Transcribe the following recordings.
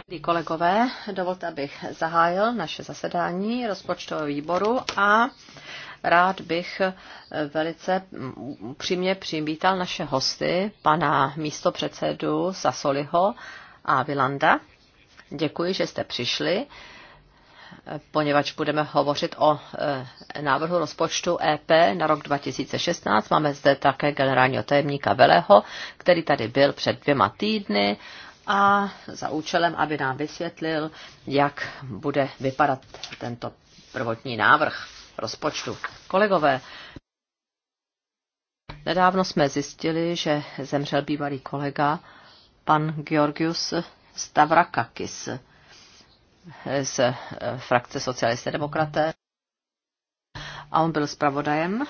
Milí kolegové, dovolte, abych zahájil naše zasedání rozpočtového výboru a rád bych velice přímě přivítal naše hosty, pana místopředsedu Sasoliho a Vilanda. Děkuji, že jste přišli, poněvadž budeme hovořit o eh, návrhu rozpočtu EP na rok 2016. Máme zde také generálního tajemníka Veleho, který tady byl před dvěma týdny a za účelem, aby nám vysvětlil, jak bude vypadat tento prvotní návrh rozpočtu. Kolegové, nedávno jsme zjistili, že zemřel bývalý kolega pan Georgius Stavrakakis z eh, frakce socialisté demokraté. A on byl zpravodajem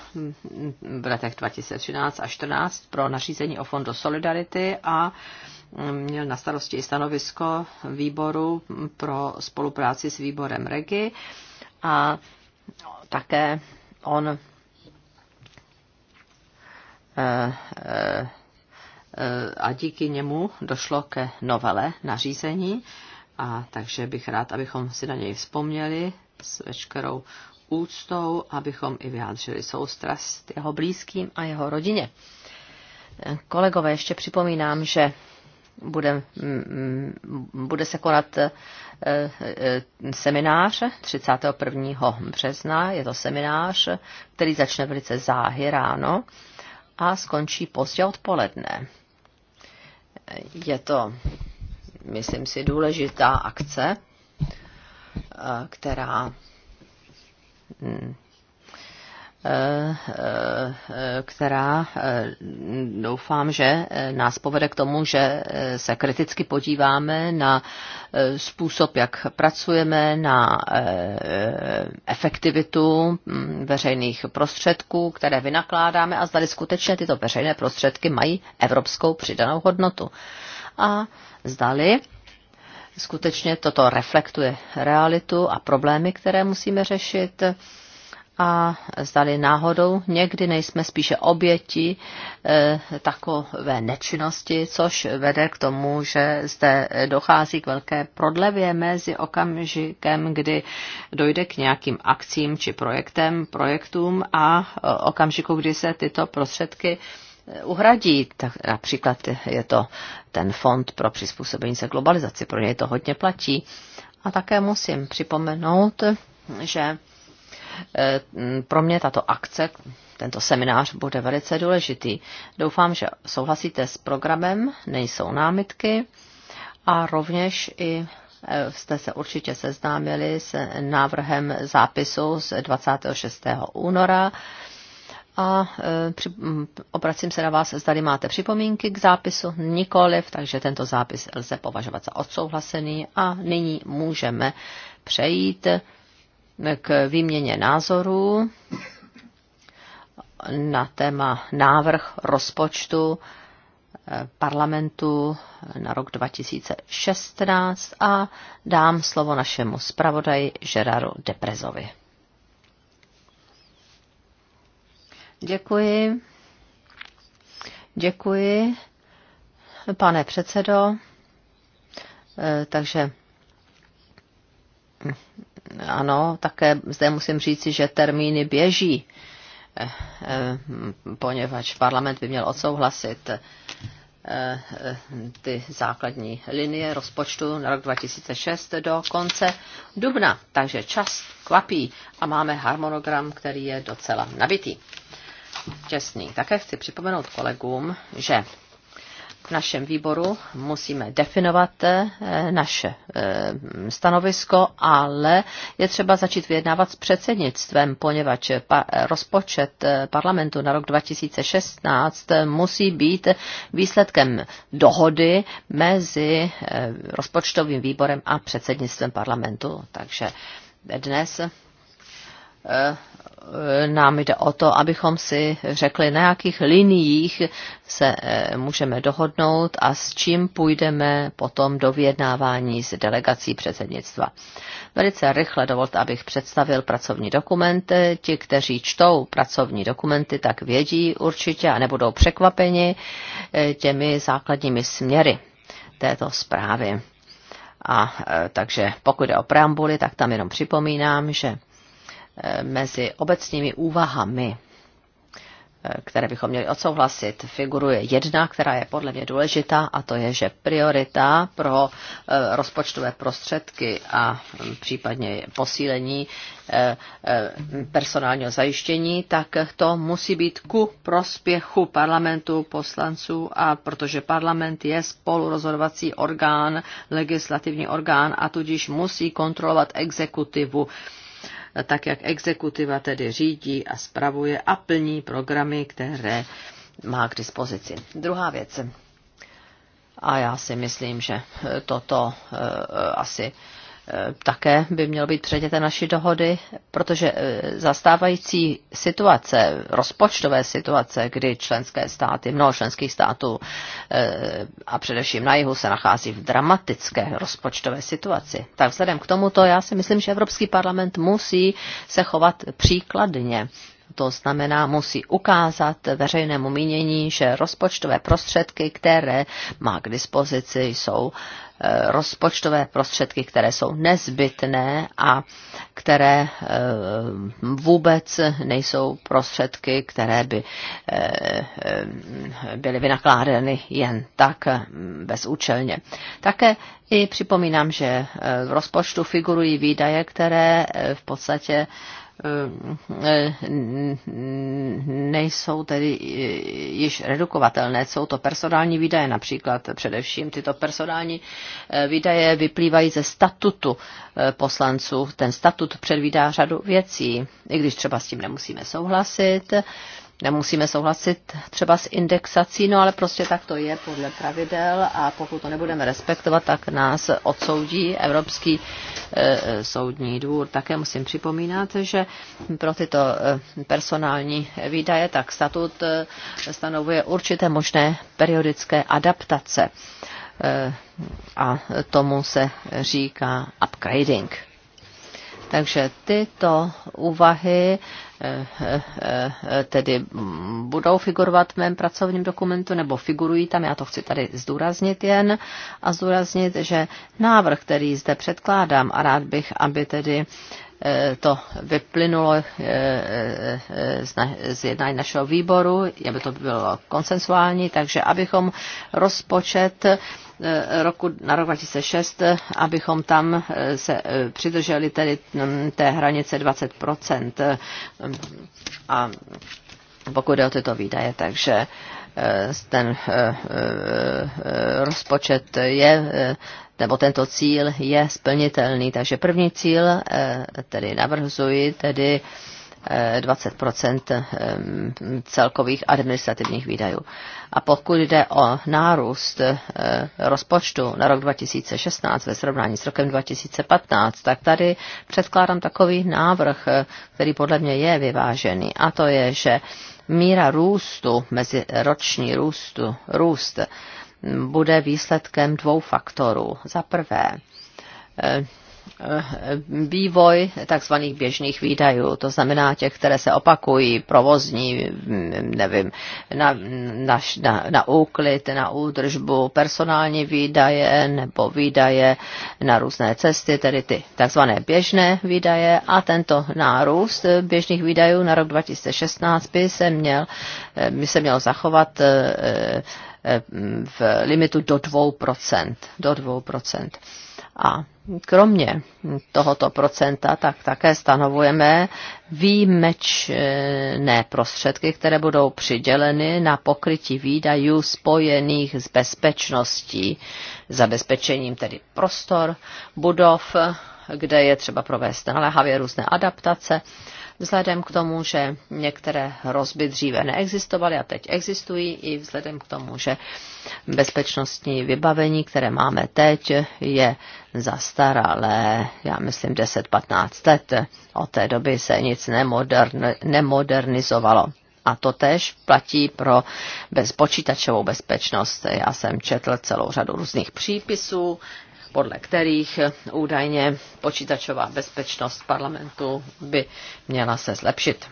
v letech 2013 a 2014 pro nařízení o fondu Solidarity a měl na starosti i stanovisko výboru pro spolupráci s výborem REGI a také on eh, eh, a díky němu došlo ke novele nařízení, a takže bych rád, abychom si na něj vzpomněli s veškerou úctou, abychom i vyjádřili soustrast jeho blízkým a jeho rodině. Kolegové, ještě připomínám, že bude, mm, bude se konat eh, eh, seminář 31. března. Je to seminář, který začne velice záhy ráno a skončí pozdě odpoledne. Je to, myslím si, důležitá akce, eh, která mm, která eh, doufám, že nás povede k tomu, že eh, se kriticky podíváme na eh, způsob, jak pracujeme, na efektivitu hm, veřejných prostředků, které vynakládáme a zda skutečně tyto veřejné prostředky mají evropskou přidanou hodnotu. A zdali skutečně toto reflektuje realitu a problémy, které musíme řešit a zdali náhodou někdy nejsme spíše oběti e, takové nečinnosti, což vede k tomu, že zde dochází k velké prodlevě mezi okamžikem, kdy dojde k nějakým akcím či projektem, projektům a eh, okamžiku, kdy se tyto prostředky eh, uhradí. Tak například je to ten fond pro přizpůsobení se globalizaci, pro něj to hodně platí. A také musím připomenout, že Eh, pro mě tato akce, tento seminář bude velice důležitý. Doufám, že souhlasíte s programem, nejsou námitky a rovněž i eh, jste se určitě seznámili s návrhem zápisu z 26. února a eh, obracím se na vás, zda máte připomínky k zápisu, nikoliv, takže tento zápis lze považovat za odsouhlasený a nyní můžeme přejít k výměně názorů na téma návrh rozpočtu eh, parlamentu na rok 2016 a dám slovo našemu zpravodaji Žeraru Deprezovi. Děkuji. Děkuji, pane předsedo. Eh, takže hm, ano, také zde musím říci, že termíny běží, eh, eh, poněvadž parlament by měl odsouhlasit eh, ty základní linie rozpočtu na rok 2006 do konce dubna. Takže čas kvapí a máme harmonogram, který je docela nabitý. Čestný. Také chci připomenout kolegům, že v našem výboru musíme definovat eh, naše eh, stanovisko, ale je třeba začít vyjednávat s předsednictvem, poněvadž rozpočet eh, parlamentu na rok 2016 musí být výsledkem dohody mezi rozpočtovým výborem a předsednictvem parlamentu. Takže dnes E, nám jde o to, abychom si řekli, na jakých liniích se e, můžeme dohodnout a s čím půjdeme potom do vyjednávání s delegací předsednictva. Velice rychle dovolte, abych představil pracovní dokumenty. Ti, kteří čtou pracovní dokumenty, tak vědí určitě a nebudou překvapeni e, těmi základními směry této zprávy. A takže pokud jde o preambuli, tak tam jenom připomínám, že mezi obecnými úvahami, eh, které bychom měli odsouhlasit, figuruje jedna, která je podle mě důležitá, a to je, že priorita pro eh, rozpočtové prostředky a hm, případně posílení eh, personálního zajištění, tak to musí být ku prospěchu parlamentu, poslanců a protože parlament je spolurozhodovací orgán, legislativní orgán a tudíž musí kontrolovat exekutivu tak jak exekutiva tedy řídí a spravuje a plní programy, které má k dispozici. Druhá věc. A já si myslím, že toto eh, asi také by mělo být předmětem naší dohody, protože e, zastávající situace, rozpočtové situace, kdy členské státy, mnoho členských států e, a především na jihu se nachází v dramatické rozpočtové situaci. Tak vzhledem k tomuto já si myslím, že Evropský parlament musí se chovat příkladně. To znamená, musí ukázat veřejnému mínění, že rozpočtové prostředky, které má k dispozici, jsou uh, Eh, rozpočtové prostředky, které jsou nezbytné a které eh, vůbec nejsou prostředky, které by eh, byly vynakládeny jen tak bezúčelně. Také i připomínám, že v rozpočtu figurují výdaje, které v podstatě nejsou tedy již redukovatelné. Jsou to personální výdaje například především. Tyto personální eh, výdaje vyplývají ze statutu eh, poslanců. Ten statut předvídá řadu věcí, i když třeba s tím nemusíme souhlasit nemusíme souhlasit třeba s indexací, no ale prostě tak to je podle pravidel a pokud to nebudeme respektovat, tak nás odsoudí Evropský e, soudní dvůr. Také musím připomínat, že pro tyto eh, personální výdaje tak statut eh, stanovuje určité možné periodické adaptace a tomu se říká upgrading. Takže tyto úvahy eh, eh, eh, tedy budou figurovat v mém pracovním dokumentu, nebo figurují tam, já to chci tady zdůraznit jen a zdůraznit, že návrh, který zde předkládám a rád bych, aby tedy Eh, to vyplynulo eh, eh, z jednání našeho výboru, aby to bylo konsensuální, takže abychom rozpočet roku, na rok 2006, abychom tam se přidrželi tedy mm, té hranice 20%. A pokud jde o tyto výdaje, takže ten rozpočet je nebo tento cíl je splnitelný. Takže první cíl, eh, tedy navrhuji, tedy 20 eh, eh, celkových administrativních výdajů. A pokud jde o nárůst rozpočtu na rok 2016 ve srovnání s rokem 2015, tak tady předkládám takový návrh, který podle mě je vyvážený. A to je, že míra růstu, meziroční růstu, růst, růst bude výsledkem dvou faktorů. Za prvé, eh, eh, vývoj tzv. běžných výdajů, to znamená těch, které se opakují, provozní, mm, nevím, na, na, na, na úklid, na údržbu, personální výdaje nebo výdaje na různé cesty, tedy ty tzv. běžné výdaje a tento nárůst běžných výdajů na rok 2016 by se měl, eh, by se měl zachovat v limitu do 2%. Do 2%. A kromě tohoto procenta tak také stanovujeme výjimečné prostředky, které budou přiděleny na pokrytí výdajů spojených s bezpečností, zabezpečením tedy prostor, budov, kde je třeba provést naléhavě různé adaptace vzhledem k tomu, že některé hrozby dříve neexistovaly a teď existují, i vzhledem k tomu, že bezpečnostní vybavení, které máme teď, je zastaralé, já myslím 10-15 let. Od té doby se nic nemodern, nemodernizovalo. A to tež platí pro bezpočítačovou bezpečnost. Já jsem četl celou řadu různých přípisů, podle kterých údajně počítačová bezpečnost parlamentu by měla se zlepšit.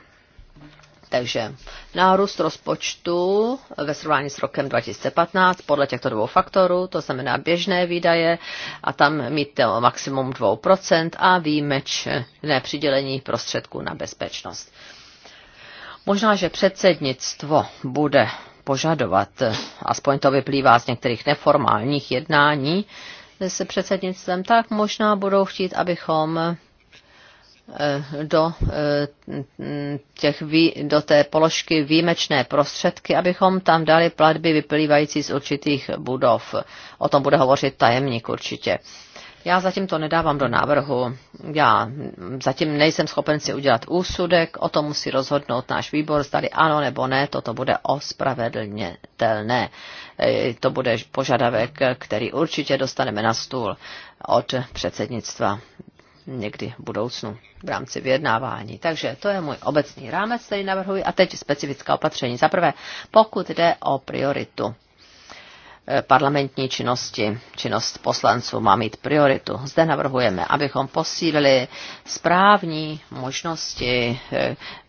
Takže nárůst rozpočtu ve srovnání s rokem 2015 podle těchto dvou faktorů, to znamená běžné výdaje a tam mít maximum 2% a výjimečné přidělení prostředků na bezpečnost. Možná, že předsednictvo bude požadovat, aspoň to vyplývá z některých neformálních jednání s předsednictvem, tak možná budou chtít, abychom eh, do, eh, těch, do té položky výjimečné prostředky, abychom tam dali platby vyplývající z určitých budov. O tom bude hovořit tajemník určitě. Já zatím to nedávám do návrhu. Já zatím nejsem schopen si udělat úsudek, o tom musí rozhodnout náš výbor, zdali ano nebo ne, toto bude ospravedlnitelné. E, to bude požadavek, který určitě dostaneme na stůl od předsednictva někdy v budoucnu v rámci vyjednávání. Takže to je můj obecný rámec, který navrhuji. A teď specifická opatření. Za prvé, pokud jde o prioritu E, parlamentní činnosti, činnost poslanců má mít prioritu. Zde navrhujeme, abychom posílili správní možnosti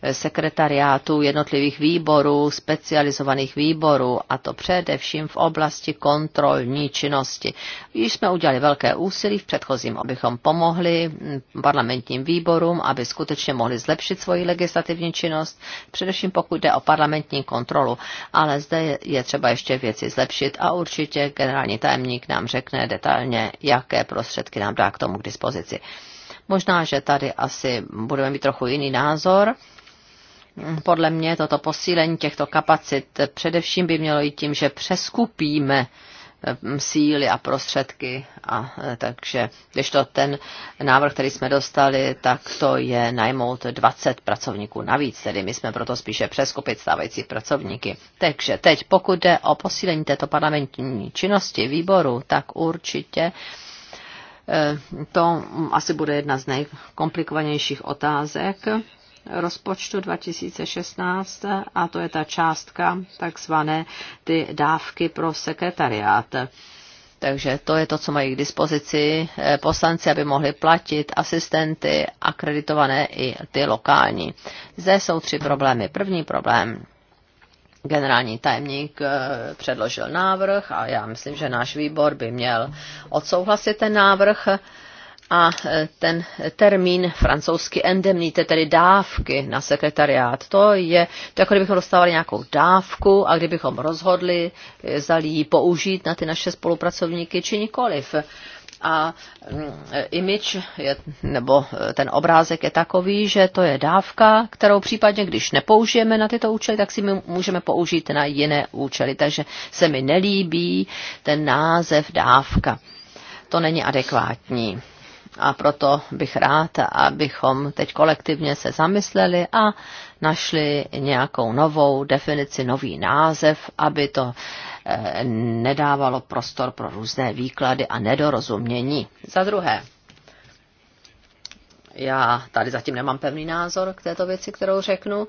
e, sekretariátů jednotlivých výborů, specializovaných výborů, a to především v oblasti kontrolní činnosti. Již jsme udělali velké úsilí v předchozím, abychom pomohli parlamentním výborům, aby skutečně mohli zlepšit svoji legislativní činnost, především pokud jde o parlamentní kontrolu. Ale zde je třeba ještě věci zlepšit a určitě generální tajemník nám řekne detailně, jaké prostředky nám dá k tomu k dispozici. Možná, že tady asi budeme mít trochu jiný názor. Podle mě toto posílení těchto kapacit především by mělo jít tím, že přeskupíme Eh, síly a prostředky. A eh, takže když to ten návrh, který jsme dostali, tak to je najmout 20 pracovníků navíc, tedy my jsme proto spíše přeskupit stávající pracovníky. Takže teď, pokud jde o posílení této parlamentní činnosti výboru, tak určitě eh, to asi bude jedna z nejkomplikovanějších otázek rozpočtu 2016 a to je ta částka, takzvané ty dávky pro sekretariát. Takže to je to, co mají k dispozici eh, poslanci, aby mohli platit asistenty, akreditované i ty lokální. Zde jsou tři problémy. První problém. Generální tajemník eh, předložil návrh a já myslím, že náš výbor by měl odsouhlasit ten návrh a e, ten termín francouzsky endemnité, tedy dávky na sekretariát, to je, to jako kdybychom dostávali nějakou dávku a kdybychom rozhodli, e, zdali ji použít na ty naše spolupracovníky či nikoliv a mm, e, image je, nebo ten obrázek je takový, že to je dávka, kterou případně, když nepoužijeme na tyto účely, tak si my můžeme použít na jiné účely. Takže se mi nelíbí ten název dávka. To není adekvátní. A proto bych rád, abychom teď kolektivně se zamysleli a našli nějakou novou definici, nový název, aby to eh, nedávalo prostor pro různé výklady a nedorozumění. Za druhé, já tady zatím nemám pevný názor k této věci, kterou řeknu.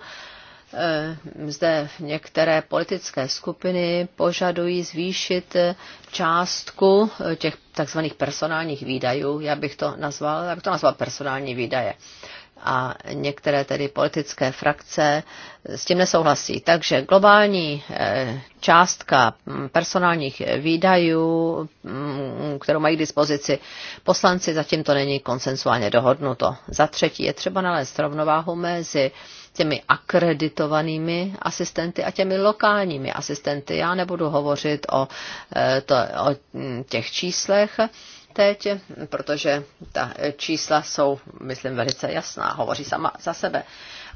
Eh, zde některé politické skupiny požadují zvýšit eh, částku eh, těch takzvaných personálních výdajů, já bych to nazval, já bych to nazval personální výdaje. A některé tedy politické frakce s tím nesouhlasí. Takže globální částka mm, personálních výdajů, mm, kterou mají k dispozici poslanci, zatím to není konsensuálně dohodnuto. Za třetí je třeba nalézt rovnováhu mezi těmi akreditovanými asistenty a těmi lokálními asistenty. Já nebudu hovořit o, eh, to, o hm, těch číslech teď, protože ta eh, čísla jsou, myslím, velice jasná, hovoří sama za sebe.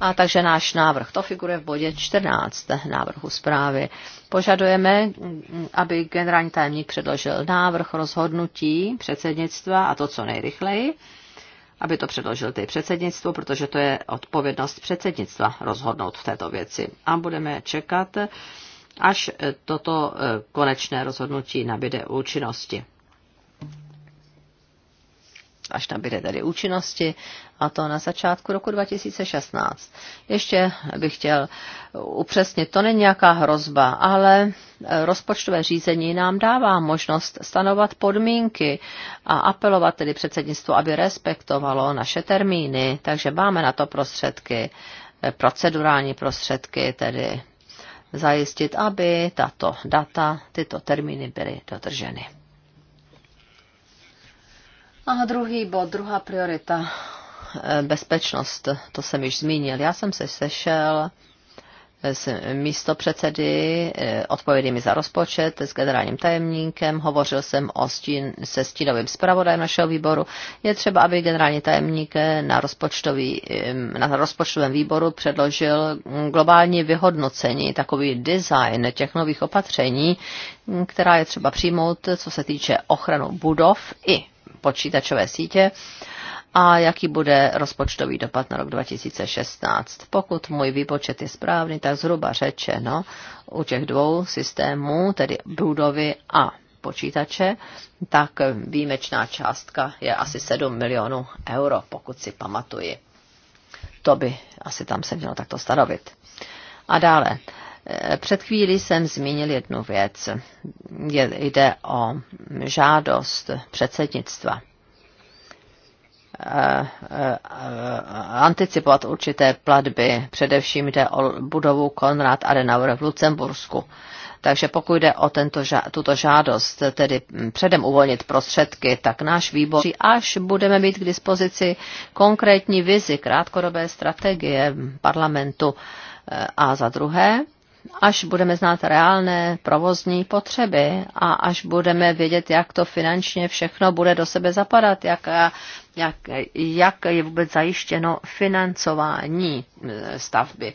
A takže náš návrh, to figuruje v bodě 14 návrhu zprávy. Požadujeme, hm, aby generální tajemník předložil návrh rozhodnutí předsednictva a to co nejrychleji aby to předložil ty předsednictvo, protože to je odpovědnost předsednictva rozhodnout v této věci. A budeme čekat, až toto eh, konečné rozhodnutí nabide účinnosti až nabíde tady účinnosti, a to na začátku roku 2016. Ještě bych chtěl upřesnit, to není nějaká hrozba, ale rozpočtové řízení nám dává možnost stanovat podmínky a apelovat tedy předsednictvo, aby respektovalo naše termíny, takže máme na to prostředky, eh, procedurální prostředky, tedy zajistit, aby tato data, tyto termíny byly dodrženy. A druhý bod, druhá priorita, eh, bezpečnost, to jsem již zmínil. Já jsem se sešel eh, s místo předsedy, eh, mi za rozpočet, s generálním tajemníkem, hovořil jsem o stín, se stínovým zpravodajem našeho výboru. Je třeba, aby generální tajemník na, rozpočtový, na rozpočtovém výboru předložil globální vyhodnocení, takový design těch nových opatření, která je třeba přijmout, co se týče ochranu budov i počítačové sítě a jaký bude rozpočtový dopad na rok 2016. Pokud můj výpočet je správný, tak zhruba řečeno u těch dvou systémů, tedy budovy a počítače, tak výjimečná částka je asi 7 milionů euro, pokud si pamatuji. To by asi tam se mělo takto stanovit. A dále, před chvílí jsem zmínil jednu věc. Jde o žádost předsednictva eh, eh, anticipovat určité platby. Především jde o budovu Konrad Adenauer v Lucembursku. Takže pokud jde o tento, tuto žádost, tedy předem uvolnit prostředky, tak náš výbor, až budeme mít k dispozici konkrétní vizi krátkodobé strategie parlamentu eh, a za druhé, až budeme znát reálné provozní potřeby a až budeme vědět, jak to finančně všechno bude do sebe zapadat, jak, jak, jak je vůbec zajištěno financování e, stavby.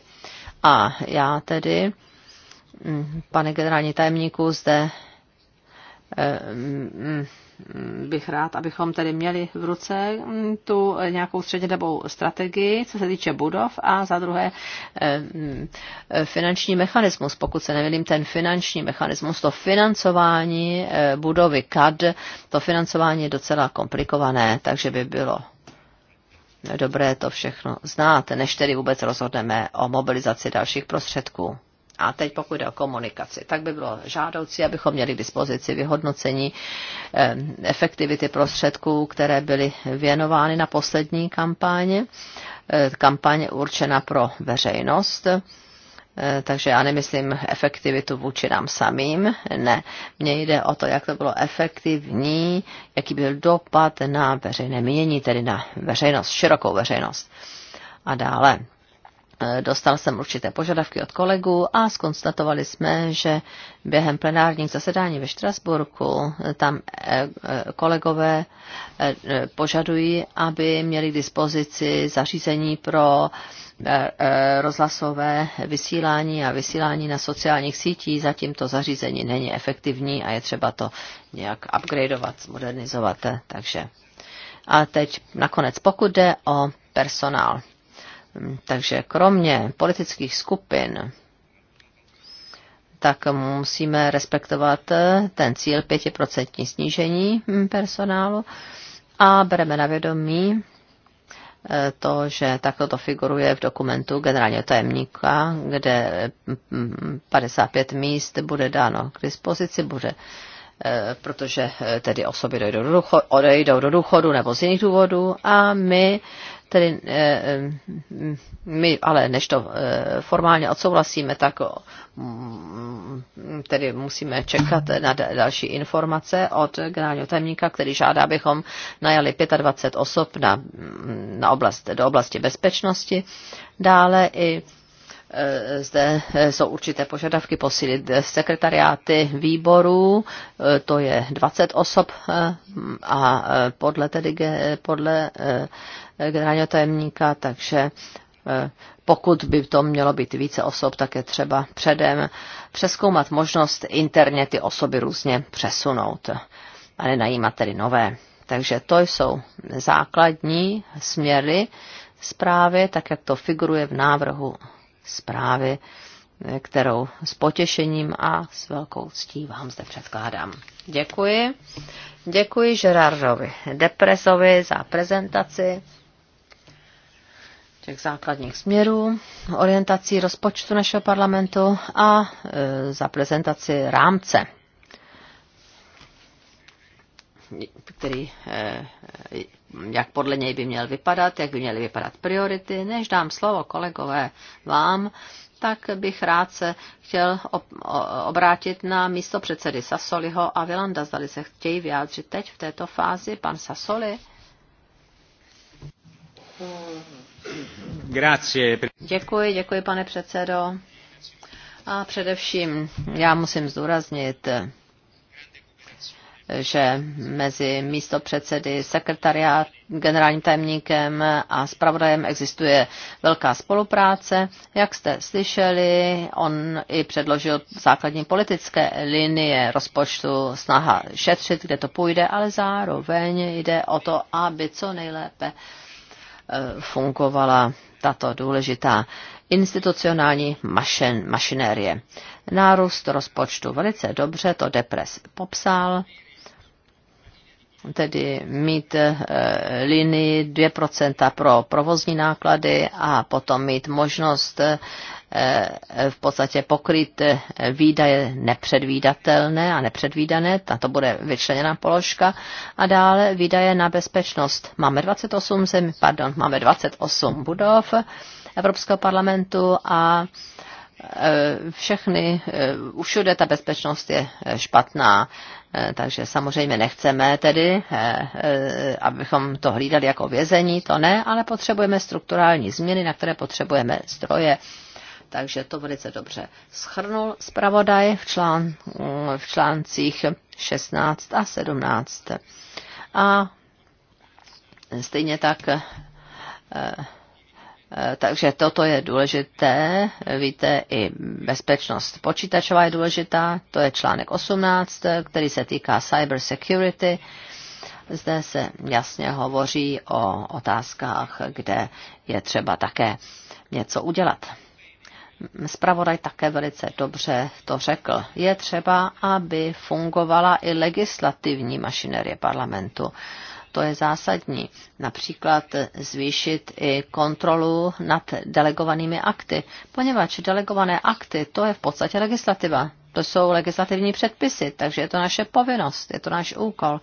A já tedy, mm, pane generální tajemníku, zde e, mm, Mm, bych rád, abychom tedy měli v ruce mm, tu nějakou střednědobou strategii, co se týče budov a za druhé eh, mm, finanční mechanismus, pokud se nevědím, ten finanční mechanismus, to financování eh, budovy CAD, to financování je docela komplikované, takže by bylo dobré to všechno znát, než tedy vůbec rozhodneme o mobilizaci dalších prostředků. A teď pokud jde o komunikaci, tak by bylo žádoucí, abychom měli k dispozici vyhodnocení eh, efektivity prostředků, které byly věnovány na poslední kampáně, eh, kampaně určena pro veřejnost. Eh, takže já nemyslím efektivitu vůči nám samým, ne. Mně jde o to, jak to bylo efektivní, jaký byl dopad na veřejné mínění, tedy na veřejnost, širokou veřejnost. A dále Eh, dostal jsem určité požadavky od kolegů a skonstatovali jsme, že během plenárních zasedání ve Štrasburku eh, tam eh, kolegové požadují, aby měli k dispozici zařízení pro rozhlasové vysílání a vysílání na sociálních sítí. Zatím to zařízení není efektivní a je třeba to nějak upgradeovat, modernizovat. Takže. A teď nakonec, pokud jde o personál takže kromě politických skupin, tak musíme respektovat ten cíl 5% snížení personálu a bereme na vědomí eh, to, že takto to figuruje v dokumentu generálního tajemníka, kde 55 mm, míst bude dáno k dispozici, bude eh, protože eh, tedy osoby dojdou do, důchodu, odejdou do důchodu nebo z jiných důvodů a my Tedy eh, eh, my, ale než to eh, formálně odsouhlasíme, tak mm, tedy musíme čekat na další informace od generálního tajemníka, který žádá, abychom najali 25 osob na, mm, na oblast, do oblasti bezpečnosti. Dále i zde jsou určité požadavky posílit sekretariáty výborů, to je 20 osob a podle, tedy, podle Eh, generálního tajemníka, takže eh, pokud by to mělo být více osob, tak je třeba předem přeskoumat možnost interně ty osoby různě přesunout a nenajímat tedy nové. Takže to jsou základní směry zprávy, tak jak to figuruje v návrhu zprávy, eh, kterou s potěšením a s velkou ctí vám zde předkládám. Děkuji. Děkuji Gerardovi Depresovi za prezentaci těch základních směrů, orientací rozpočtu našeho parlamentu a e, za prezentaci rámce, který, e, jak podle něj by měl vypadat, jak by měly vypadat priority. Než dám slovo kolegové vám, tak bych rád se chtěl obrátit na místo předsedy Sasoliho a Vilanda. Zdali se chtějí vyjádřit teď v této fázi pan Sasoli. Hmm. Děkuji, děkuji, pane předsedo. A především já musím zdůraznit, že mezi místopředsedy, sekretariát, generálním tajemníkem a zpravodajem existuje velká spolupráce. Jak jste slyšeli, on i předložil základní politické linie rozpočtu, snaha šetřit, kde to půjde, ale zároveň jde o to, aby co nejlépe Eh, fungovala tato důležitá institucionální mašin, mašinérie. Nárůst rozpočtu velice dobře to Depres popsal tedy mít eh, linii 2% pro provozní náklady a potom mít možnost eh, eh, v podstatě pokryt výdaje nepředvídatelné a nepředvídané, na to bude vyčleněná položka, a dále výdaje na bezpečnost. Máme 28 zem, pardon, máme 28 budov Evropského parlamentu a všechny, všude ta bezpečnost je špatná. Eh, takže samozřejmě nechceme tedy, eh, eh, abychom to hlídali jako vězení, to ne, ale potřebujeme strukturální změny, na které potřebujeme zdroje. Takže to velice dobře schrnul zpravodaj v, člán, v článcích 16 a 17. A stejně tak Eh, takže toto je důležité. Víte, i bezpečnost počítačová je důležitá. To je článek 18, eh, který se týká cyber security. Zde se jasně hovoří o otázkách, kde je třeba také něco udělat. Spravodaj také velice dobře to řekl. Je třeba, aby fungovala i legislativní mašinerie parlamentu to je zásadní. Například zvýšit i kontrolu nad delegovanými akty, poněvadž delegované akty, to je v podstatě legislativa. To jsou legislativní předpisy, takže je to naše povinnost, je to náš úkol.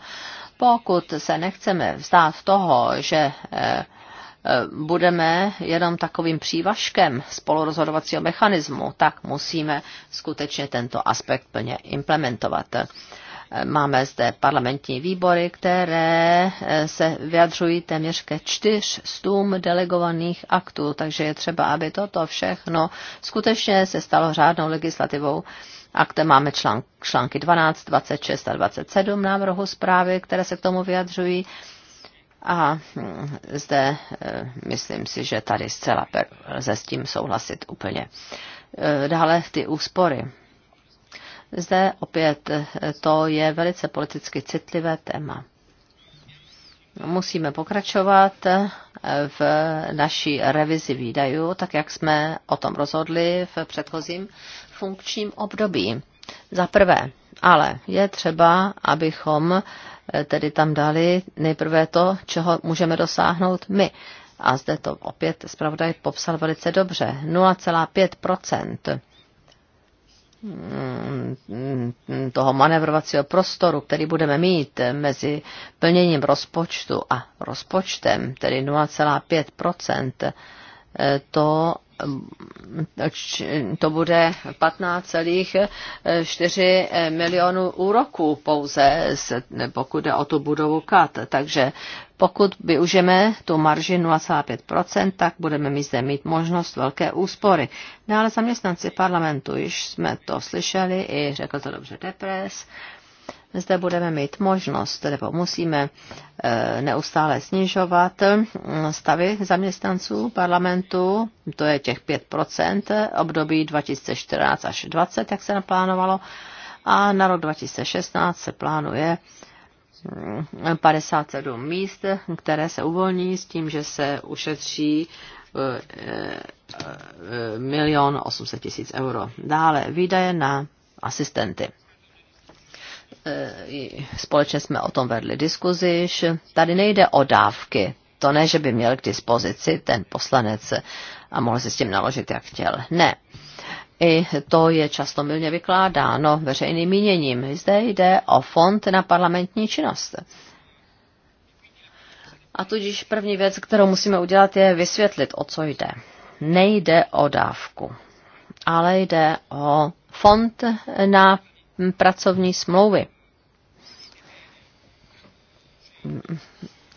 Pokud se nechceme vzdát toho, že eh, eh, budeme jenom takovým přívažkem spolurozhodovacího mechanismu, tak musíme skutečně tento aspekt plně implementovat. Máme zde parlamentní výbory, které eh, se vyjadřují téměř ke stům delegovaných aktů, takže je třeba, aby toto všechno skutečně se stalo řádnou legislativou. Akte máme článk, články 12, 26 a 27 návrhu zprávy, které se k tomu vyjadřují. A hm, zde eh, myslím si, že tady zcela lze s tím souhlasit úplně. Eh, dále ty úspory. Zde opět eh, to je velice politicky citlivé téma. Musíme pokračovat eh, v naší revizi výdajů, tak jak jsme o tom rozhodli v předchozím funkčním období. Za prvé, ale je třeba, abychom eh, tedy tam dali nejprve to, čeho můžeme dosáhnout my. A zde to opět zpravodaj popsal velice dobře. 0,5 Mm, toho manevrovacího prostoru, který budeme mít mezi plněním rozpočtu a rozpočtem, tedy 0,5 eh, to Ehm, to bude 15,4 eh, eh, milionů úroků pouze, pokud jde o tu budovu KAT. Takže pokud využijeme tu marži 0,5%, tak budeme mít zde mít možnost velké úspory. Dále no ale zaměstnanci parlamentu, již jsme to slyšeli, i řekl to dobře Depres, zde budeme mít možnost, nebo musíme e, neustále snižovat e, stavy zaměstnanců parlamentu, to je těch 5% období 2014 až 2020, jak se naplánovalo, a na rok 2016 se plánuje 57 mm, míst, které se uvolní s tím, že se ušetří e, milion 800 tisíc euro. Dále výdaje na asistenty. Eh, společně jsme o tom vedli diskuzi, že tady nejde o dávky. To ne, že by měl k dispozici ten poslanec a mohl si s tím naložit, jak chtěl. Ne. I to je často milně vykládáno veřejným míněním. Zde jde o fond na parlamentní činnost. A tudíž první věc, kterou musíme udělat, je vysvětlit, o co jde. Nejde o dávku, ale jde o fond na pracovní smlouvy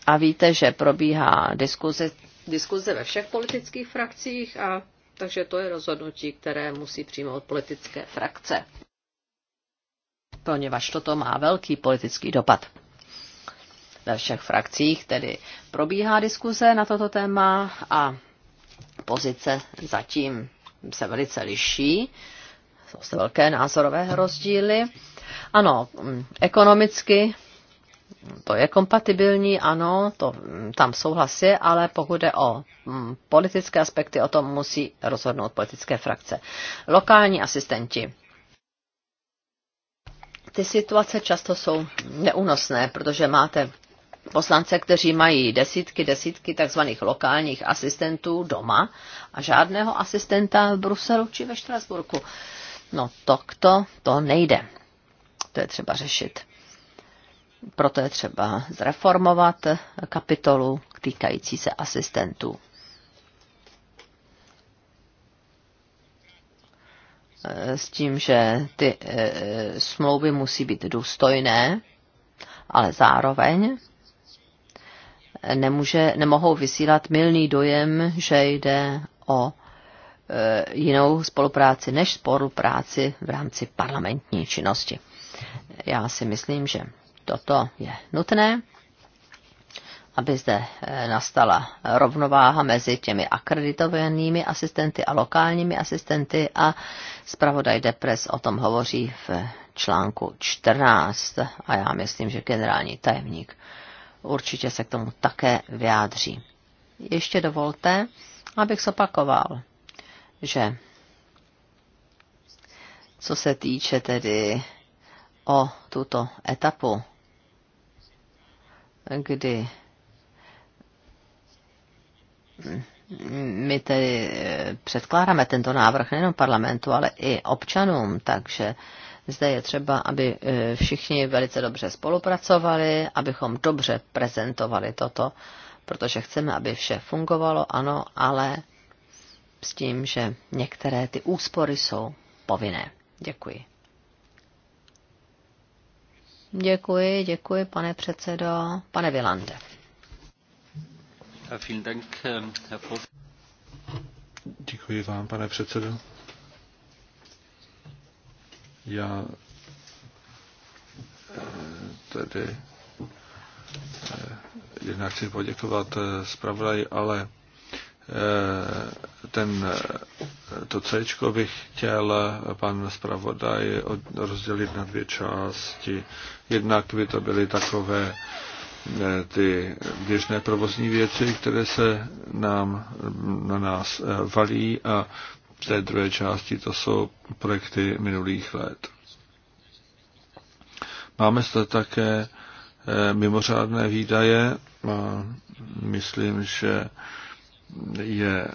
a víte, že probíhá diskuze, diskuze ve všech politických frakcích a takže to je rozhodnutí, které musí přijmout politické frakce. Poněvadž toto má velký politický dopad. Ve všech frakcích tedy probíhá diskuze na toto téma a pozice zatím se velice liší. Jsou se velké názorové rozdíly. Ano, mm, ekonomicky to je kompatibilní, ano, to, mm, tam souhlas je, ale pokud jde o mm, politické aspekty, o tom musí rozhodnout politické frakce. Lokální asistenti. Ty situace často jsou neúnosné, protože máte poslance, kteří mají desítky, desítky takzvaných lokálních asistentů doma a žádného asistenta v Bruselu či ve Štrasburku. No to, to, to nejde. To je třeba řešit. Proto je třeba zreformovat kapitolu týkající se asistentů. S tím, že ty eh, smlouvy musí být důstojné, ale zároveň nemůže, nemohou vysílat milný dojem, že jde o eh, jinou spolupráci než spolupráci v rámci parlamentní činnosti. Já si myslím, že toto je nutné, aby zde eh, nastala rovnováha mezi těmi akreditovanými asistenty a lokálními asistenty a zpravodaj Depres o tom hovoří v článku 14 a já myslím, že generální tajemník určitě se k tomu také vyjádří. Ještě dovolte, abych zopakoval, že co se týče tedy o tuto etapu kdy my tedy eh, předkládáme tento návrh nejenom parlamentu, ale i občanům, takže zde je třeba, aby eh, všichni velice dobře spolupracovali, abychom dobře prezentovali toto, protože chceme, aby vše fungovalo, ano, ale s tím, že některé ty úspory jsou povinné. Děkuji. Děkuji, děkuji, pane předsedo, pane Vilande. Ähm, děkuji vám, pane předsedo. Já eh, tedy eh, jednak chci poděkovat eh, zpravodaji, ale Eh, ten, eh, to C bych chtěl eh, pan zpravodaj rozdělit na dvě části. Jednak by to byly takové ty běžné provozní věci, které se nám, mm, na nás valí a v té druhé části to jsou projekty minulých let. Máme zde také mimořádné výdaje a myslím, že je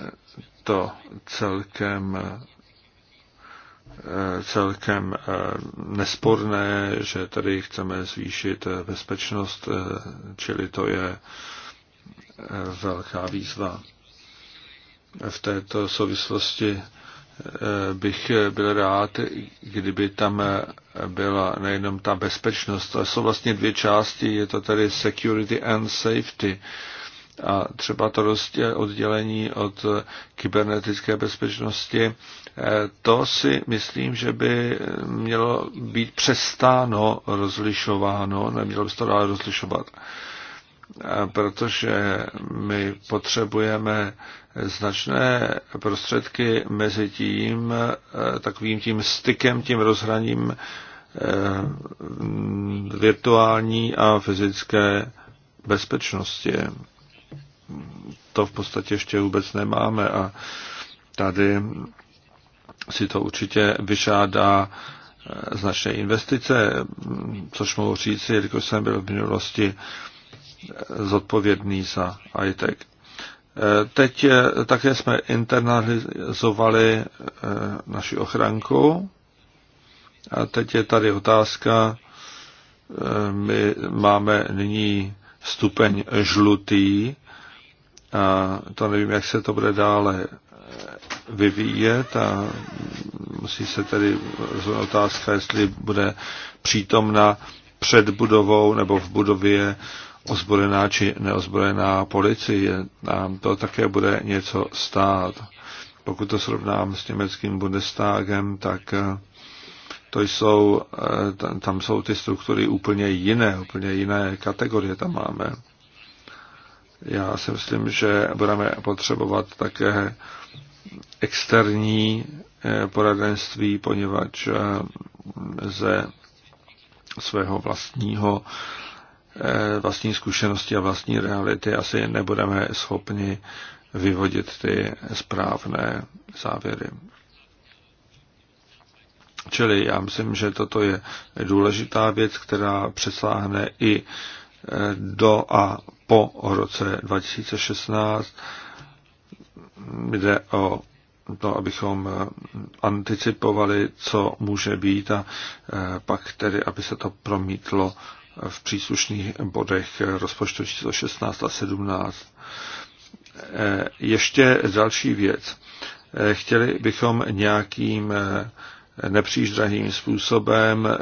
to celkem eh, celkem eh, nesporné, že tady chceme zvýšit eh, bezpečnost, čili to je velká výzva. V této souvislosti bych byl rád, kdyby tam byla nejenom ta bezpečnost, ale jsou vlastně dvě části, je to tady security and safety a třeba to oddělení od kybernetické bezpečnosti, e, to si myslím, že by mělo být přestáno rozlišováno, nemělo by se to dále rozlišovat, e, protože my potřebujeme značné prostředky mezi tím, e, takovým tím stykem, tím rozhraním virtuální a fyzické bezpečnosti to v podstatě ještě vůbec nemáme a tady si to určitě vyžádá eh, značné investice, což mohu říct, jelikož jsem byl v minulosti eh, zodpovědný za ITEC. Eh, teď také jsme internalizovali naši ochranku a teď je tady otázka, my máme nyní stupeň žlutý, a to nevím, jak se to bude dále eh, vyvíjet a musí se tedy rozhodnout eh, otázka, jestli bude přítomna před budovou nebo v budově ozbrojená či neozbrojená policie. A to také bude něco stát. Pokud to srovnám s německým Bundestagem, tak eh, to jsou, tam jsou ty struktury úplně jiné, úplně jiné kategorie tam máme. Já si myslím, že budeme potřebovat také externí eh, poradenství, poněvadž eh, ze svého vlastního eh, vlastní zkušenosti a vlastní reality asi nebudeme schopni vyvodit ty správné závěry. Čili já myslím, že toto je důležitá věc, která přesáhne i do a po roce 2016 jde o to, abychom anticipovali, co může být a e, pak tedy, aby se to promítlo v příslušných bodech rozpočtu číslo 16 a 17. E, ještě další věc. E, chtěli bychom nějakým nepříždrahým způsobem eh,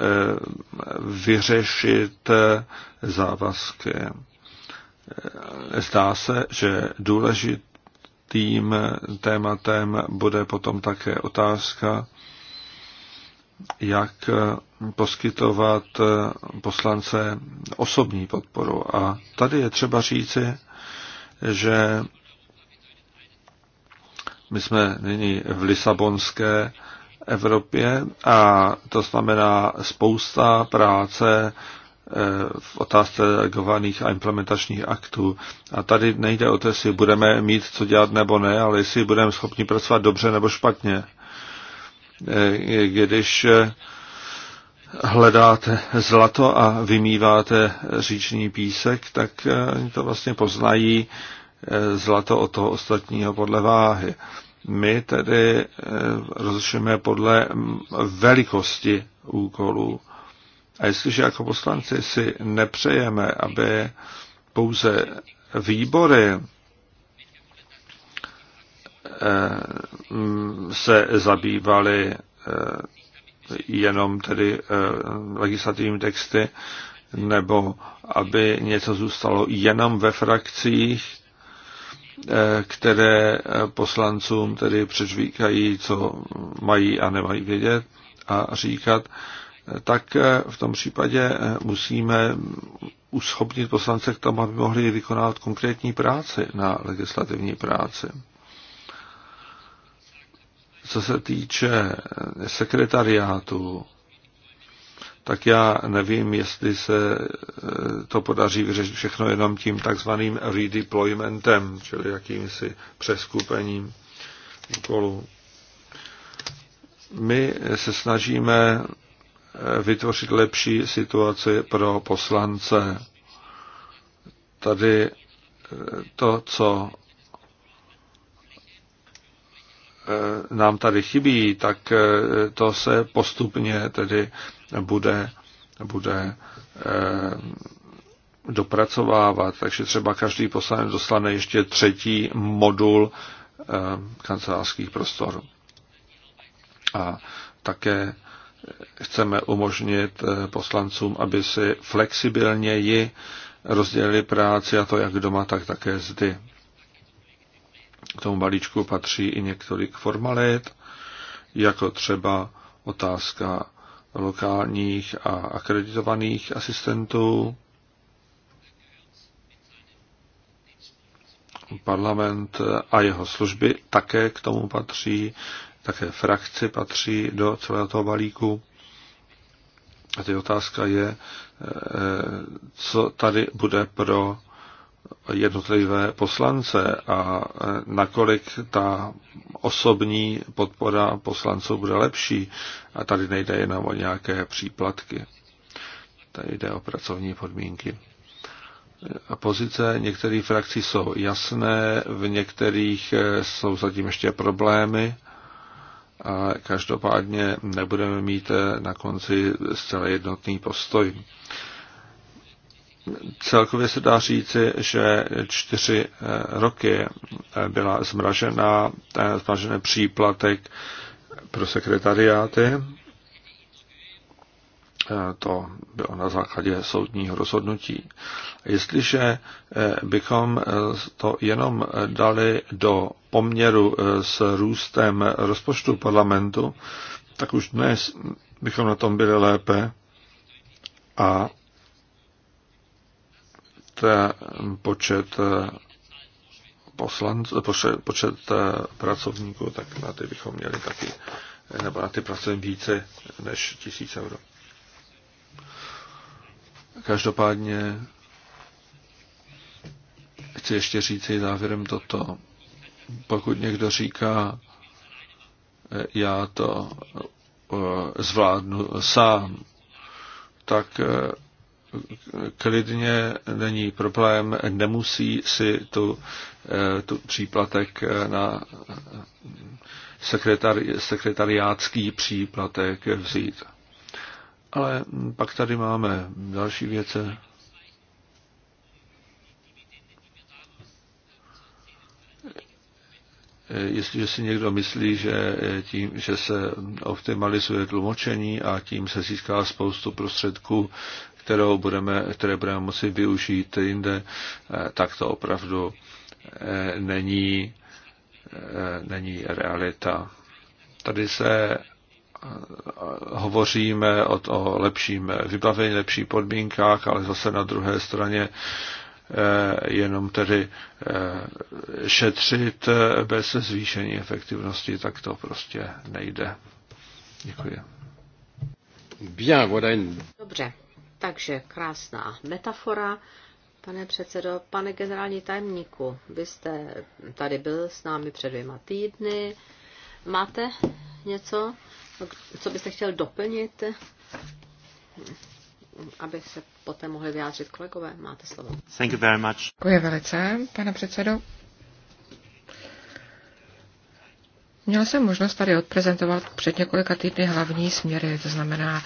vyřešit eh, závazky. Eh, zdá se, že důležitým tématem bude potom také otázka, jak poskytovat poslance osobní podporu. A tady je třeba říci, že my jsme nyní v Lisabonské Evropě a to znamená spousta práce eh, v otázce delegovaných a implementačních aktů. A tady nejde o to, jestli budeme mít co dělat nebo ne, ale jestli budeme schopni pracovat dobře nebo špatně. Eh, když eh, hledáte zlato a vymýváte říční písek, tak to vlastně poznají zlato od toho ostatního podle váhy. My tedy eh, rozlišujeme podle mm, velikosti úkolů. A jestliže jako poslanci si nepřejeme, aby pouze výbory eh, mm, se zabývaly eh, jenom tedy legislativními texty, nebo aby něco zůstalo jenom ve frakcích, Eh, které eh, poslancům tedy přežvíkají, co mají a nemají vědět a říkat, eh, tak v tom případě musíme uschopnit poslance k tomu, aby mohli vykonávat konkrétní práci na legislativní práci. Co se týče sekretariátu, tak já nevím, jestli se eh, to podaří vyřešit všechno jenom tím takzvaným redeploymentem, čili jakýmsi přeskupením úkolů. My se snažíme eh, vytvořit lepší situaci pro poslance. Tady eh, to, co nám tady chybí, tak to se postupně tedy bude, bude eh, dopracovávat. Takže třeba každý poslanec dostane ještě třetí modul eh, kancelářských prostor. A také chceme umožnit eh, poslancům, aby si flexibilněji rozdělili práci, a to jak doma, tak také zdy. K tomu balíčku patří i několik formalit, jako třeba otázka lokálních a akreditovaných asistentů. Parlament a jeho služby také k tomu patří, také frakci patří do celého toho balíku. A teď otázka je, eh, co tady bude pro jednotlivé poslance a e, nakolik ta osobní podpora poslanců bude lepší. A tady nejde jenom o nějaké příplatky. Tady jde o pracovní podmínky. A pozice některých frakcí jsou jasné, v některých e, jsou zatím ještě problémy. A každopádně nebudeme mít e, na konci zcela jednotný postoj. Celkově se dá říci, že čtyři eh, roky eh, byla zmražena, eh, zmražený příplatek pro sekretariáty. To bylo na základě soudního rozhodnutí. Jestliže bychom to jenom dali do poměru s růstem rozpočtu parlamentu, tak už dnes bychom na tom byli lépe a počet eh, poslanců, eh, počet, počet eh, pracovníků, tak na ty bychom měli taky, nebo na ty pracujeme více než tisíc euro. Každopádně chci ještě říci závěrem toto. Pokud někdo říká, já to zvládnu sám, tak klidně není problém, nemusí si tu, eh, tu příplatek eh, na eh, sekretari, sekretariátský příplatek vzít. Ale pak tady máme další věce. Jestliže si někdo myslí, že tím, že se optimalizuje tlumočení a tím se získá spoustu prostředků kterou budeme, které budeme moci využít jinde, eh, tak to opravdu eh, není, eh, není realita. Tady se hovoříme o, o lepším vybavení, lepších podmínkách, ale zase na druhé straně jenom tedy šetřit bez zvýšení efektivnosti, tak to prostě nejde. Děkuji. Dobře, takže krásná metafora. Pane předsedo, pane generální tajemníku, vy jste tady byl s námi před dvěma týdny. Máte něco, co byste chtěl doplnit, aby se poté mohli vyjádřit kolegové? Máte slovo. Thank you very much. Děkuji velice, pane předsedo. Měl jsem možnost tady odprezentovat před několika týdny hlavní směry, to znamená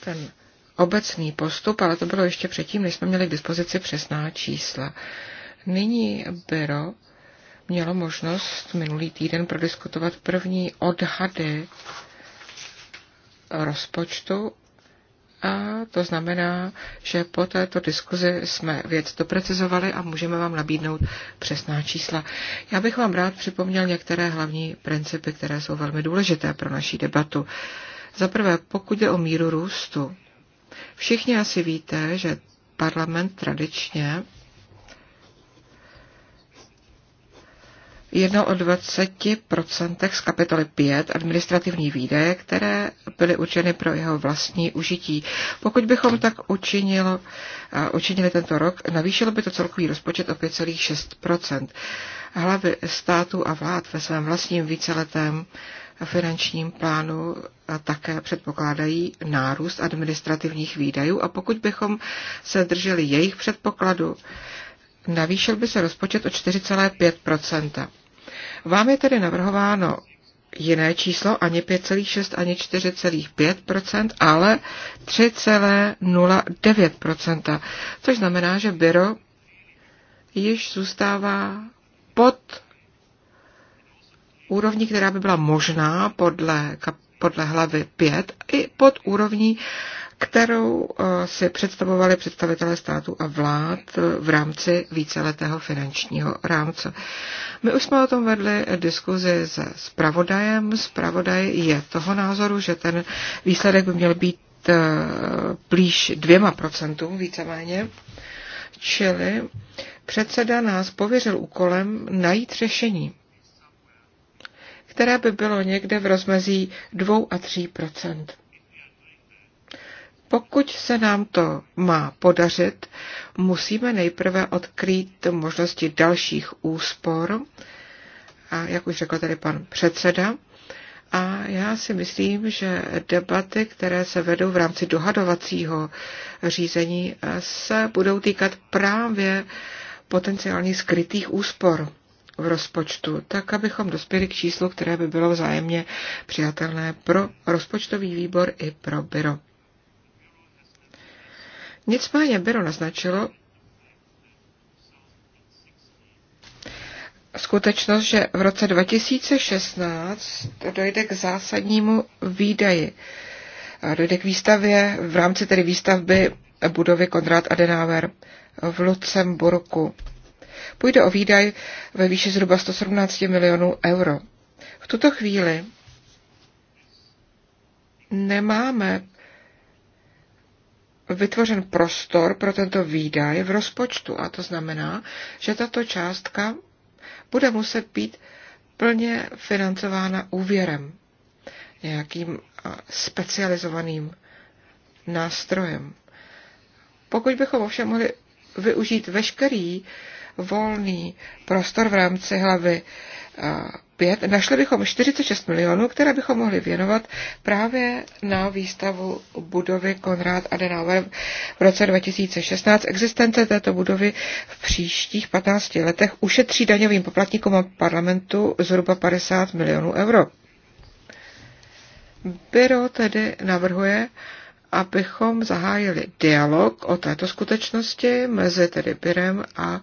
ten obecný postup, ale to bylo ještě předtím, než jsme měli k dispozici přesná čísla. Nyní Bero mělo možnost minulý týden prodiskutovat první odhady rozpočtu a to znamená, že po této diskuzi jsme věc doprecizovali a můžeme vám nabídnout přesná čísla. Já bych vám rád připomněl některé hlavní principy, které jsou velmi důležité pro naší debatu. Za prvé, pokud je o míru růstu, Všichni asi víte, že parlament tradičně jedno o 20% z kapitoly 5 administrativní výdaje, které byly určeny pro jeho vlastní užití. Pokud bychom tak učinilo, učinili tento rok, navýšilo by to celkový rozpočet o 5,6%. Hlavy států a vlád ve svém vlastním víceletém finančním plánu také předpokládají nárůst administrativních výdajů a pokud bychom se drželi jejich předpokladu, navýšil by se rozpočet o 4,5 Vám je tedy navrhováno jiné číslo, ani 5,6, ani 4,5 ale 3,09 což znamená, že byro již zůstává pod úrovni, která by byla možná podle, podle hlavy 5 i pod úrovní, kterou eh, si představovali představitelé státu a vlád eh, v rámci víceletého finančního rámce. My už jsme o tom vedli diskuzi se spravodajem. Spravodaj je toho názoru, že ten výsledek by měl být eh, blíž dvěma procentům víceméně. Čili předseda nás pověřil úkolem najít řešení které by bylo někde v rozmezí 2 a 3 pokud se nám to má podařit, musíme nejprve odkrýt možnosti dalších úspor, a jak už řekl tady pan předseda, a já si myslím, že debaty, které se vedou v rámci dohadovacího řízení, se budou týkat právě potenciálně skrytých úspor v rozpočtu, tak abychom dospěli k číslu, které by bylo vzájemně přijatelné pro rozpočtový výbor i pro byro. Nicméně byro naznačilo, skutečnost, že v roce 2016 dojde k zásadnímu výdaji. Dojde k výstavě v rámci tedy výstavby budovy Konrad Adenauer v Lucemburku. Půjde o výdaj ve výši zhruba 117 milionů euro. V tuto chvíli nemáme vytvořen prostor pro tento výdaj v rozpočtu a to znamená, že tato částka bude muset být plně financována úvěrem, nějakým specializovaným nástrojem. Pokud bychom ovšem mohli využít veškerý volný prostor v rámci hlavy 5, eh, našli bychom 46 milionů, které bychom mohli věnovat právě na výstavu budovy Konrad Adenauer v roce 2016. Existence této budovy v příštích 15 letech ušetří daňovým poplatníkům a parlamentu zhruba 50 milionů euro. Byro tedy navrhuje abychom zahájili dialog o této skutečnosti mezi tedy Birem a, a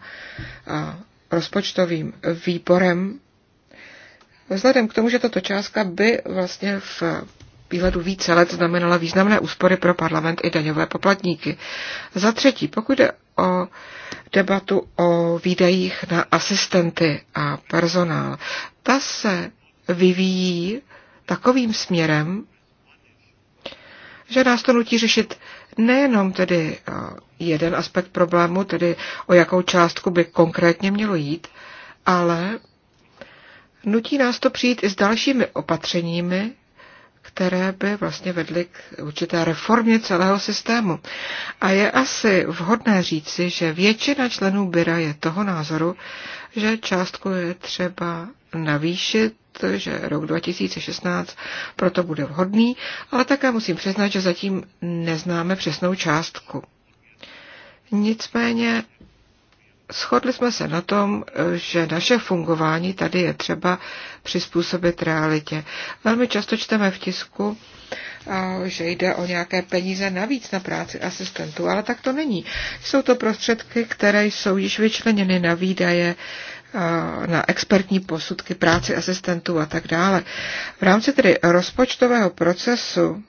rozpočtovým výborem. Vzhledem k tomu, že tato částka by vlastně v výhledu více let znamenala významné úspory pro parlament i daňové poplatníky. Za třetí, pokud jde o debatu o výdajích na asistenty a personál, ta se vyvíjí takovým směrem, že nás to nutí řešit nejenom tedy eh, jeden aspekt problému, tedy o jakou částku by konkrétně mělo jít, ale nutí nás to přijít i s dalšími opatřeními, které by vlastně vedly k určité reformě celého systému. A je asi vhodné říci, že většina členů Byra je toho názoru, že částku je třeba navýšit, že rok 2016 proto bude vhodný, ale také musím přiznat, že zatím neznáme přesnou částku. Nicméně shodli jsme se na tom, že naše fungování tady je třeba přizpůsobit realitě. Velmi často čteme v tisku, že jde o nějaké peníze navíc na práci asistentů, ale tak to není. Jsou to prostředky, které jsou již vyčleněny na výdaje na expertní posudky, práci asistentů a tak dále. V rámci tedy rozpočtového procesu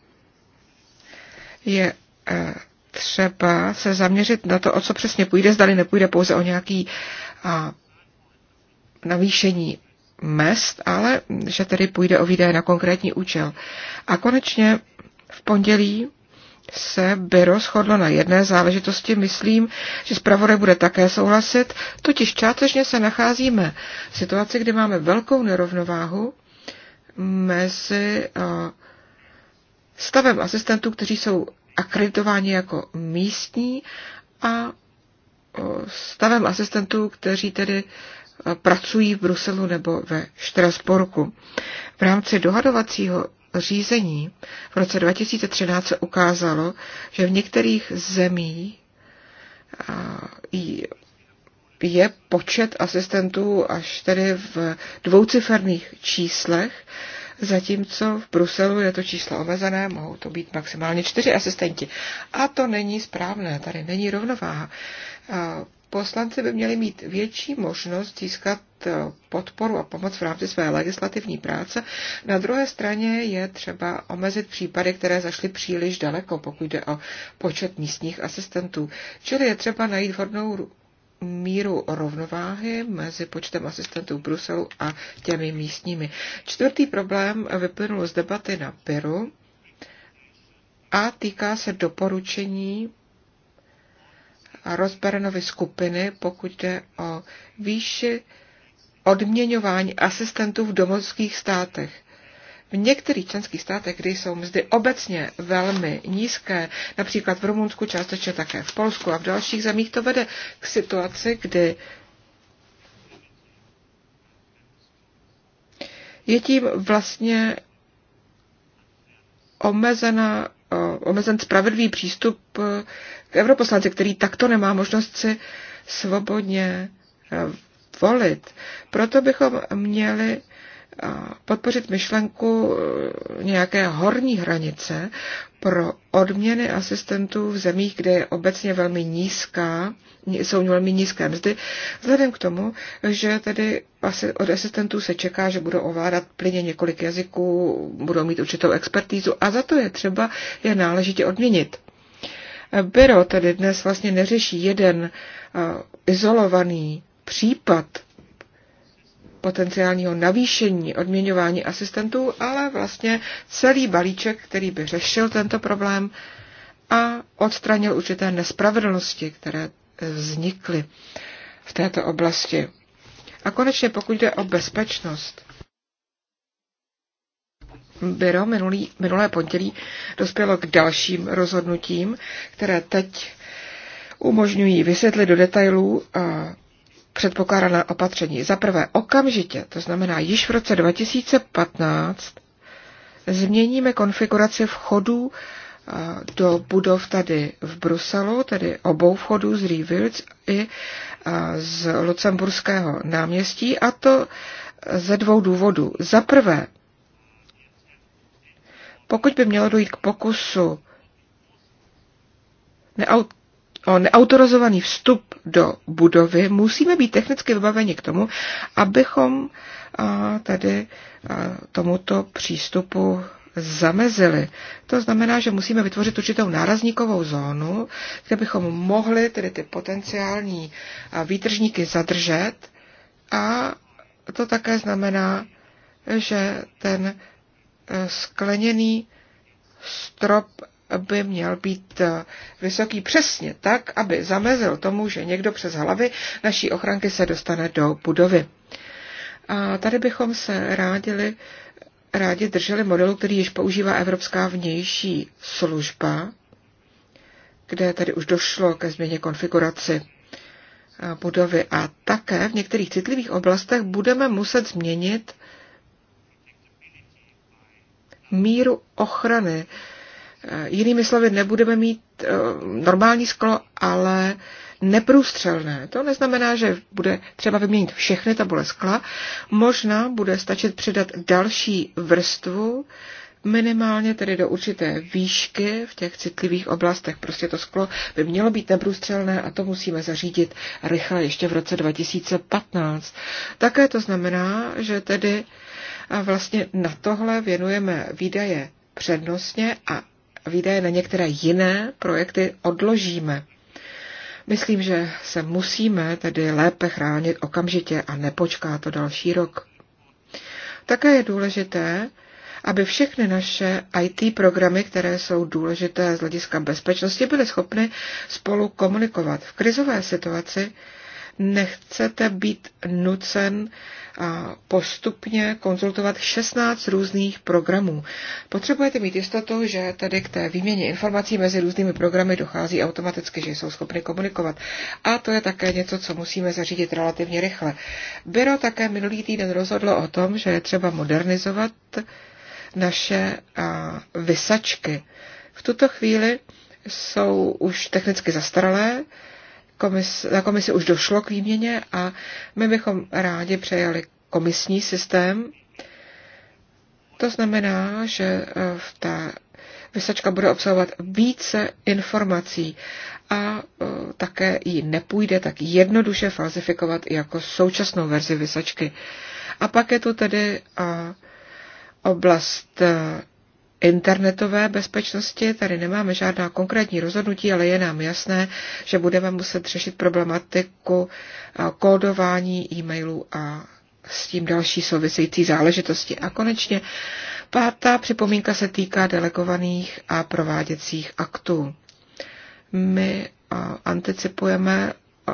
je e, třeba se zaměřit na to, o co přesně půjde, zdali nepůjde pouze o nějaký navýšení mest, ale že tedy půjde o výdaje na konkrétní účel. A konečně v pondělí se Byro shodlo na jedné záležitosti, myslím, že zpravodaj bude také souhlasit, totiž částečně se nacházíme v situaci, kdy máme velkou nerovnováhu mezi eh, stavem asistentů, kteří jsou akreditováni jako místní a eh, stavem asistentů, kteří tedy eh, pracují v Bruselu nebo ve Štrasporku. V rámci dohadovacího řízení. V roce 2013 se ukázalo, že v některých zemí eh, je počet asistentů až tedy v dvouciferných číslech zatímco v Bruselu je to číslo omezené, mohou to být maximálně čtyři asistenti. A to není správné, tady není rovnováha. Poslanci by měli mít větší možnost získat eh, podporu a pomoc v rámci své legislativní práce. Na druhé straně je třeba omezit případy, které zašly příliš daleko, pokud jde o počet místních asistentů. Čili je třeba najít vhodnou míru rovnováhy mezi počtem asistentů v Bruselu a těmi místními. Čtvrtý problém vyplynul z debaty na Peru a týká se doporučení rozberenovy skupiny, pokud jde o výši odměňování asistentů v domovských státech v některých členských státech, kdy jsou mzdy obecně velmi nízké, například v Rumunsku, částečně také v Polsku a v dalších zemích, to vede k situaci, kdy je tím vlastně omezena, eh, omezen spravedlivý přístup eh, k europoslanci, který takto nemá možnost si svobodně eh, volit. Proto bychom měli podpořit myšlenku eh, nějaké horní hranice pro odměny asistentů v zemích, kde je obecně velmi nízká, jsou velmi nízké mzdy, vzhledem k tomu, že tedy asi od asistentů se čeká, že budou ovládat plyně několik jazyků, budou mít určitou expertízu a za to je třeba je náležitě odměnit. Byro tedy dnes vlastně neřeší jeden eh, izolovaný případ potenciálního navýšení odměňování asistentů, ale vlastně celý balíček, který by řešil tento problém a odstranil určité nespravedlnosti, které eh, vznikly v této oblasti. A konečně pokud jde o bezpečnost. Byro minulý, minulé pondělí dospělo k dalším rozhodnutím, které teď umožňují vysvětlit do detailů eh, předpokládané opatření. Za prvé, okamžitě, to znamená již v roce 2015, změníme konfiguraci vchodů eh, do budov tady v Bruselu, tedy obou vchodů z Rivils i eh, z Lucemburského náměstí, a to ze dvou důvodů. Za prvé, pokud by mělo dojít k pokusu neaut- o neautorizovaný vstup do budovy, musíme být technicky vybaveni k tomu, abychom tady tomuto přístupu zamezili. To znamená, že musíme vytvořit určitou nárazníkovou zónu, kde bychom mohli tedy ty potenciální výtržníky zadržet a to také znamená, že ten e, skleněný strop by měl být eh, vysoký přesně tak, aby zamezil tomu, že někdo přes hlavy naší ochranky se dostane do budovy. A tady bychom se rádili, rádi drželi modelu, který již používá Evropská vnější služba, kde tady už došlo ke změně konfiguraci eh, budovy a také v některých citlivých oblastech budeme muset změnit míru ochrany Eh, jinými slovy, nebudeme mít eh, normální sklo, ale neprůstřelné. To neznamená, že bude třeba vyměnit všechny tabule skla. Možná bude stačit přidat další vrstvu, minimálně tedy do určité výšky v těch citlivých oblastech. Prostě to sklo by mělo být neprůstřelné a to musíme zařídit rychle ještě v roce 2015. Také to znamená, že tedy vlastně na tohle věnujeme výdaje přednostně a výdaje na některé jiné projekty odložíme. Myslím, že se musíme tedy lépe chránit okamžitě a nepočká to další rok. Také je důležité, aby všechny naše IT programy, které jsou důležité z hlediska bezpečnosti, byly schopny spolu komunikovat. V krizové situaci nechcete být nucen postupně konzultovat 16 různých programů. Potřebujete mít jistotu, že tedy k té výměně informací mezi různými programy dochází automaticky, že jsou schopny komunikovat. A to je také něco, co musíme zařídit relativně rychle. Byro také minulý týden rozhodlo o tom, že je třeba modernizovat naše vysačky. V tuto chvíli jsou už technicky zastaralé, komis, na komisi už došlo k výměně a my bychom rádi přejali komisní systém. To znamená, že eh, v té vysačka bude obsahovat více informací a eh, také ji nepůjde tak jednoduše falzifikovat jako současnou verzi vysačky. A pak je tu tedy eh, oblast internetové bezpečnosti. Tady nemáme žádná konkrétní rozhodnutí, ale je nám jasné, že budeme muset řešit problematiku eh, kódování e-mailů a s tím další související záležitosti. A konečně pátá připomínka se týká delegovaných a prováděcích aktů. My eh, anticipujeme eh,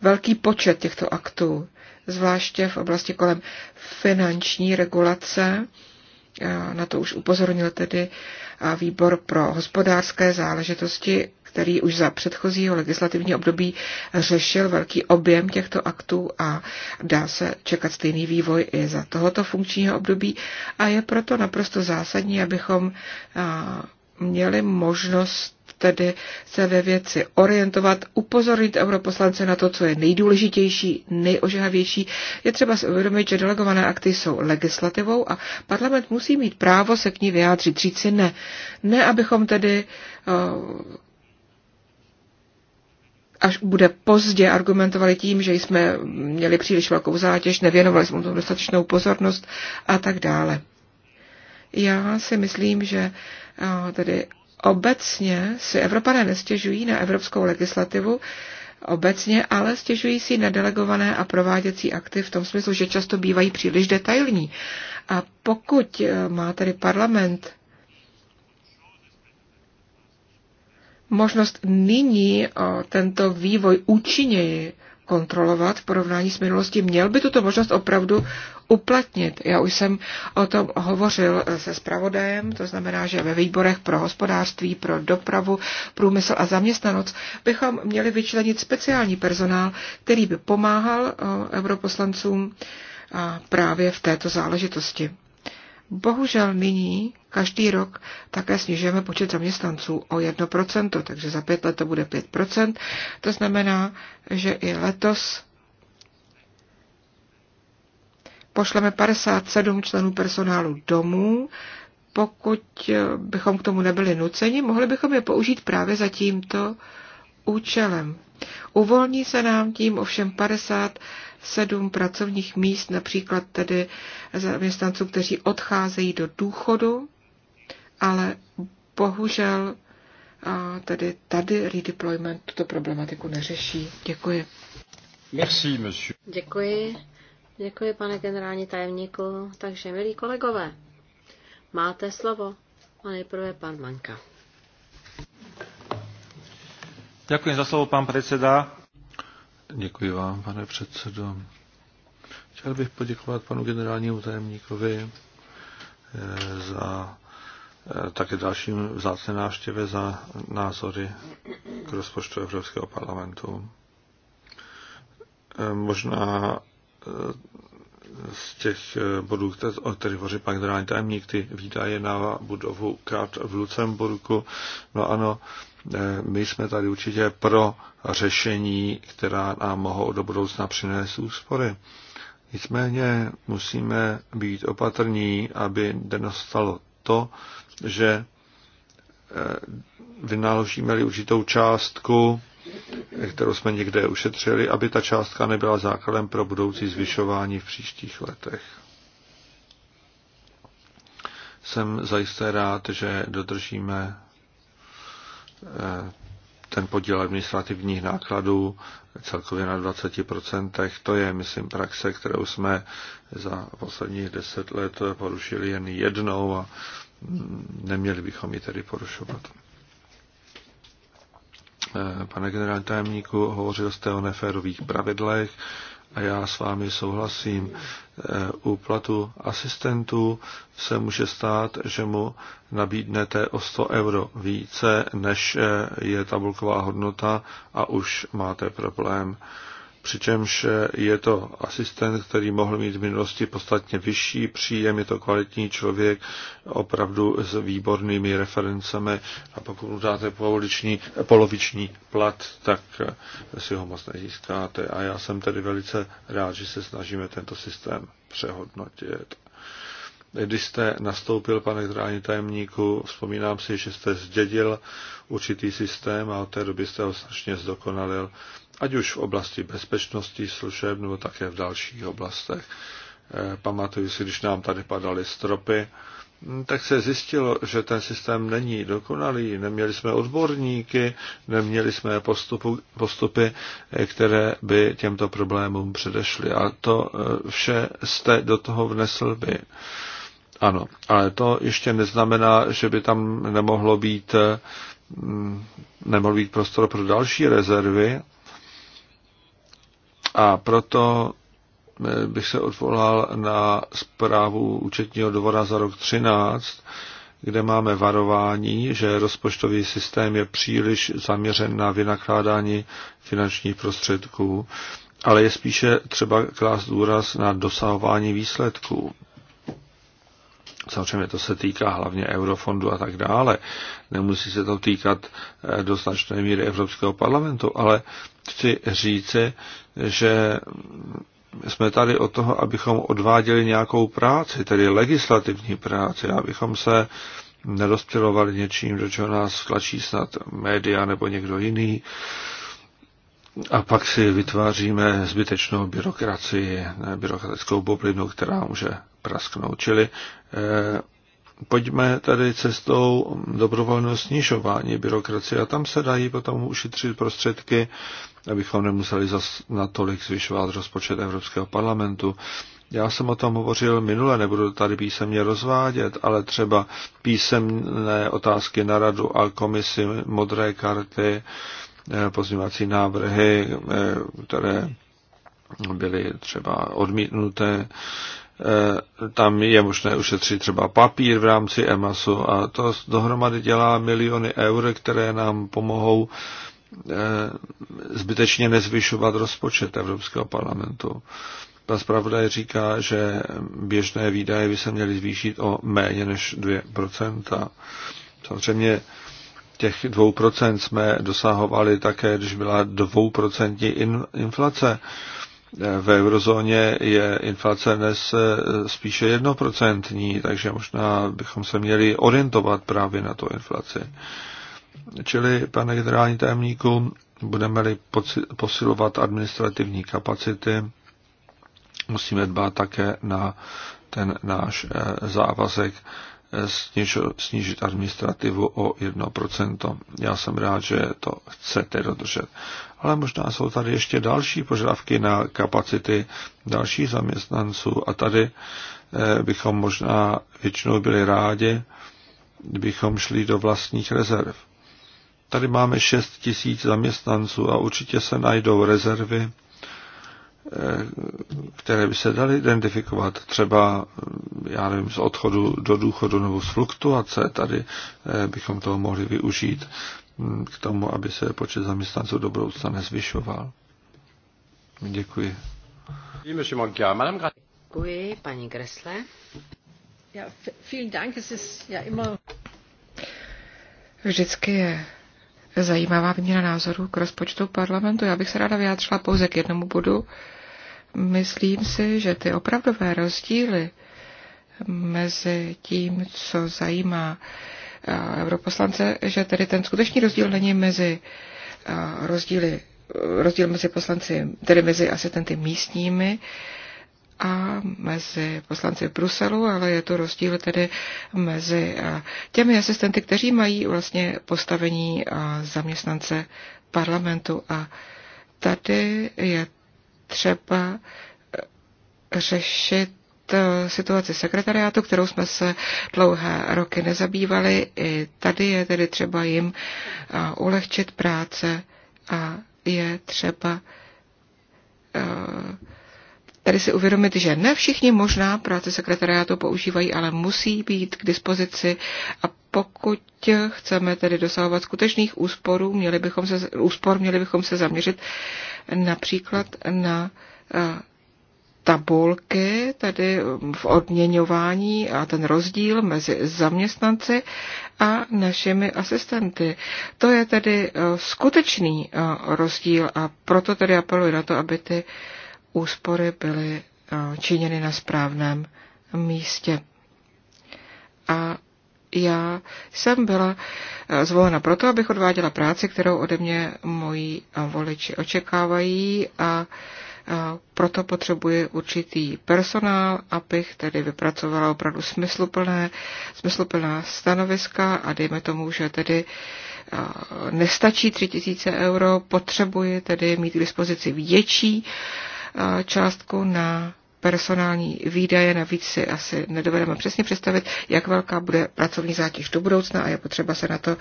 velký počet těchto aktů, zvláště v oblasti kolem finanční regulace, na to už upozornil tedy výbor pro hospodářské záležitosti, který už za předchozího legislativního období řešil velký objem těchto aktů a dá se čekat stejný vývoj i za tohoto funkčního období a je proto naprosto zásadní, abychom měli možnost tedy se ve věci orientovat, upozornit europoslance na to, co je nejdůležitější, nejožehavější. Je třeba si uvědomit, že delegované akty jsou legislativou a parlament musí mít právo se k ní vyjádřit, říct si ne. Ne, abychom tedy eh, až bude pozdě argumentovali tím, že jsme měli příliš velkou zátěž, nevěnovali jsme tomu dostatečnou pozornost a tak dále. Já si myslím, že eh, tedy obecně si Evropané nestěžují na evropskou legislativu, obecně, ale stěžují si na delegované a prováděcí akty v tom smyslu, že často bývají příliš detailní. A pokud eh, má tedy parlament možnost nyní eh, tento vývoj účinněji kontrolovat v porovnání s minulostí, měl by tuto možnost opravdu uplatnit. Já už jsem o tom hovořil se zpravodajem, to znamená, že ve výborech pro hospodářství, pro dopravu, průmysl a zaměstnanost bychom měli vyčlenit speciální personál, který by pomáhal eh, europoslancům právě v této záležitosti. Bohužel nyní každý rok také snižujeme počet zaměstnanců o 1%, takže za pět let to bude 5%. To znamená, že i letos pošleme 57 členů personálu domů. Pokud bychom k tomu nebyli nuceni, mohli bychom je použít právě za tímto účelem. Uvolní se nám tím ovšem 50 sedm pracovních míst, například tedy zaměstnanců, kteří odcházejí do důchodu, ale bohužel a tedy tady redeployment tuto problematiku neřeší. Děkuji. Merci, monsieur. Děkuji. Děkuji, pane generální tajemníku. Takže, milí kolegové, máte slovo. A nejprve pan Manka. Ďakujem za slovo, pán predseda. Děkuji vám, pane předsedo. Chtěl bych poděkovat panu generálnímu tajemníkovi eh, za eh, také dalším vzácné návštěvě za názory k rozpočtu Evropského parlamentu. Eh, možná z těch eh, bodů, o kterých hovoří pan generální tajemník, ty výdaje na budovu krát v Lucemburku. No ano, eh, my jsme tady určitě pro řešení, která nám mohou do budoucna přinést úspory. Nicméně musíme být opatrní, aby nenastalo to, že eh, vynaložíme-li určitou částku kterou jsme někde ušetřili, aby ta částka nebyla základem pro budoucí zvyšování v příštích letech. Jsem zajisté rád, že dodržíme eh, ten podíl administrativních nákladů celkově na 20%. To je, myslím, praxe, kterou jsme za posledních deset let porušili jen jednou a neměli bychom ji tedy porušovat. Eh, pane generální tajemníku, hovořil jste o neférových pravidlech a já s vámi souhlasím. U eh, platu asistentů se může stát, že mu nabídnete o 100 euro více, než eh, je tabulková hodnota a už máte problém přičemž je to asistent, který mohl mít v minulosti podstatně vyšší příjem, je to kvalitní člověk, opravdu s výbornými referencemi a pokud mu dáte poloviční, poloviční plat, tak si ho moc nezískáte a já jsem tedy velice rád, že se snažíme tento systém přehodnotit. Když jste nastoupil, pane generální tajemníku, vzpomínám si, že jste zdědil určitý systém a od té doby jste ho strašně zdokonalil ať už v oblasti bezpečnosti služeb nebo také v dalších oblastech. Eh, pamatuju si, když nám tady padaly stropy, hm, tak se zjistilo, že ten systém není dokonalý. Neměli jsme odborníky, neměli jsme postupu, postupy, eh, které by těmto problémům předešly. A to eh, vše jste do toho vnesl by. Ano, ale to ještě neznamená, že by tam nemohlo být, hm, nemohl být prostor pro další rezervy, a proto eh, bych se odvolal na zprávu účetního dvora za rok 13, kde máme varování, že rozpočtový systém je příliš zaměřen na vynakládání finančních prostředků, ale je spíše třeba klást důraz na dosahování výsledků. Samozřejmě to se týká hlavně eurofondu a tak dále. Nemusí se to týkat eh, do značné míry Evropského parlamentu, ale chci říci, že jsme tady o toho, abychom odváděli nějakou práci, tedy legislativní práci, abychom se nerozptilovali něčím, do čeho nás tlačí snad média nebo někdo jiný. A pak si vytváříme zbytečnou byrokracii, byrokratickou bublinu, která může prasknout. Čili eh, pojďme tady cestou dobrovolného snižování byrokracie a tam se dají potom ušetřit prostředky abychom nemuseli zas natolik zvyšovat rozpočet Evropského parlamentu. Já jsem o tom hovořil minule, nebudu tady písemně rozvádět, ale třeba písemné otázky na radu a komisi, modré karty, eh, pozměvací návrhy, eh, které byly třeba odmítnuté. Eh, tam je možné ušetřit třeba papír v rámci EMASu a to dohromady dělá miliony eur, které nám pomohou Eh, zbytečně nezvyšovat rozpočet Evropského parlamentu. Pan zpravodaj říká, že běžné výdaje by se měly zvýšit o méně než 2%. Samozřejmě těch 2% jsme dosahovali také, když byla 2% inflace. Eh, v eurozóně je inflace dnes eh, spíše jednoprocentní, takže možná bychom se měli orientovat právě na tu inflaci. Čili, pane generální tajemníku, budeme-li posilovat administrativní kapacity, musíme dbát také na ten náš eh, závazek eh, snížit administrativu o 1%. Já jsem rád, že to chcete dodržet. Ale možná jsou tady ještě další požadavky na kapacity dalších zaměstnanců a tady eh, bychom možná většinou byli rádi, kdybychom šli do vlastních rezerv. Tady máme 6 tisíc zaměstnanců a určitě se najdou rezervy, eh, které by se daly identifikovat, třeba, já nevím, z odchodu do důchodu nebo z fluktuace, tady eh, bychom toho mohli využít hm, k tomu, aby se počet zaměstnanců do budoucna nezvyšoval. Děkuji. Děkuji, paní Gresle. Vždycky je zajímavá výměna názorů k rozpočtu parlamentu. Já bych se ráda vyjádřila pouze k jednomu bodu. Myslím si, že ty opravdové rozdíly mezi tím, co zajímá eh, europoslance, že tedy ten skutečný rozdíl není mezi eh, rozdíly, eh, rozdíl mezi poslanci, tedy mezi asistenty místními, a mezi poslanci v Bruselu, ale je to rozdíl tedy mezi těmi asistenty, kteří mají vlastně postavení zaměstnance parlamentu. A tady je třeba e, řešit e, situaci sekretariátu, kterou jsme se dlouhé roky nezabývali. I tady je tedy třeba jim e, ulehčit práce a je třeba Tady si uvědomit, že ne všichni možná práce sekretariátu používají, ale musí být k dispozici a pokud chceme tedy dosahovat skutečných úsporů, měli bychom se, úspor, měli bychom se zaměřit například na eh, tabulky tady v odměňování a ten rozdíl mezi zaměstnanci a našimi asistenty. To je tedy eh, skutečný eh, rozdíl a proto tedy apeluji na to, aby ty uh, úspory byly eh, činěny na správném místě. A já jsem byla eh, zvolena proto, abych odváděla práci, kterou ode mě moji eh, voliči očekávají a proto potřebuji určitý personál, abych tedy vypracovala opravdu smysluplné, smysluplná stanoviska a dejme tomu, že tedy nestačí 3000 euro, potřebuji tedy mít k dispozici větší částku na personální výdaje, navíc si asi nedovedeme přesně představit, jak velká bude pracovní zátěž do budoucna a je potřeba se na to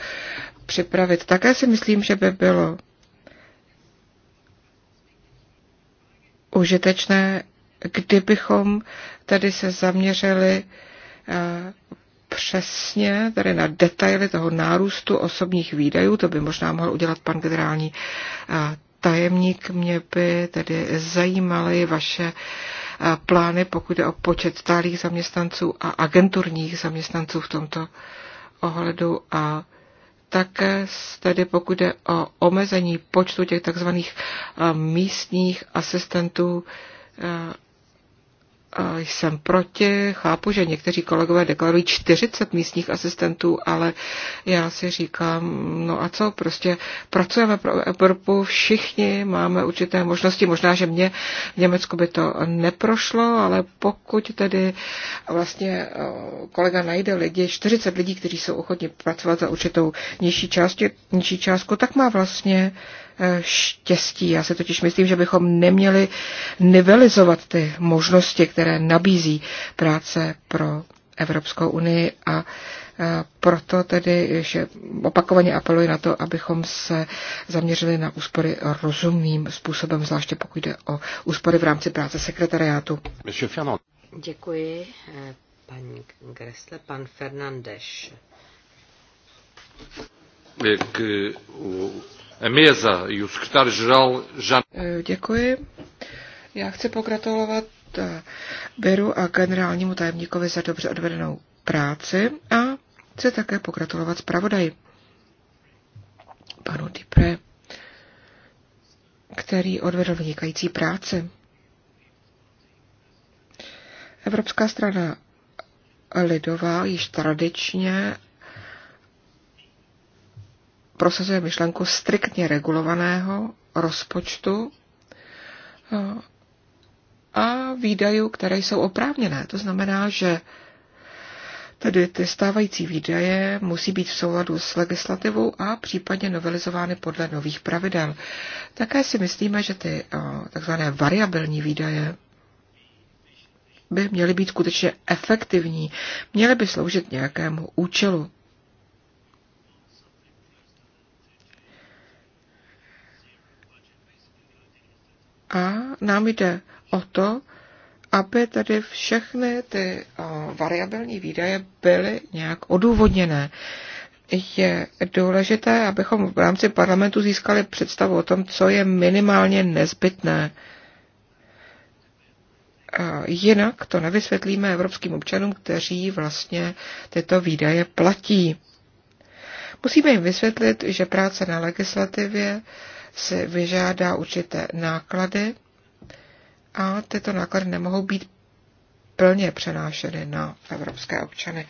připravit. Také si myslím, že by bylo užitečné, kdybychom tady se zaměřili e, přesně tady na detaily toho nárůstu osobních výdajů, to by možná mohl udělat pan generální e, tajemník, mě by tedy zajímaly vaše eh, plány, pokud je o počet stálých zaměstnanců a agenturních zaměstnanců v tomto ohledu a také tedy pokud je o omezení počtu těch takzvaných eh, místních asistentů, eh, jsem proti. Chápu, že někteří kolegové deklarují 40 místních asistentů, ale já si říkám, no a co, prostě pracujeme pro Evropu, všichni máme určité možnosti. Možná, že mě v Německu by to neprošlo, ale pokud tedy vlastně e, kolega najde lidi, 40 lidí, kteří jsou ochotni pracovat za určitou nižší, části, nižší částku, tak má vlastně Eh, štěstí. Já si totiž myslím, že bychom neměli nivelizovat ty možnosti, které nabízí práce pro Evropskou unii a eh, proto tedy že opakovaně apeluji na to, abychom se zaměřili na úspory rozumným způsobem, zvláště pokud jde o úspory v rámci práce sekretariátu. Děkuji, eh, paní Gressle, pan Fernandeš mesa e o secretário-geral eh, Děkuji. Já chci pokratulovat eh, Beru a generálnímu tajemníkovi za dobře odvedenou práci a chci také pokratulovat zpravodaji panu Dipre, který odvedl vynikající práci. Evropská strana lidová již tradičně prosazuje myšlenku striktně regulovaného rozpočtu eh, a výdajů, které jsou oprávněné. To znamená, že tedy ty stávající výdaje musí být v souladu s legislativou a případně novelizovány podle nových pravidel. Také si myslíme, že ty eh, takzvané variabilní výdaje by měly být skutečně efektivní, měly by sloužit nějakému účelu. A nám jde o to, aby tady všechny ty eh, variabilní výdaje byly nějak odůvodněné. Je důležité, abychom v rámci parlamentu získali představu o tom, co je minimálně nezbytné. A jinak to nevysvětlíme evropským občanům, kteří vlastně tyto výdaje platí. Musíme jim vysvětlit, že práce na legislativě si vyžádá určité náklady a tyto náklady nemohou být plně přenášeny na evropské občany.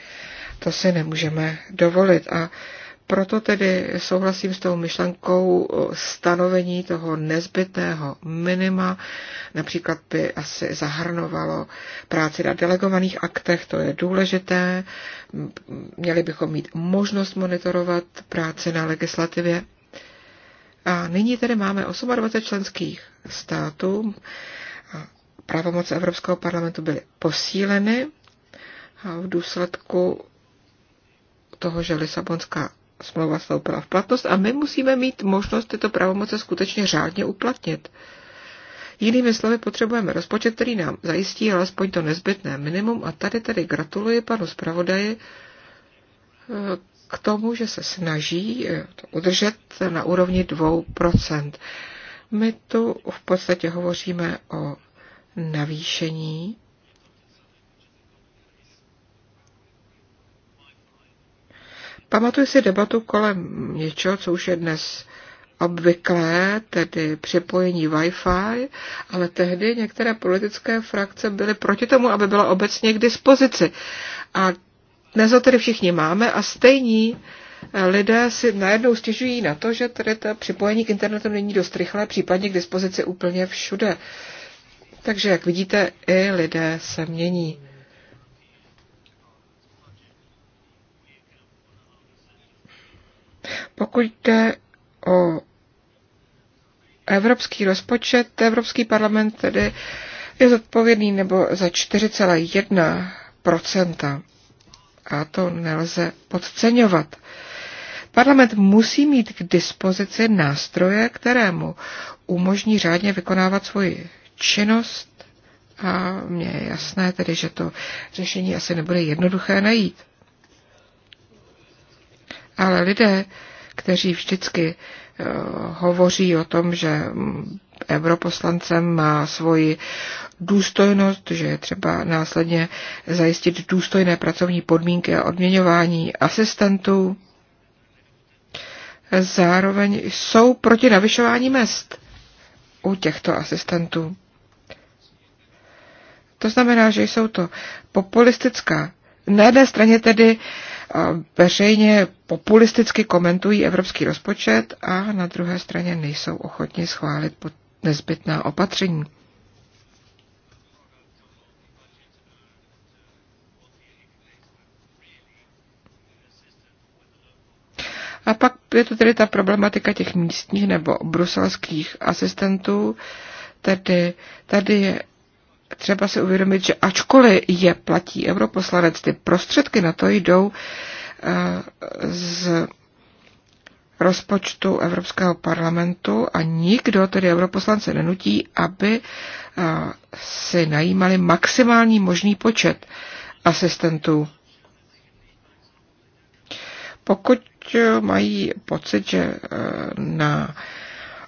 To si nemůžeme dovolit a proto tedy souhlasím s tou myšlenkou stanovení toho nezbytného minima. Například by asi zahrnovalo práci na delegovaných aktech, to je důležité. Měli bychom mít možnost monitorovat práci na legislativě a nyní tedy máme 28 členských států. Pravomoce Evropského parlamentu byly posíleny a v důsledku toho, že Lisabonská smlouva vstoupila v platnost a my musíme mít možnost tyto pravomoce skutečně řádně uplatnit. Jinými slovy, potřebujeme rozpočet, který nám zajistí alespoň to nezbytné minimum a tady tedy gratuluji panu zpravodaji k tomu, že se snaží eh, to udržet na úrovni 2%. My tu v podstatě hovoříme o navýšení Pamatuju si debatu kolem něčeho, co už je dnes obvyklé, tedy připojení Wi-Fi, ale tehdy některé politické frakce byly proti tomu, aby byla obecně k dispozici. A dnes ho tedy všichni máme a stejní eh, lidé si najednou stěžují na to, že tedy to připojení k internetu není dost rychlé, případně k dispozici úplně všude. Takže, jak vidíte, i lidé se mění. Pokud jde o evropský rozpočet, Evropský parlament tedy je zodpovědný nebo za 4,1 a to nelze podceňovat. Parlament musí mít k dispozici nástroje, které mu umožní řádně vykonávat svoji činnost a mně je jasné tedy, že to řešení asi nebude jednoduché najít. Ale lidé, kteří vždycky eh, hovoří o tom, že mm, europoslancem má svoji důstojnost, že je třeba následně zajistit důstojné pracovní podmínky a odměňování asistentů. Zároveň jsou proti navyšování mest u těchto asistentů. To znamená, že jsou to populistická. Na jedné straně tedy eh, veřejně populisticky komentují evropský rozpočet a na druhé straně nejsou ochotni schválit pod nezbytná opatření. A pak je to tedy ta problematika těch místních nebo bruselských asistentů. Tedy tady je třeba si uvědomit, že ačkoliv je platí europoslanec, ty prostředky na to jdou eh, z rozpočtu Evropského parlamentu a nikdo, tedy europoslance, nenutí, aby eh, si najímali maximální možný počet asistentů. Pokud eh, mají pocit, že eh, na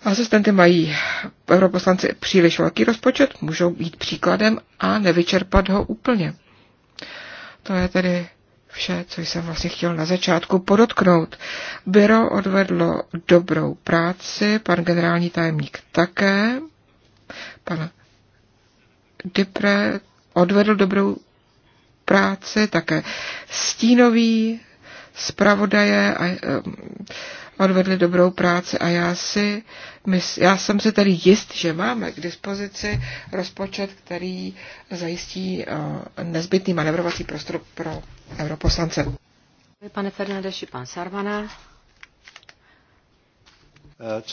asistenty mají europoslanci příliš velký rozpočet, můžou být příkladem a nevyčerpat ho úplně. To je tedy vše, co jsem vlastně chtěl na začátku podotknout. Byro odvedlo dobrou práci, pan generální tajemník také, pan Dipre odvedl dobrou práci, také stínový zpravodaje a odvedli dobrou práci a já si, já jsem si tady jist, že máme k dispozici rozpočet, který zajistí eh, nezbytný manevrovací prostor pro europoslance. Pane Fernandeši, pan Sarvana. Uh,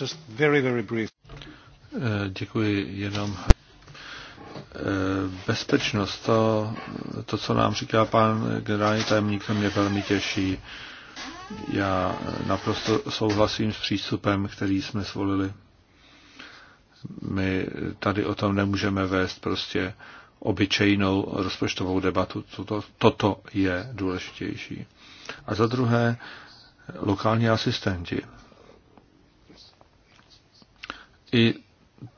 just very, very brief. Uh, děkuji jenom eh, bezpečnost, to, to, co nám říká pan generální tajemník, to mě velmi těší. Já eh, naprosto souhlasím s přístupem, který jsme zvolili. My tady o tom nemůžeme vést prostě obyčejnou rozpočtovou debatu. Toto, toto je důležitější. A za druhé, lokální asistenti. I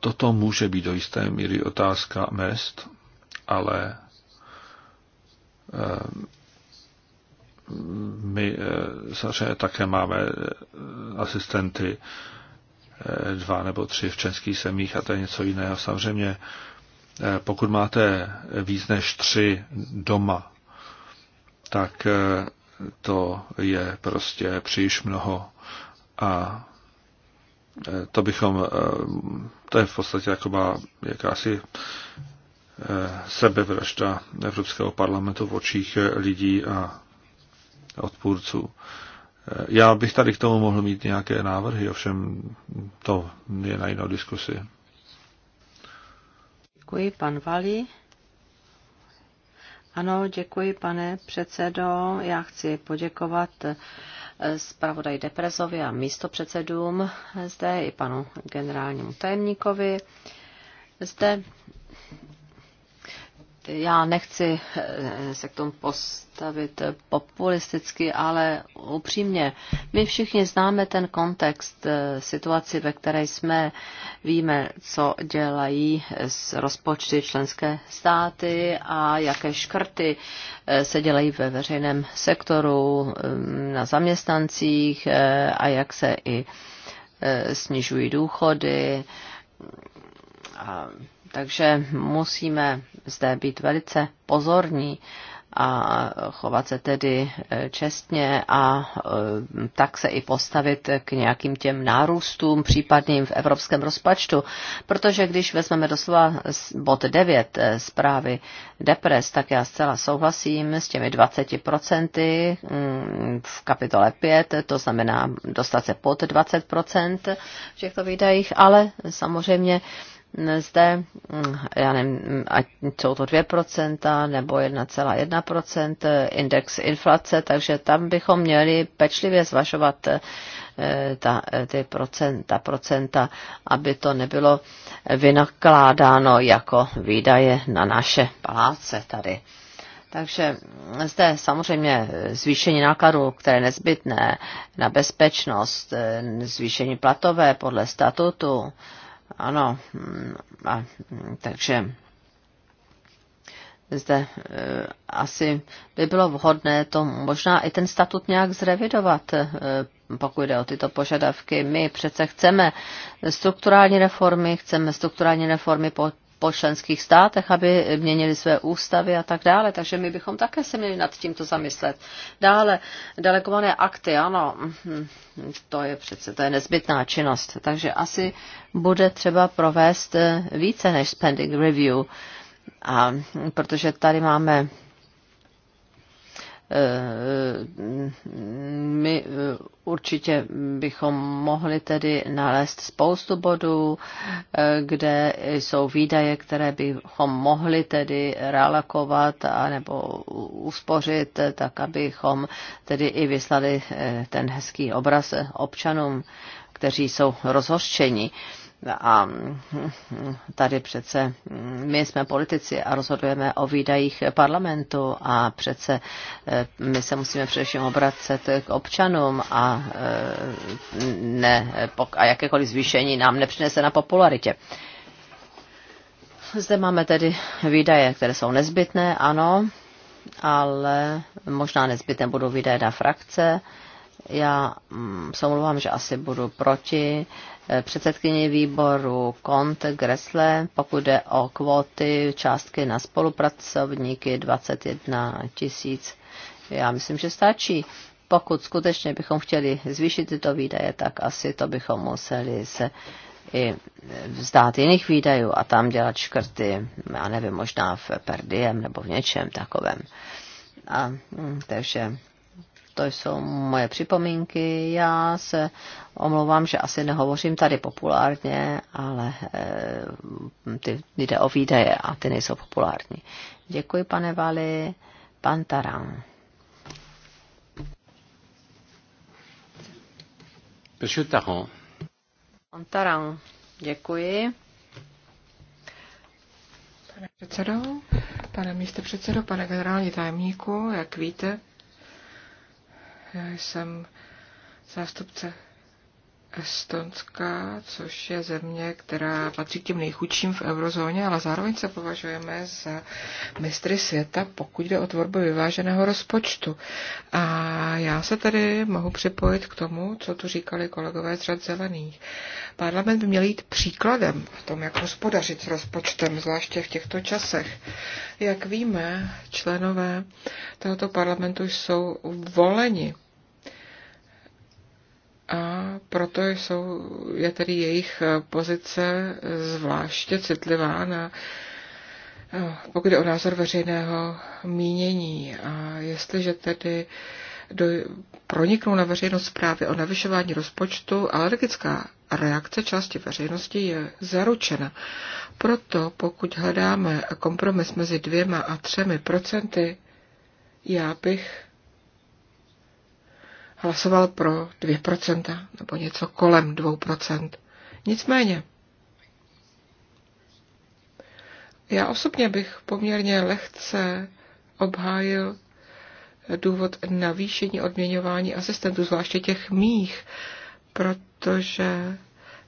toto může být do jisté míry otázka mest, ale eh, my eh, samozřejmě také máme eh, asistenty dva nebo tři v českých semích a to je něco jiného. Samozřejmě Eh, pokud máte víc než tři doma, tak eh, to je prostě příliš mnoho a eh, to bychom, to je v podstatě jakoba jakási sebevražda Evropského parlamentu v očích lidí a odpůrců. Já bych tady k tomu mohl mít nějaké návrhy, ovšem to je na jinou diskusi. Děkuji, pan Vali. Ano, děkuji, pane předsedo. Já chci poděkovat eh, zpravodaj Deprezovi a místopředsedům eh, zde i panu generálnímu tajemníkovi. Zde já nechci eh, se k tomu postavit eh, populisticky, ale upřímně, my všichni známe ten kontext eh, situaci, ve které jsme, víme, co dělají s rozpočty členské státy a jaké škrty se dělají ve veřejném sektoru, mm, na zaměstnancích a jak se i snižují důchody. A takže musíme zde být velice pozorní a chovat se tedy eh, čestně a eh, tak se i postavit k nějakým těm nárůstům případným v evropském rozpočtu. Protože když vezmeme doslova bod 9 eh, zprávy Depres, tak já zcela souhlasím s těmi 20% mm, v kapitole 5, to znamená dostat se pod 20% v těchto výdajích, ale samozřejmě zde, mm, já nevím, ať jsou to 2% nebo 1,1% index inflace, takže tam bychom měli pečlivě zvažovat eh, ta, eh, ty procenta, procenta, aby to nebylo vynakládáno jako výdaje na naše paláce tady. Takže zde samozřejmě zvýšení nákladů, které je nezbytné na bezpečnost, eh, zvýšení platové podle statutu, ano, mm, a, mm, takže zde e, asi by bylo vhodné to možná i ten statut nějak zrevidovat, e, pokud jde o tyto požadavky. My přece chceme strukturální reformy, chceme strukturální reformy po po členských státech, aby měnili své ústavy a tak dále. Takže my bychom také se měli nad tímto zamyslet. Dále, delegované akty, ano, mhm, to je přece, to je nezbytná činnost. Takže asi bude třeba provést eh, více než spending review. A protože tady máme my určitě bychom mohli tedy nalézt spoustu bodů, kde jsou výdaje, které bychom mohli tedy realokovat nebo uspořit, tak abychom tedy i vyslali ten hezký obraz občanům, kteří jsou rozhořčeni. A tady přece my jsme politici a rozhodujeme o výdajích parlamentu a přece eh, my se musíme především obracet k občanům a, eh, ne, a jakékoliv zvýšení nám nepřinese na popularitě. Zde máme tedy výdaje, které jsou nezbytné, ano, ale možná nezbytné budou výdaje na frakce. Já mm, se omlouvám, že asi budu proti předsedkyni výboru Kont Gressle, pokud jde o kvóty, částky na spolupracovníky 21 tisíc. Já myslím, že stačí. Pokud skutečně bychom chtěli zvýšit tyto výdaje, tak asi to bychom museli se i vzdát jiných výdajů a tam dělat škrty, já nevím, možná v perdiem nebo v něčem takovém. A, takže to jsou moje připomínky. Já se omlouvám, že asi nehovořím tady populárně, ale eh, ty jde o výdaje a ty nejsou populární. Děkuji, pane Vali. Pan Taran. Monsieur Pan Taran, děkuji. Pane předsedo, pane předsedo, pane generální tajemníku, jak víte, já jsem zástupce Estonská, což je země, která patří k těm nejchudším v eurozóně, ale zároveň se považujeme za mistry světa, pokud jde o tvorbu vyváženého rozpočtu. A já se tedy mohu připojit k tomu, co tu říkali kolegové z řad zelených. Parlament by měl jít příkladem v tom, jak hospodařit s rozpočtem, zvláště v těchto časech. Jak víme, členové tohoto parlamentu jsou voleni a proto jsou, je tedy jejich eh, pozice zvláště citlivá na eh, pokud je o názor veřejného mínění. A jestliže tedy do, proniknou na veřejnost zprávy o navyšování rozpočtu, alergická reakce části veřejnosti je zaručena. Proto pokud hledáme kompromis mezi dvěma a třemi procenty, já bych hlasoval pro 2% nebo něco kolem 2%. Nicméně, já osobně bych poměrně lehce obhájil důvod navýšení odměňování asistentů, zvláště těch mých, protože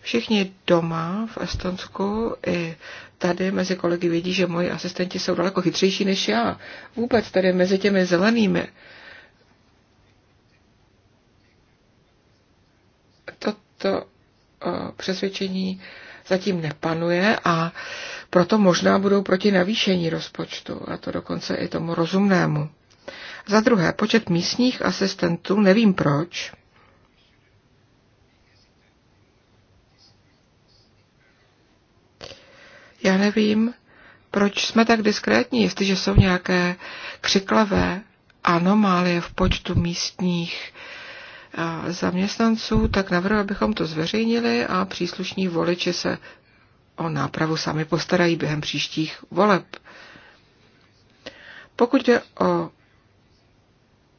všichni doma v Estonsku i tady mezi kolegy vědí, že moji asistenti jsou daleko chytřejší než já. Vůbec tady mezi těmi zelenými to eh, přesvědčení zatím nepanuje a proto možná budou proti navýšení rozpočtu, a to dokonce i tomu rozumnému. Za druhé, počet místních asistentů, nevím proč, Já nevím, proč jsme tak diskrétní, jestliže jsou nějaké křiklavé anomálie v počtu místních zaměstnanců, tak navrhuji, abychom to zveřejnili a příslušní voliči se o nápravu sami postarají během příštích voleb. Pokud jde o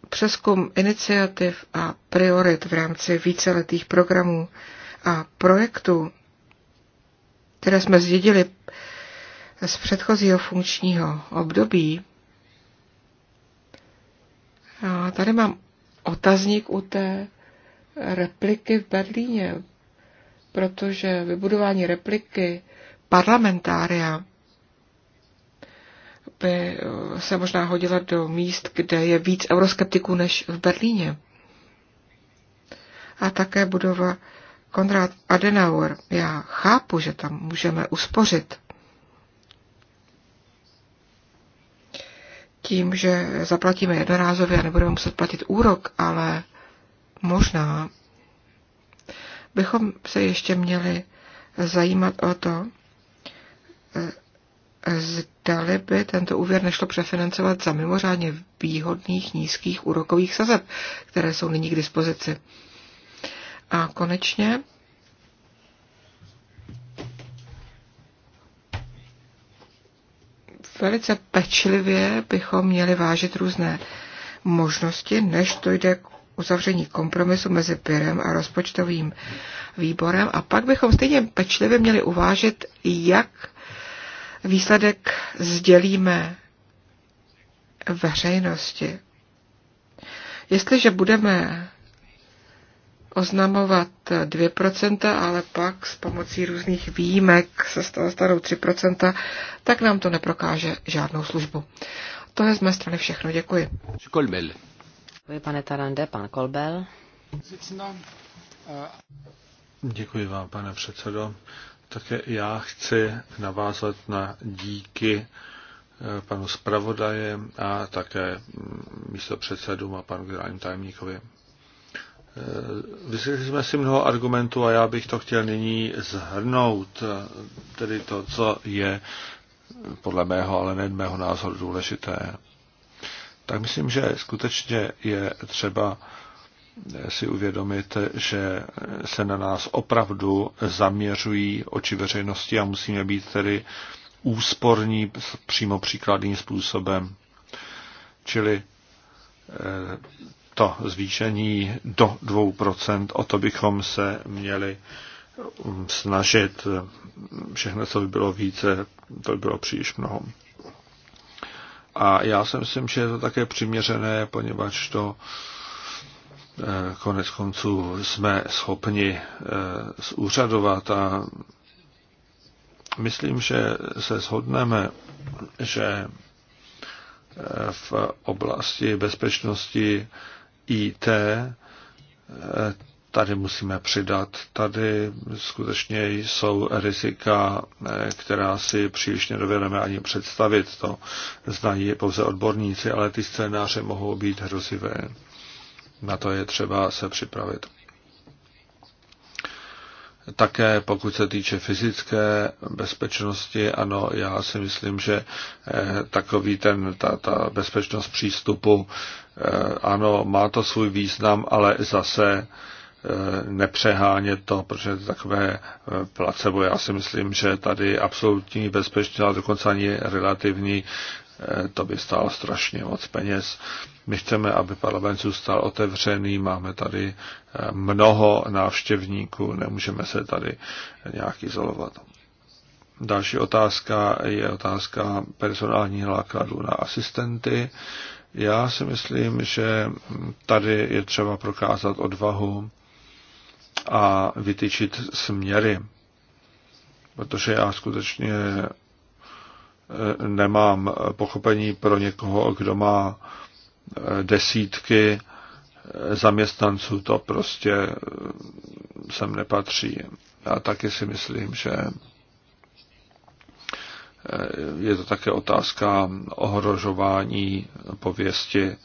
přeskum iniciativ a priorit v rámci víceletých programů a projektů, které jsme zdědili z předchozího funkčního období, a tady mám otazník u té repliky v Berlíně, protože vybudování repliky parlamentária by se možná hodila do míst, kde je víc euroskeptiků než v Berlíně. A také budova Konrad Adenauer. Já chápu, že tam můžeme uspořit. tím, že zaplatíme jednorázově a nebudeme muset platit úrok, ale možná bychom se ještě měli zajímat o to, eh, zdali by tento úvěr nešlo přefinancovat za mimořádně výhodných nízkých úrokových sazeb, které jsou nyní k dispozici. A konečně velice pečlivě bychom měli vážit různé možnosti, než to jde k uzavření kompromisu mezi Pirem a rozpočtovým výborem. A pak bychom stejně pečlivě měli uvážit, jak výsledek sdělíme veřejnosti. Jestliže budeme oznamovat 2%, ale pak s pomocí různých výjimek se z toho stanou 3%, tak nám to neprokáže žádnou službu. To je z mé strany všechno. Děkuji. Kolbel. Děkuji, pane Tarande. Pan Kolbel. Děkuji vám, pane předsedo. Také já chci navázat na díky eh, panu zpravodaje a také mm, místo předsedům a panu generálním tajemníkovi. Eh, Vyslyšeli jsme si mnoho argumentů a já bych to chtěl nyní zhrnout, eh, tedy to, co je eh, podle mého, ale ne mého názoru důležité. Tak myslím, že skutečně je třeba si uvědomit, že se na nás opravdu zaměřují oči veřejnosti a musíme být tedy úsporní přímo příkladným způsobem. Čili to zvýšení do 2%, o to bychom se měli um, snažit. Všechno, co by bylo více, to by bylo příliš mnoho. A já si myslím, že je to také přiměřené, poněvadž to eh, konec konců jsme schopni eh, zúřadovat a myslím, že se shodneme, že eh, v oblasti bezpečnosti IT, eh, tady musíme přidat. Tady skutečně jsou rizika, eh, která si příliš nedovedeme ani představit. To znají pouze odborníci, ale ty scénáře mohou být hrozivé. Na to je třeba se připravit. Také pokud se týče fyzické bezpečnosti, ano, já si myslím, že eh, takový ten, ta, ta bezpečnost přístupu, eh, ano, má to svůj význam, ale zase eh, nepřehánět to, protože takové placebo, já si myslím, že tady absolutní bezpečnost, a dokonce ani relativní, to by stálo strašně moc peněz. My chceme, aby parlament zůstal otevřený, máme tady eh, mnoho návštěvníků, nemůžeme se tady nějak izolovat. Další otázka je otázka personálních nákladů na asistenty. Já si myslím, že tady je třeba prokázat odvahu a vytyčit směry, protože já skutečně eh, nemám pochopení pro někoho, kdo má desítky zaměstnanců, to prostě sem nepatří. Já taky si myslím, že je to také otázka ohrožování pověsti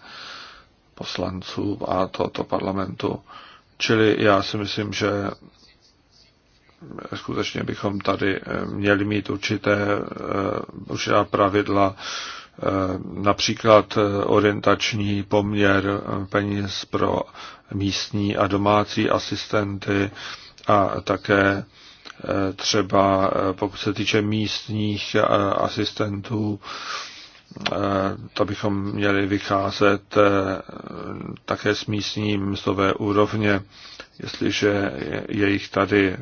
poslanců a tohoto parlamentu. Čili já si myslím, že skutečně bychom tady měli mít určité, určitá pravidla Eh, například eh, orientační poměr eh, peněz pro místní a domácí asistenty a také třeba pokud se týče místních asistentů, to bychom měli vycházet eh, také z místní mzdové úrovně. Jestliže je jich tady,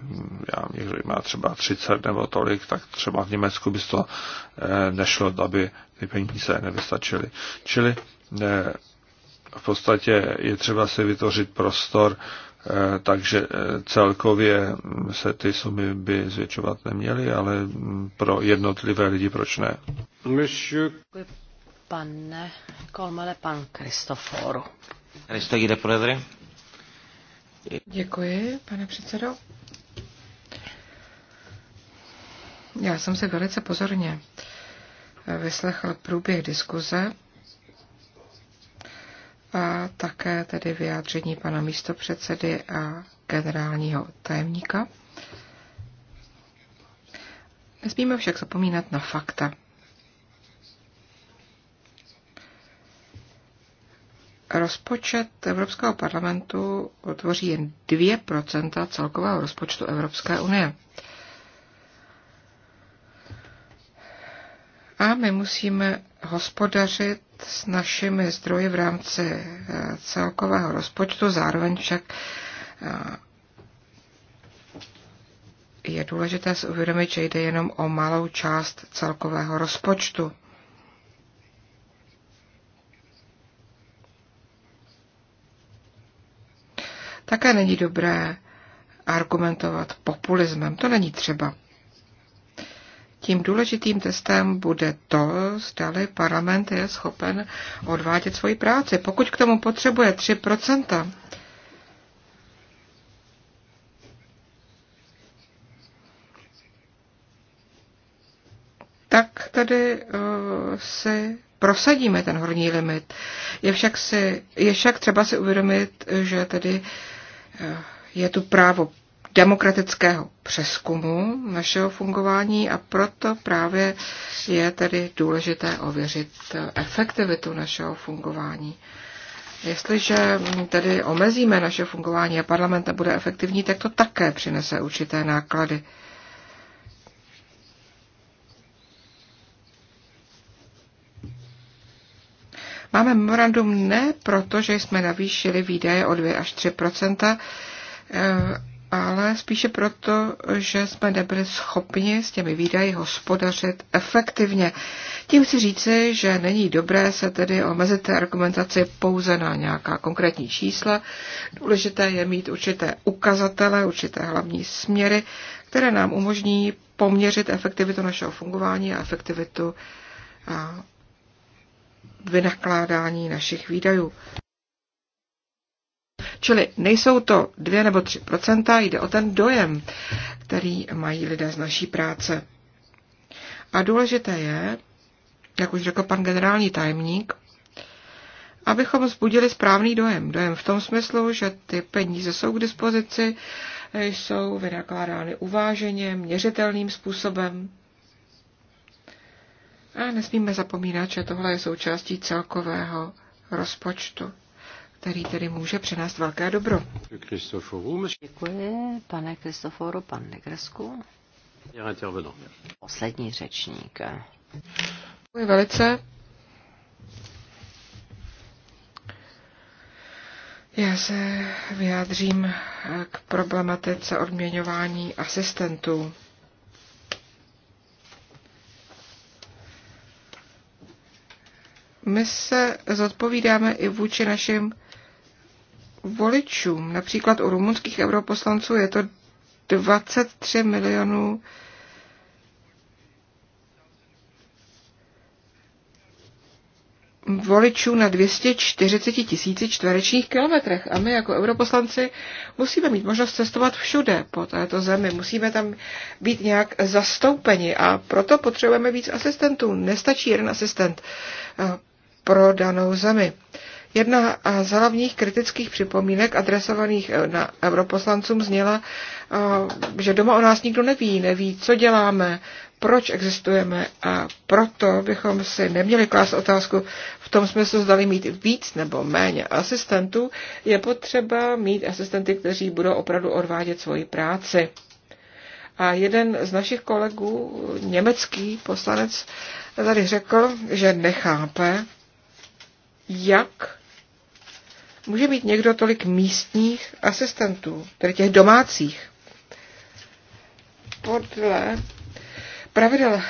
já někdo má třeba 30 nebo tolik, tak třeba v Německu by to eh, nešlo, aby ty peníze nevystačily. Čili eh, v podstatě je třeba si vytvořit prostor Eh, takže eh, celkově se ty sumy by zvětšovat neměly, ale mm, pro jednotlivé lidi proč ne? Pane Kolmele, pan Kristoforu. Děkuji, pane předsedo. Já jsem se velice pozorně eh, vyslechl průběh diskuze a také tedy vyjádření pana místopředsedy a generálního tajemníka. Nesmíme však zapomínat na fakta. Rozpočet Evropského parlamentu tvoří jen 2% celkového rozpočtu Evropské unie. A my musíme hospodařit s našimi zdroji v rámci eh, celkového rozpočtu, zároveň však eh, je důležité si uvědomit, že jde jenom o malou část celkového rozpočtu. Také není dobré argumentovat populismem, to není třeba. Tím důležitým testem bude to, zdali parlament je schopen odvádět svoji práci. Pokud k tomu potřebuje 3 tak tady uh, si prosadíme ten horní limit. Je však, si, je však třeba si uvědomit, že tedy eh, je tu právo demokratického přeskumu našeho fungování a proto právě je tedy důležité ověřit efektivitu našeho fungování. Jestliže tedy omezíme naše fungování a parlament bude efektivní, tak to také přinese určité náklady. Máme memorandum ne proto, že jsme navýšili výdaje o 2 až 3 ale spíše proto, že jsme nebyli schopni s těmi výdaji hospodařit efektivně. Tím si říci, že není dobré se tedy omezit té argumentaci pouze na nějaká konkrétní čísla. Důležité je mít určité ukazatele, určité hlavní směry, které nám umožní poměřit efektivitu našeho fungování a efektivitu vynakládání našich výdajů. Čili nejsou to 2 nebo 3 jde o ten dojem, který mají lidé z naší práce. A důležité je, jak už řekl pan generální tajemník, abychom vzbudili správný dojem. Dojem v tom smyslu, že ty peníze jsou k dispozici, jsou vynakládány uváženě, měřitelným způsobem. A nesmíme zapomínat, že tohle je součástí celkového rozpočtu který tedy může přinést velké dobro. Děkuji, pane Kristoforu, pan Negresku. Poslední řečník. Děkuji velice. Já se vyjádřím k problematice odměňování asistentů. My se zodpovídáme i vůči našim voličům. Například u rumunských europoslanců je to 23 milionů voličů na 240 tisíci čtverečních kilometrech. A my jako europoslanci musíme mít možnost cestovat všude po této zemi. Musíme tam být nějak zastoupeni a proto potřebujeme víc asistentů. Nestačí jeden asistent eh, pro danou zemi. Jedna z hlavních kritických připomínek adresovaných eh, na europoslancům zněla, eh, že doma o nás nikdo neví, neví, co děláme, proč existujeme a proto bychom si neměli klást otázku v tom smyslu, zdali mít víc nebo méně asistentů. Je potřeba mít asistenty, kteří budou opravdu odvádět svoji práci. A jeden z našich kolegů, německý poslanec, tady řekl, že nechápe, jak může mít někdo tolik místních asistentů, tedy těch domácích. Podle pravidel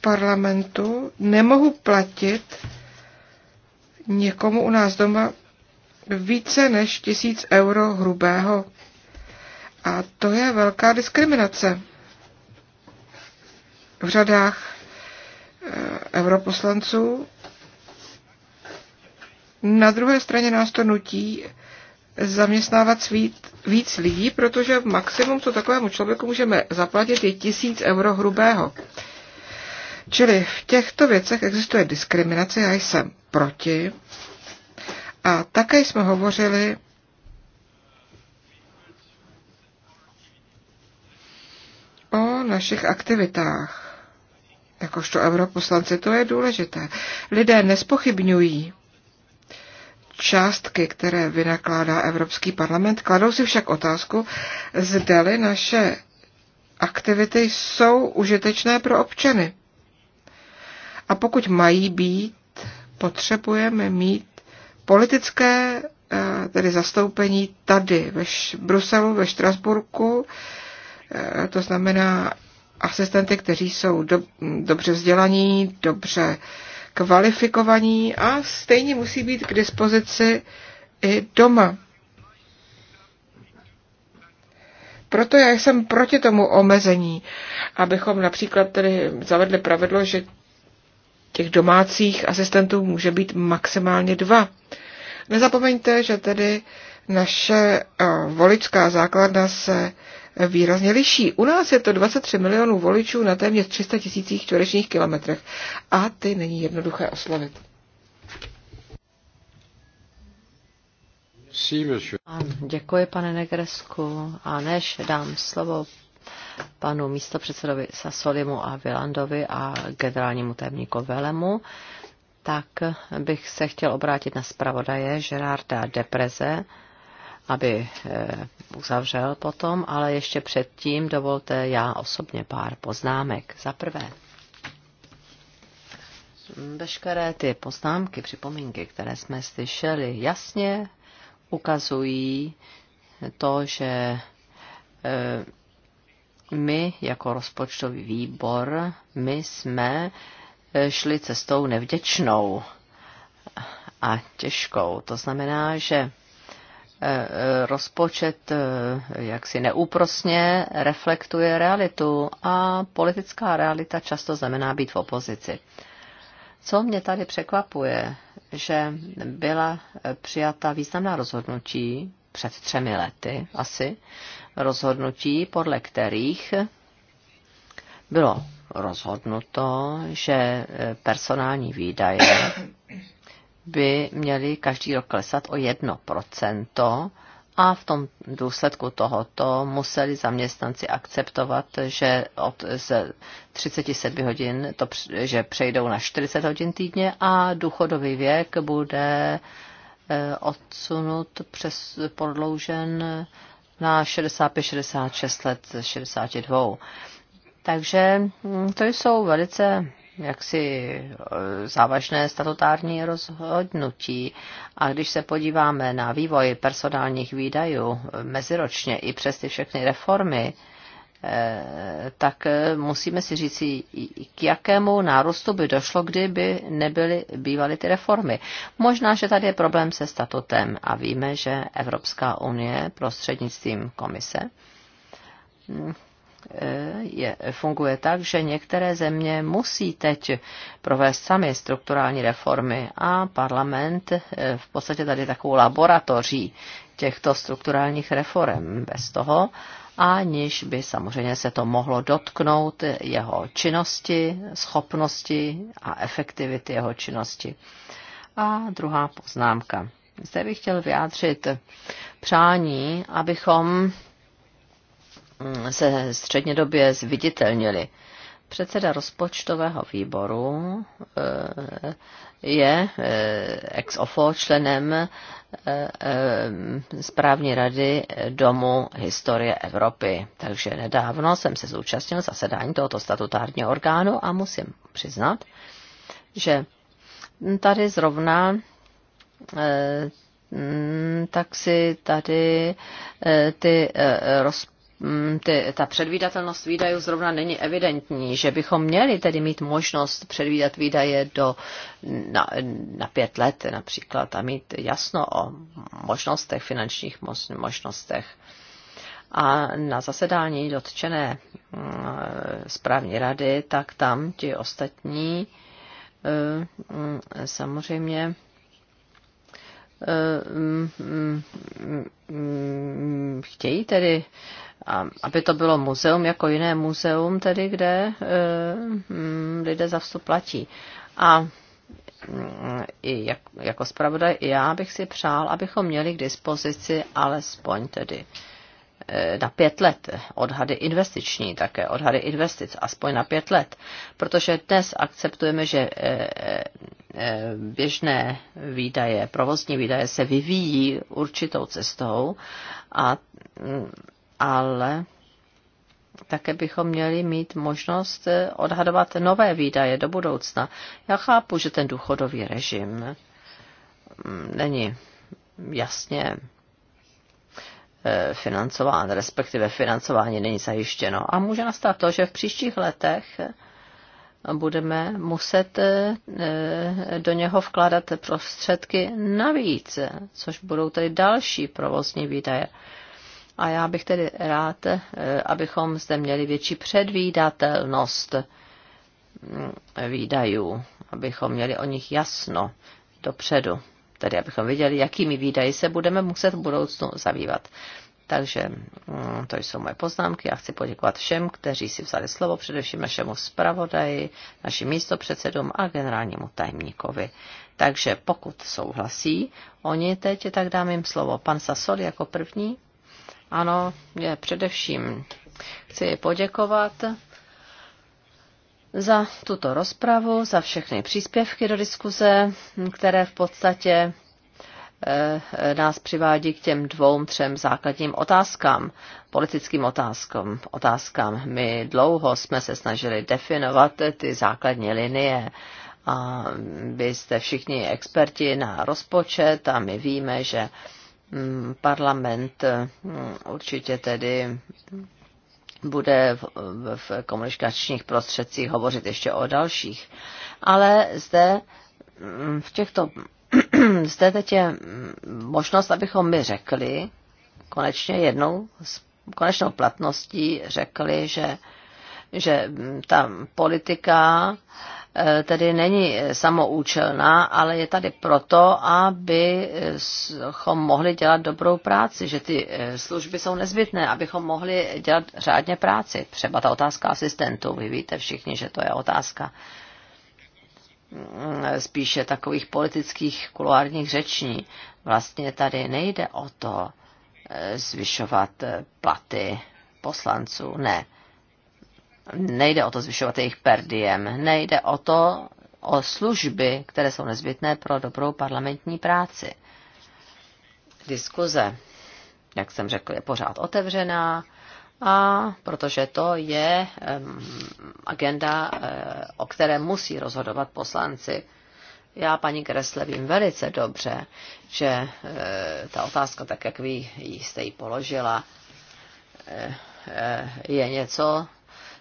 parlamentu nemohu platit někomu u nás doma více než tisíc euro hrubého. A to je velká diskriminace v řadách eh, europoslanců na druhé straně nás to nutí zaměstnávat svít víc lidí, protože maximum, co takovému člověku můžeme zaplatit, je tisíc euro hrubého. Čili v těchto věcech existuje diskriminace, já jsem proti. A také jsme hovořili o našich aktivitách. Jakožto europoslanci, to je důležité. Lidé nespochybňují částky, které vynakládá Evropský parlament. Kladou si však otázku, zdali naše aktivity jsou užitečné pro občany. A pokud mají být, potřebujeme mít politické eh, tedy zastoupení tady, ve Bruselu, ve Štrasburku, eh, to znamená asistenty, kteří jsou do, dobře vzdělaní, dobře kvalifikovaní a stejně musí být k dispozici i doma. Proto já jsem proti tomu omezení, abychom například tedy zavedli pravidlo, že těch domácích asistentů může být maximálně dva. Nezapomeňte, že tedy naše eh, voličská základna se výrazně liší. U nás je to 23 milionů voličů na téměř 300 tisících čtverečních kilometrech a ty není jednoduché oslovit. Děkuji, pane Negresku. A než dám slovo panu místopředsedovi Sasolimu a Vilandovi a generálnímu tajemníku Velemu, tak bych se chtěl obrátit na zpravodaje Gerarda Depreze, aby eh, uzavřel potom, ale ještě předtím dovolte já osobně pár poznámek. Za prvé, veškeré ty poznámky, připomínky, které jsme slyšeli, jasně ukazují to, že eh, my jako rozpočtový výbor, my jsme eh, šli cestou nevděčnou a těžkou. To znamená, že rozpočet eh, jaksi neúprosně reflektuje realitu a politická realita často znamená být v opozici. Co mě tady překvapuje, že byla přijata významná rozhodnutí před třemi lety asi, rozhodnutí, podle kterých bylo rozhodnuto, že personální výdaje by měly každý rok klesat o 1% a v tom důsledku tohoto museli zaměstnanci akceptovat, že od z 37 hodin, to, že přejdou na 40 hodin týdně a důchodový věk bude eh, odsunut, přes podloužen na 65-66 let 62. Takže hm, to jsou velice jaksi eh, závažné statutární rozhodnutí. A když se podíváme na vývoj personálních výdajů eh, meziročně i přes ty všechny reformy, eh, tak musíme si říct, k jakému nárůstu by došlo, kdyby nebyly bývaly ty reformy. Možná, že tady je problém se statutem a víme, že Evropská unie prostřednictvím komise hm, Eh, je, funguje tak, že některé země musí teď provést sami strukturální reformy a parlament eh, v podstatě tady takovou laboratoří těchto strukturálních reform bez toho, aniž by samozřejmě se to mohlo dotknout jeho činnosti, schopnosti a efektivity jeho činnosti. A druhá poznámka. Zde bych chtěl vyjádřit přání, abychom se střednědobě zviditelnili. Předseda rozpočtového výboru eh, je eh, ex ofo členem eh, správní rady Domu historie Evropy. Takže nedávno jsem se zúčastnil zasedání tohoto statutárního orgánu a musím přiznat, že tady zrovna tak si tady ty rozpočtové Mm, ty, ta předvídatelnost výdajů zrovna není evidentní, že bychom měli tedy mít možnost předvídat výdaje do, na, na pět let například a mít jasno o možnostech, finančních možnostech. A na zasedání dotčené mm, správní rady, tak tam ti ostatní eh, mm, samozřejmě eh, chtějí tedy aby to bylo muzeum jako jiné muzeum, tedy kde eh, mm, lidé za vstup platí. A mm, i jak, jako zpravodaj, já bych si přál, abychom měli k dispozici alespoň tedy eh, na pět let, odhady investiční také, odhady investic, aspoň na pět let. Protože dnes akceptujeme, že eh, běžné výdaje, provozní výdaje se vyvíjí určitou cestou a mm, ale také bychom měli mít možnost eh, odhadovat nové výdaje do budoucna. Já chápu, že ten důchodový režim mm, není jasně eh, financován, respektive financování není zajištěno. A může nastat to, že v příštích letech eh, budeme muset do něho vkládat prostředky navíc, což budou tedy další provozní výdaje. A já bych tedy rád, eh, abychom zde měli větší předvídatelnost mm, výdajů, abychom měli o nich jasno dopředu, tedy abychom viděli, jakými výdaji se budeme muset v budoucnu zabývat. Takže mm, to jsou moje poznámky. Já chci poděkovat všem, kteří si vzali slovo, především našemu zpravodaji, našim místopředsedům a generálnímu tajemníkovi. Takže pokud souhlasí oni teď, tak dám jim slovo. Pan Sasol jako první. Ano, je především chci poděkovat za tuto rozpravu, za všechny příspěvky do diskuze, které v podstatě eh, nás přivádí k těm dvou, třem základním otázkám, politickým otázkám. otázkám. My dlouho jsme se snažili definovat ty základní linie a vy jste všichni experti na rozpočet a my víme, že Mm, parlament mm, určitě tedy bude v, v komunikačních prostředcích hovořit ještě o dalších. Ale zde mm, v těchto zde teď je možnost, abychom my řekli, konečně jednou, s konečnou platností řekli, že, že ta politika E, tedy není samoučelná, ale je tady proto, abychom mohli dělat dobrou práci, že ty e, služby jsou nezbytné, abychom mohli dělat řádně práci. Třeba ta otázka asistentů, vy víte všichni, že to je otázka mm, spíše takových politických kuloárních řeční. Vlastně tady nejde o to e, zvyšovat platy poslanců, ne Nejde o to zvyšovat jejich per diem, nejde o to, o služby, které jsou nezbytné pro dobrou parlamentní práci. Diskuze, jak jsem řekl, je pořád otevřená a protože to je agenda, eh, o které musí rozhodovat poslanci. Já, paní Kresle, vím velice dobře, že eh, ta otázka, tak jak vy jste ji položila, eh, je něco,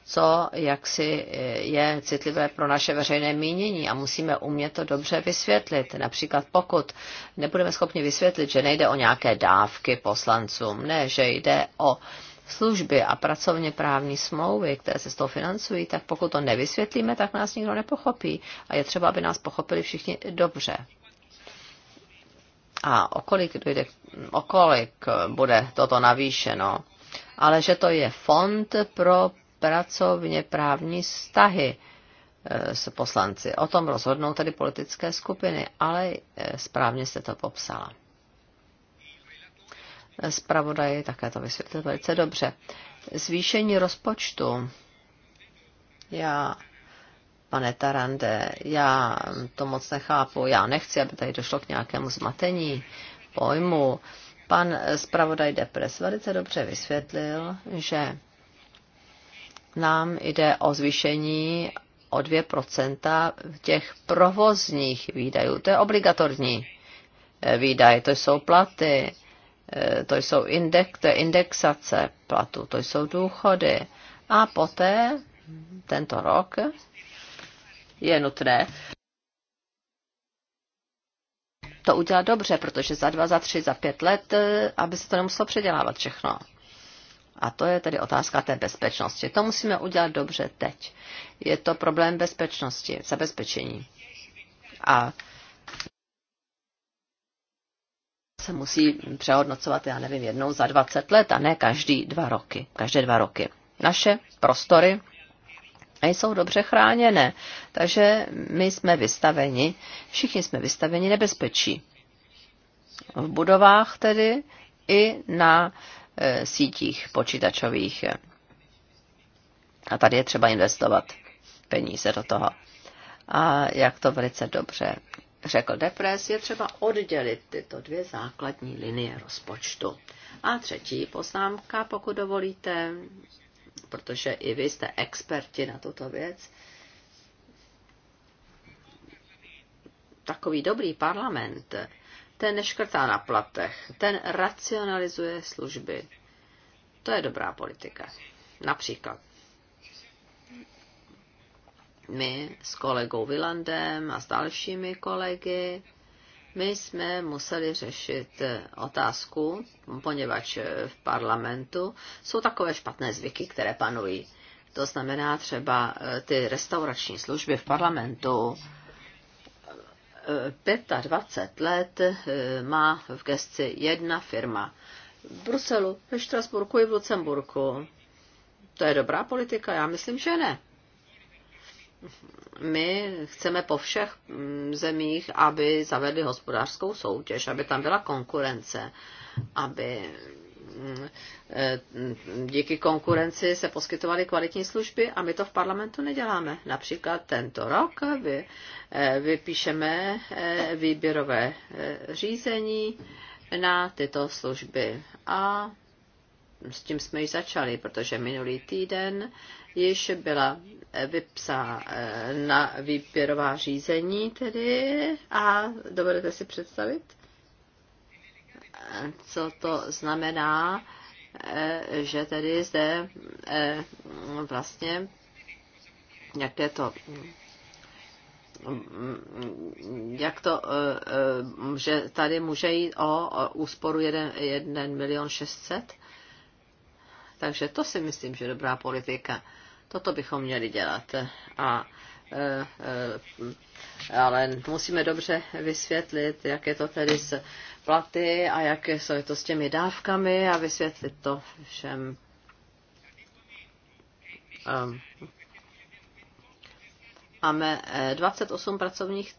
co jaksi e, je citlivé pro naše veřejné mínění a musíme umět to dobře vysvětlit. Například pokud nebudeme schopni vysvětlit, že nejde o nějaké dávky poslancům, ne, že jde o služby a pracovně právní smlouvy, které se z toho financují, tak pokud to nevysvětlíme, tak nás nikdo nepochopí. A je třeba, aby nás pochopili všichni dobře. A okolik, dojde, okolik bude toto navýšeno? Ale že to je fond pro pracovně právní vztahy e, s poslanci. O tom rozhodnou tedy politické skupiny, ale e, správně se to popsala. Spravodaj také to vysvětlil velice dobře. Zvýšení rozpočtu. Já, pane Tarande, já to moc nechápu. Já nechci, aby tady došlo k nějakému zmatení pojmu. Pan zpravodaj Depres velice dobře vysvětlil, že nám jde o zvýšení o 2% těch provozních výdajů. To je obligatorní eh, výdaje, to jsou platy, eh, to jsou index, to je indexace platu, to jsou důchody. A poté tento rok je nutné to udělat dobře, protože za dva, za tři, za pět let, eh, aby se to nemuselo předělávat všechno. A to je tedy otázka té bezpečnosti. To musíme udělat dobře teď. Je to problém bezpečnosti, zabezpečení. A se musí přehodnocovat, já nevím, jednou za 20 let a ne každý dva roky. Každé dva roky. Naše prostory jsou dobře chráněné, takže my jsme vystaveni, všichni jsme vystaveni nebezpečí. V budovách tedy i na uh, Eh, sítích počítačových. A tady je třeba investovat peníze do toho. A jak to velice dobře řekl Depres, je třeba oddělit tyto dvě základní linie rozpočtu. A třetí poznámka, pokud dovolíte, protože i vy jste experti na tuto věc, takový dobrý parlament ten neškrtá na platech, ten racionalizuje služby. To je dobrá politika. Například my s kolegou Vilandem a s dalšími kolegy, my jsme museli řešit otázku, poněvadž v parlamentu jsou takové špatné zvyky, které panují. To znamená třeba eh, ty restaurační služby v parlamentu, 25 eh, let eh, má v gesci jedna firma. V Bruselu, ve Štrasburku i v Lucemburku. To je dobrá politika? Já myslím, že ne. My chceme po všech mm, zemích, aby zavedli hospodářskou soutěž, aby tam byla konkurence, aby Mm, eh, díky konkurenci se poskytovaly kvalitní služby a my to v parlamentu neděláme. Například tento rok vy, eh, vypíšeme eh, výběrové řízení na tyto služby a s tím jsme ji začali, protože minulý týden již byla vypsána výběrová řízení tedy a dovedete si představit, co to znamená, eh, že tedy zde eh, vlastně, jaké to mm, jak to, eh, že tady může jít o úsporu 1, 1 milion 600? Takže to si myslím, že dobrá politika. Toto bychom měli dělat. A, ale musíme dobře vysvětlit, jak je to tedy s platy a jak jsou to s těmi dávkami a vysvětlit to všem. Um, máme 28 eh, pracovních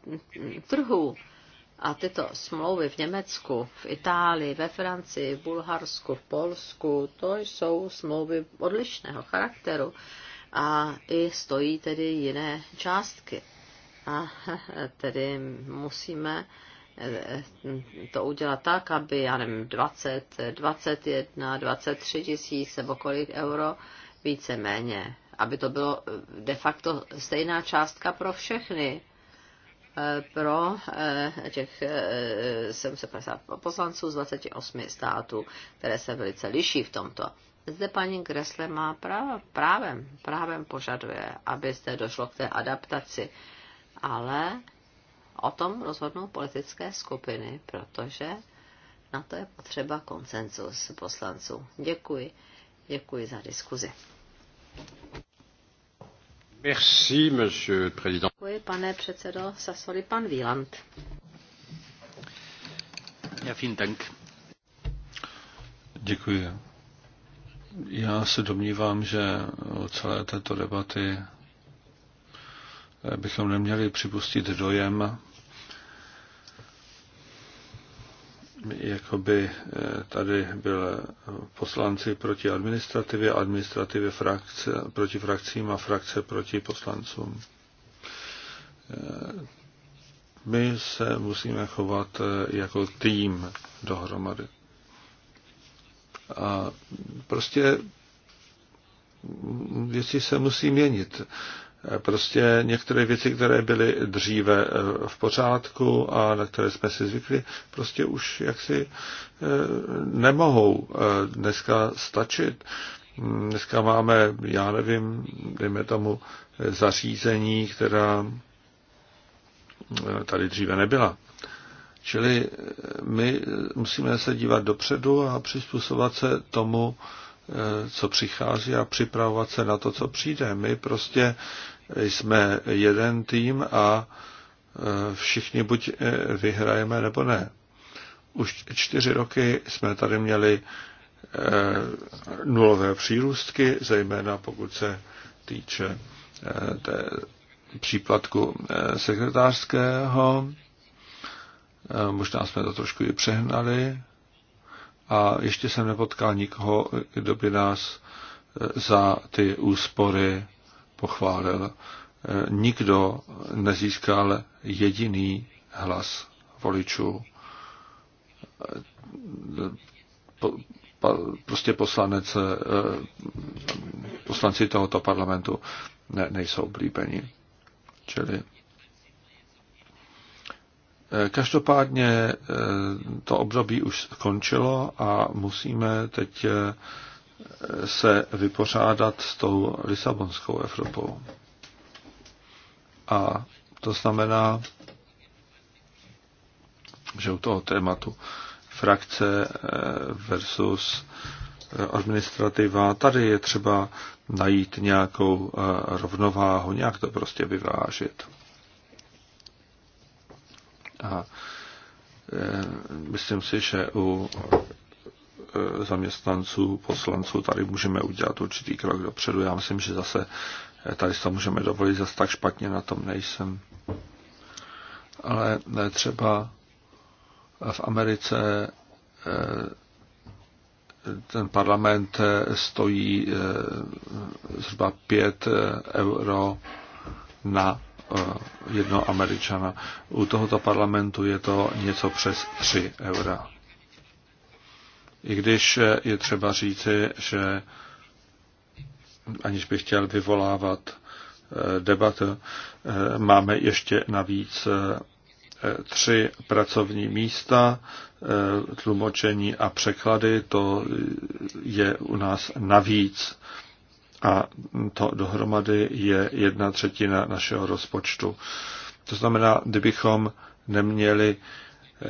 trhů a tyto smlouvy v Německu, v Itálii, ve Francii, v Bulharsku, v Polsku, to jsou smlouvy odlišného charakteru a i stojí tedy jiné částky. A tedy musíme uh, Eh, to udělat tak, aby, já nevím, 20, 21, 23 tisíc nebo kolik euro, více méně. Aby to bylo eh, de facto stejná částka pro všechny. Eh, pro těch 750 poslanců z 28 států, které se velice liší v tomto. Zde paní Gressle má práv, právem, právem požaduje, aby zde došlo k té adaptaci. Ale O tom rozhodnou politické skupiny, protože na to je potřeba konsenzus poslanců. Děkuji. Děkuji za diskuzi. Merci, monsieur le président. Děkuji, pane předsedo Sasoli, pan Wieland. Ja, vielen Dank. Děkuji. Já se domnívám, že celé této debaty bychom neměli připustit dojem, jakoby eh, tady byl poslanci proti administrativě, administrativě frakce, proti frakcím a frakce proti poslancům. Eh, my se musíme chovat eh, jako tým dohromady. A prostě věci se musí měnit. Prostě některé věci, které byly dříve eh, v pořádku a na které jsme si zvykli, prostě už jaksi eh, nemohou eh, dneska stačit. Dneska máme, já nevím, dejme tomu zařízení, která tady dříve nebyla. Čili my musíme se dívat dopředu a přizpůsobovat se tomu, Eh, co přichází a připravovat se na to, co přijde. My prostě jsme jeden tým a eh, všichni buď eh, vyhrajeme nebo ne. Už čtyři roky jsme tady měli nulové přírůstky, zejména pokud se týče té příplatku sekretářského. Možná jsme to trošku i přehnali a ještě jsem nepotkal nikoho, kdo by nás eh, za ty úspory pochválil. Eh, nikdo nezískal jediný hlas voličů. Eh, prostě poslanec, poslanci tohoto parlamentu ne, nejsou oblíbeni. Čili Každopádně eh, to období už skončilo a musíme teď eh, se vypořádat s tou Lisabonskou Evropou. A to znamená, že u toho tématu frakce eh, versus administrativa, tady je třeba najít nějakou rovnováhu, nějak to prostě vyvážit. A e, myslím si, že u e, zaměstnanců, poslanců tady můžeme udělat určitý krok dopředu. Já myslím, že zase e, tady se můžeme dovolit, zase tak špatně na tom nejsem. Ale ne, třeba v Americe ten parlament stojí zhruba 5 euro na Eh, jednoho američana. U tohoto parlamentu je to něco přes 3 eura. I když eh, je třeba říci, že aniž bych chtěl vyvolávat eh, debat, máme ještě navíc tři pracovní místa, tlumočení a překlady, to je u nás navíc a to dohromady je jedna třetina našeho rozpočtu. To znamená, kdybychom neměli eh,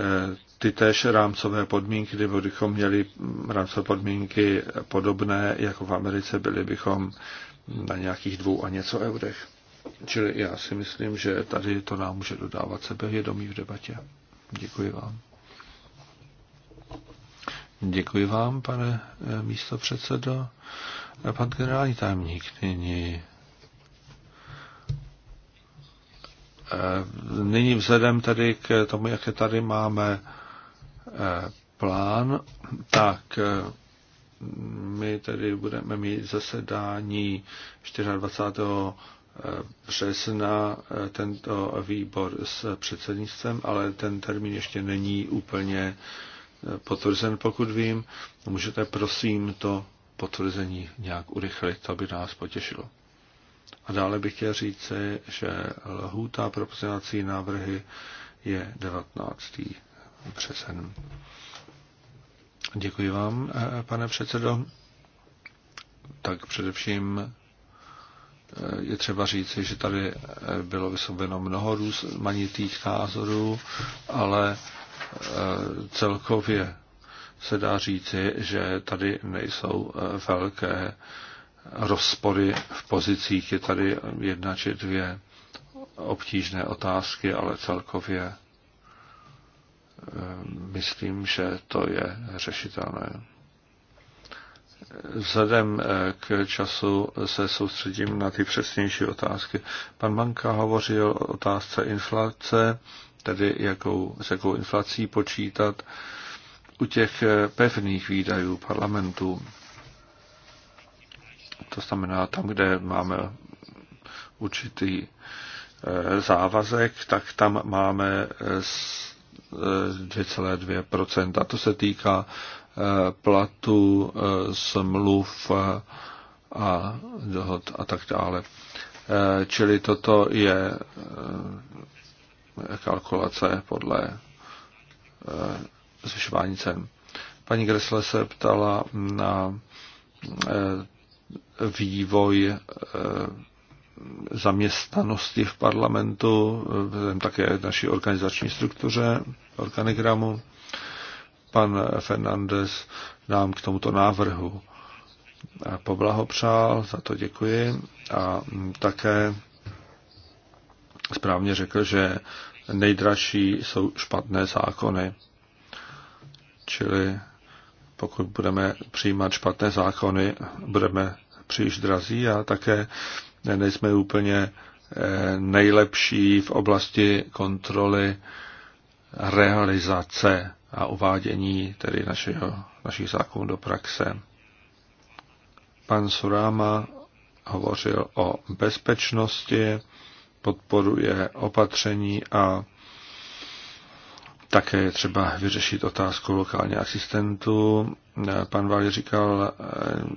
ty též rámcové podmínky, nebo kdybychom měli rámcové podmínky podobné jako v Americe, byli bychom na nějakých dvou a něco eurech. Čili já si myslím, že tady to nám může dodávat sebevědomí v debatě. Děkuji vám. Děkuji vám, pane eh, místopředsedo. Pan generální tajemník nyní. Eh, nyní vzhledem tedy k tomu, jaké je tady máme eh, plán, tak eh, my tedy budeme mít zasedání 24. března tento výbor s předsednictvem, ale ten termín ještě není úplně potvrzen, pokud vím. Můžete prosím to potvrzení nějak urychlit, aby nás potěšilo. A dále bych chtěl říct, že lhůta pro pozměňovací návrhy je 19. přesen. Děkuji vám, eh, pane předsedo. Tak především eh, je třeba říci, že tady eh, bylo vysobeno mnoho manitých názorů, ale celkově se dá říci, že tady nejsou eh, velké rozpory v pozicích. Je tady jedna či dvě obtížné otázky, ale celkově eh, myslím, že to je řešitelné. Vzhledem eh, k času se soustředím na ty přesnější otázky. Pan Manka hovořil o otázce inflace, tedy jakou, s jakou inflací počítat u těch eh, pevných výdajů parlamentu. To znamená tam, kde máme určitý eh, závazek, tak tam máme 2,2%. Eh, a to se týká platu, smluv a dohod a tak dále. Čili toto je kalkulace podle zvyšování cen. Paní Gressle se ptala na eh, vývoj eh, zaměstnanosti v parlamentu, eh, také naší organizační struktuře, organigramu. Pan Fernandez nám k tomuto návrhu poblahopřál, za to děkuji a hm, také správně řekl, že nejdražší jsou špatné zákony. Čili pokud budeme přijímat špatné zákony, budeme příliš drazí a také nejsme úplně eh, nejlepší v oblasti kontroly realizace a uvádění tedy našeho, našich zákonů do praxe. Pan Surama hovořil o bezpečnosti, podporuje opatření a také je třeba vyřešit otázku lokálně asistentů. Pan Vali říkal, eh,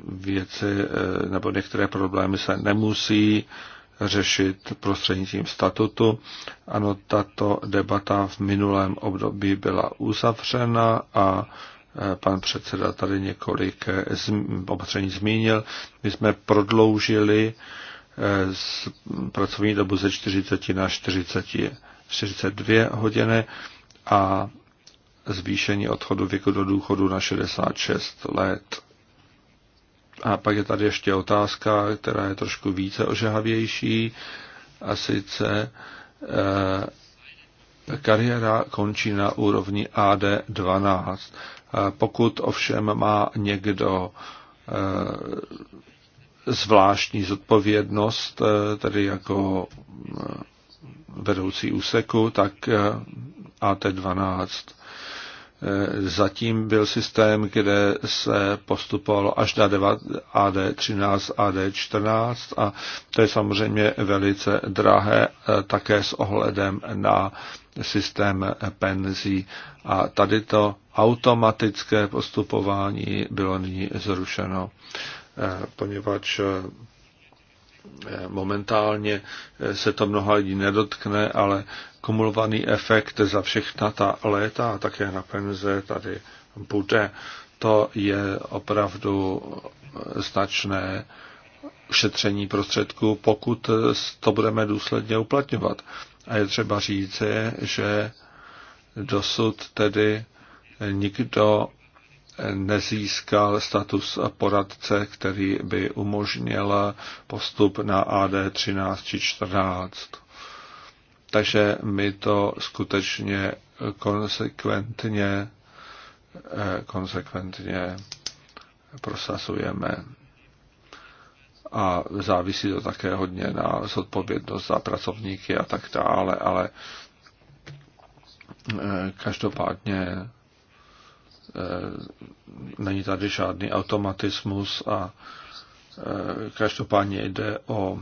věci eh, nebo některé problémy se nemusí řešit prostřednictvím statutu. Ano, tato debata v minulém období byla uzavřena a eh, pan předseda tady několik opatření zmínil. My jsme prodloužili pracovní dobu ze 40 na 40, 42 hodiny a zvýšení odchodu věku do důchodu na 66 let. A pak je tady ještě otázka, která je trošku více ožehavější, a sice eh, kariéra končí na úrovni AD12. Eh, pokud ovšem má někdo eh, zvláštní zodpovědnost, eh, tedy jako eh, vedoucí úseku, tak eh, AT12. E, zatím byl systém, kde se postupovalo až na AD13, AD14 a to je samozřejmě velice drahé e, také s ohledem na systém penzí. A tady to automatické postupování bylo nyní zrušeno, e, poněvadž momentálně eh, se to mnoha lidí nedotkne, ale kumulovaný efekt za všechna ta léta a také na penze tady bude. To je opravdu značné šetření prostředků, pokud to budeme důsledně uplatňovat. A je třeba říct, že dosud tedy nikdo nezískal status poradce, který by umožnil postup na AD13 či 14. Takže my to skutečně konsekventně, eh, konsekventně prosazujeme. A závisí to také hodně na zodpovědnost za pracovníky a tak dále, ale eh, každopádně Eh, není tady žádný automatismus a eh, každopádně jde o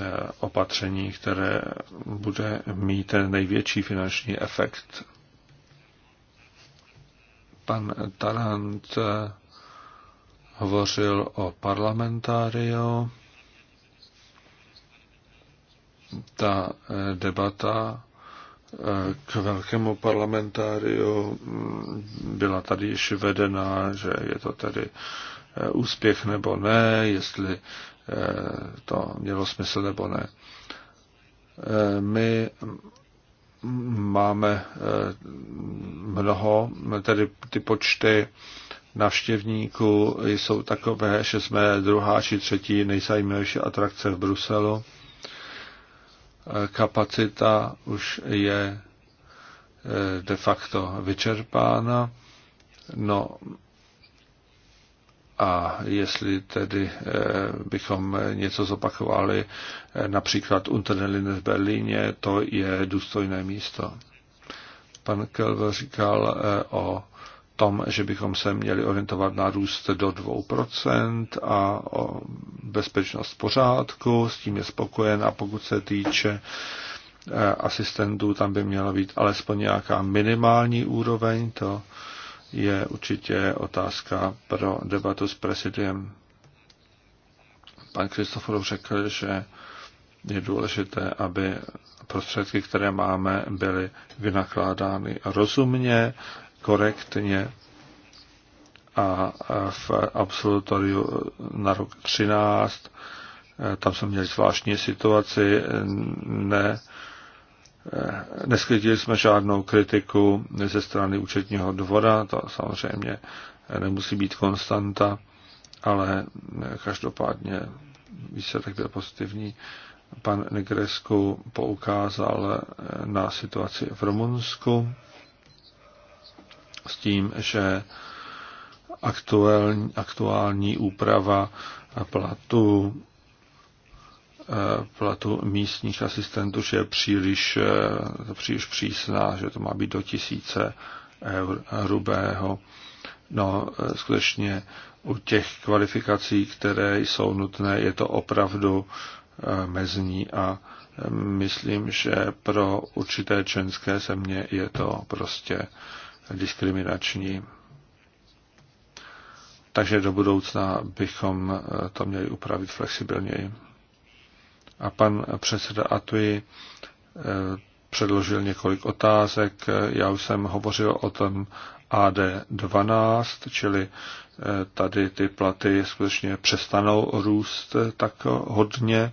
eh, opatření, které bude mít ten největší finanční efekt. Pan Tarant hovořil o parlamentáriu. Ta debata k velkému parlamentáriu mm, byla tady již vedena, že je to tady e, úspěch nebo ne, jestli e, to mělo smysl nebo ne. E, my máme mnoho, tedy ty počty navštěvníků jsou takové, že jsme druhá či třetí nejzajímavější atrakce v Bruselu kapacita už je eh, de facto vyčerpána. No a jestli tedy eh, bychom něco zopakovali, eh, například Unterlin v Berlíně, to je důstojné místo. Pan Kelver říkal o tom, že bychom se měli orientovat na růst do 2% a o bezpečnost pořádku, s tím je spokojen a pokud se týče eh, asistentů, tam by měla být alespoň nějaká minimální úroveň, to je určitě otázka pro debatu s prezidiem. Pan Kristoforov řekl, že je důležité, aby prostředky, které máme, byly vynakládány rozumně, korektně a v absolutoriu na rok 13 eh, tam jsme měli zvláštní situaci, ne, eh, neskytili jsme žádnou kritiku ze strany účetního dvora, to samozřejmě nemusí být konstanta, ale eh, každopádně výsledek byl pozitivní. Pan Negresku poukázal na situaci v Rumunsku s tím, že aktuální, aktuální úprava platu, eh, platu místních asistentů že je příliš, eh, příliš přísná, že to má být do tisíce eur hrubého. No, eh, skutečně u těch kvalifikací, které jsou nutné, je to opravdu mezní a myslím, že pro určité členské země je to prostě diskriminační. Takže do budoucna bychom eh, to měli upravit flexibilněji. A pan předseda Atui eh, předložil několik otázek. Já už jsem hovořil o tom AD12, čili eh, tady ty platy skutečně přestanou růst tak hodně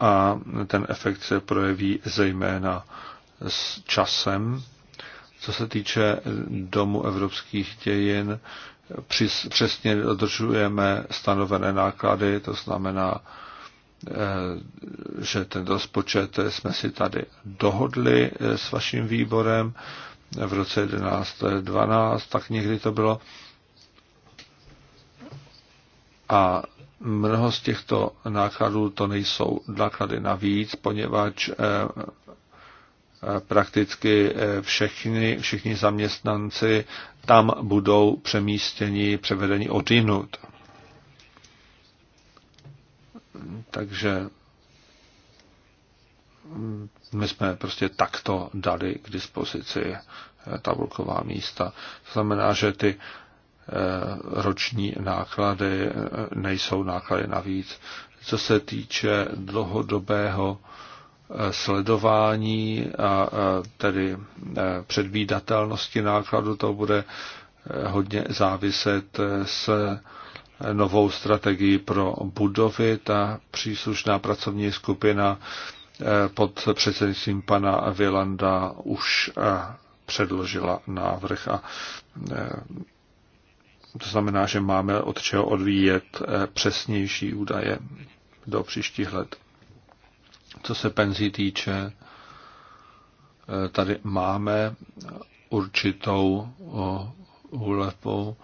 a ten efekt se projeví zejména s časem co se týče eh, Domu evropských dějin, přesně dodržujeme stanovené náklady, to znamená, eh, že ten rozpočet jsme si tady dohodli eh, s vaším výborem v roce 11-12, tak někdy to bylo. A mnoho z těchto nákladů to nejsou náklady navíc, poněvadž Eh, prakticky eh, všichni, všichni zaměstnanci tam budou přemístěni, převedeni odinut. Takže mm, my jsme prostě takto dali k dispozici eh, tabulková místa. To znamená, že ty roční náklady nejsou náklady navíc. Co se týče dlouhodobého sledování a tedy e, předvídatelnosti nákladu, to bude e, hodně záviset e, s novou strategii pro budovy. Ta příslušná pracovní skupina pod předsednictvím pana Vilanda už předložila návrh a to znamená, že máme od čeho odvíjet přesnější údaje do příštích let. Co se penzí týče, eh, tady máme určitou úlepu.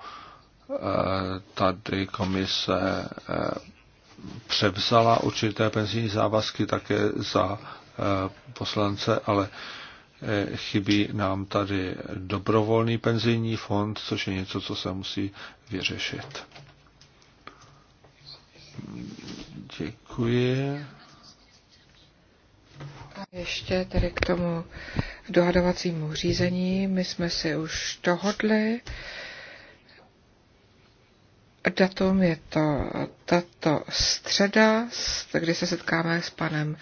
Eh, tady komise eh, převzala určité penzijní závazky také za poslance, ale chybí nám tady dobrovolný penzijní fond, což je něco, co se musí vyřešit. Děkuji. Ještě tedy k tomu dohadovacímu řízení. My jsme si už dohodli. Datum je to tato středa, kdy se setkáme s panem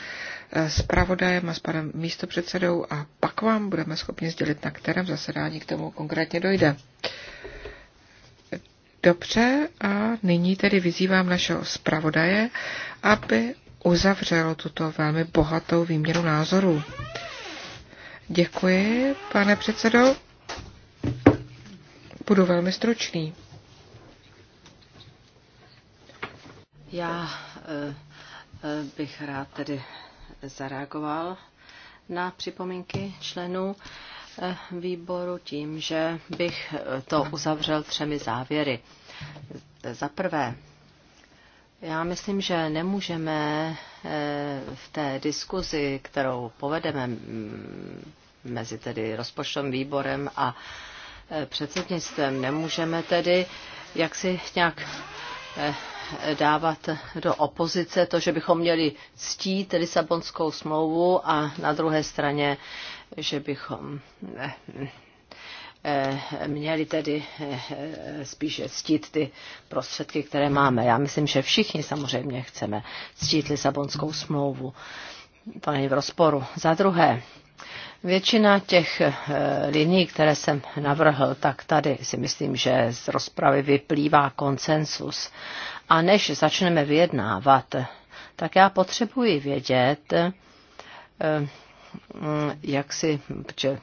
eh, zpravodajem a s panem místopředsedou a pak vám budeme schopni sdělit, na kterém zasedání k tomu konkrétně dojde. Dobře, a nyní tedy vyzývám našeho zpravodaje, aby uzavřel tuto velmi bohatou výměnu názorů. Děkuji, pane předsedo. Budu velmi stručný. Já eh, eh, bych rád tedy zareagoval na připomínky členů eh, výboru tím, že bych to uzavřel třemi závěry. Za prvé, já myslím, že nemůžeme eh, v té diskuzi, kterou povedeme mezi tedy rozpočtovým výborem a eh, předsednictvem, nemůžeme tedy jak si nějak eh, dávat do opozice to, že bychom měli ctít Lisabonskou smlouvu a na druhé straně, že bychom Eh, měli tedy eh, eh, spíše ctít ty prostředky, které máme. Já myslím, že všichni samozřejmě chceme ctít Lisabonskou smlouvu. To není v rozporu. Za druhé, Většina těch liní, které jsem navrhl, tak tady si myslím, že z rozpravy vyplývá konsensus. A než začneme vyjednávat, tak já potřebuji vědět, Mm, jak si,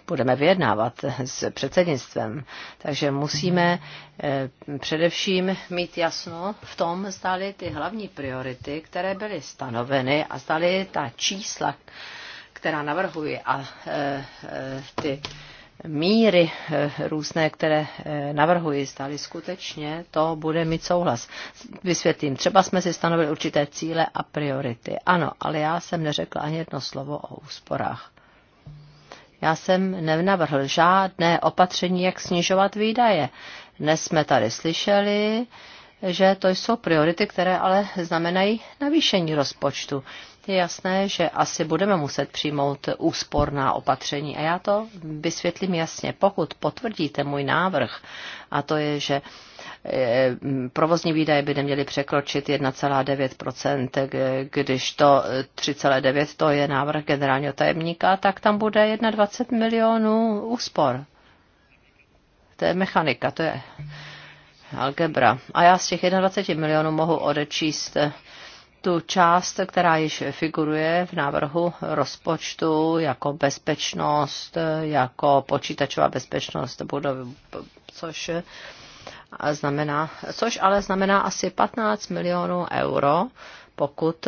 budeme vyjednávat s předsednictvem, takže musíme eh, především mít jasno v tom, stály ty hlavní priority, které byly stanoveny a stály ta čísla, která navrhuji a eh, eh, ty míry eh, různé, které eh, navrhuji, stály skutečně, to bude mít souhlas. Vysvětlím, třeba jsme si stanovili určité cíle a priority. Ano, ale já jsem neřekla ani jedno slovo o úsporách. Já jsem nenavrhl žádné opatření, jak snižovat výdaje. Dnes jsme tady slyšeli, že to jsou priority, které ale znamenají navýšení rozpočtu je jasné, že asi budeme muset přijmout úsporná opatření. A já to vysvětlím jasně. Pokud potvrdíte můj návrh, a to je, že eh, provozní výdaje by neměly překročit 1,9%, když to 3,9% eh, to je návrh generálního tajemníka, tak tam bude 21 milionů úspor. To je mechanika, to je algebra. A já z těch 21 milionů mohu odečíst eh, tu část, která již figuruje v návrhu rozpočtu jako bezpečnost, jako počítačová bezpečnost budovy, což znamená, což ale znamená asi 15 milionů euro, pokud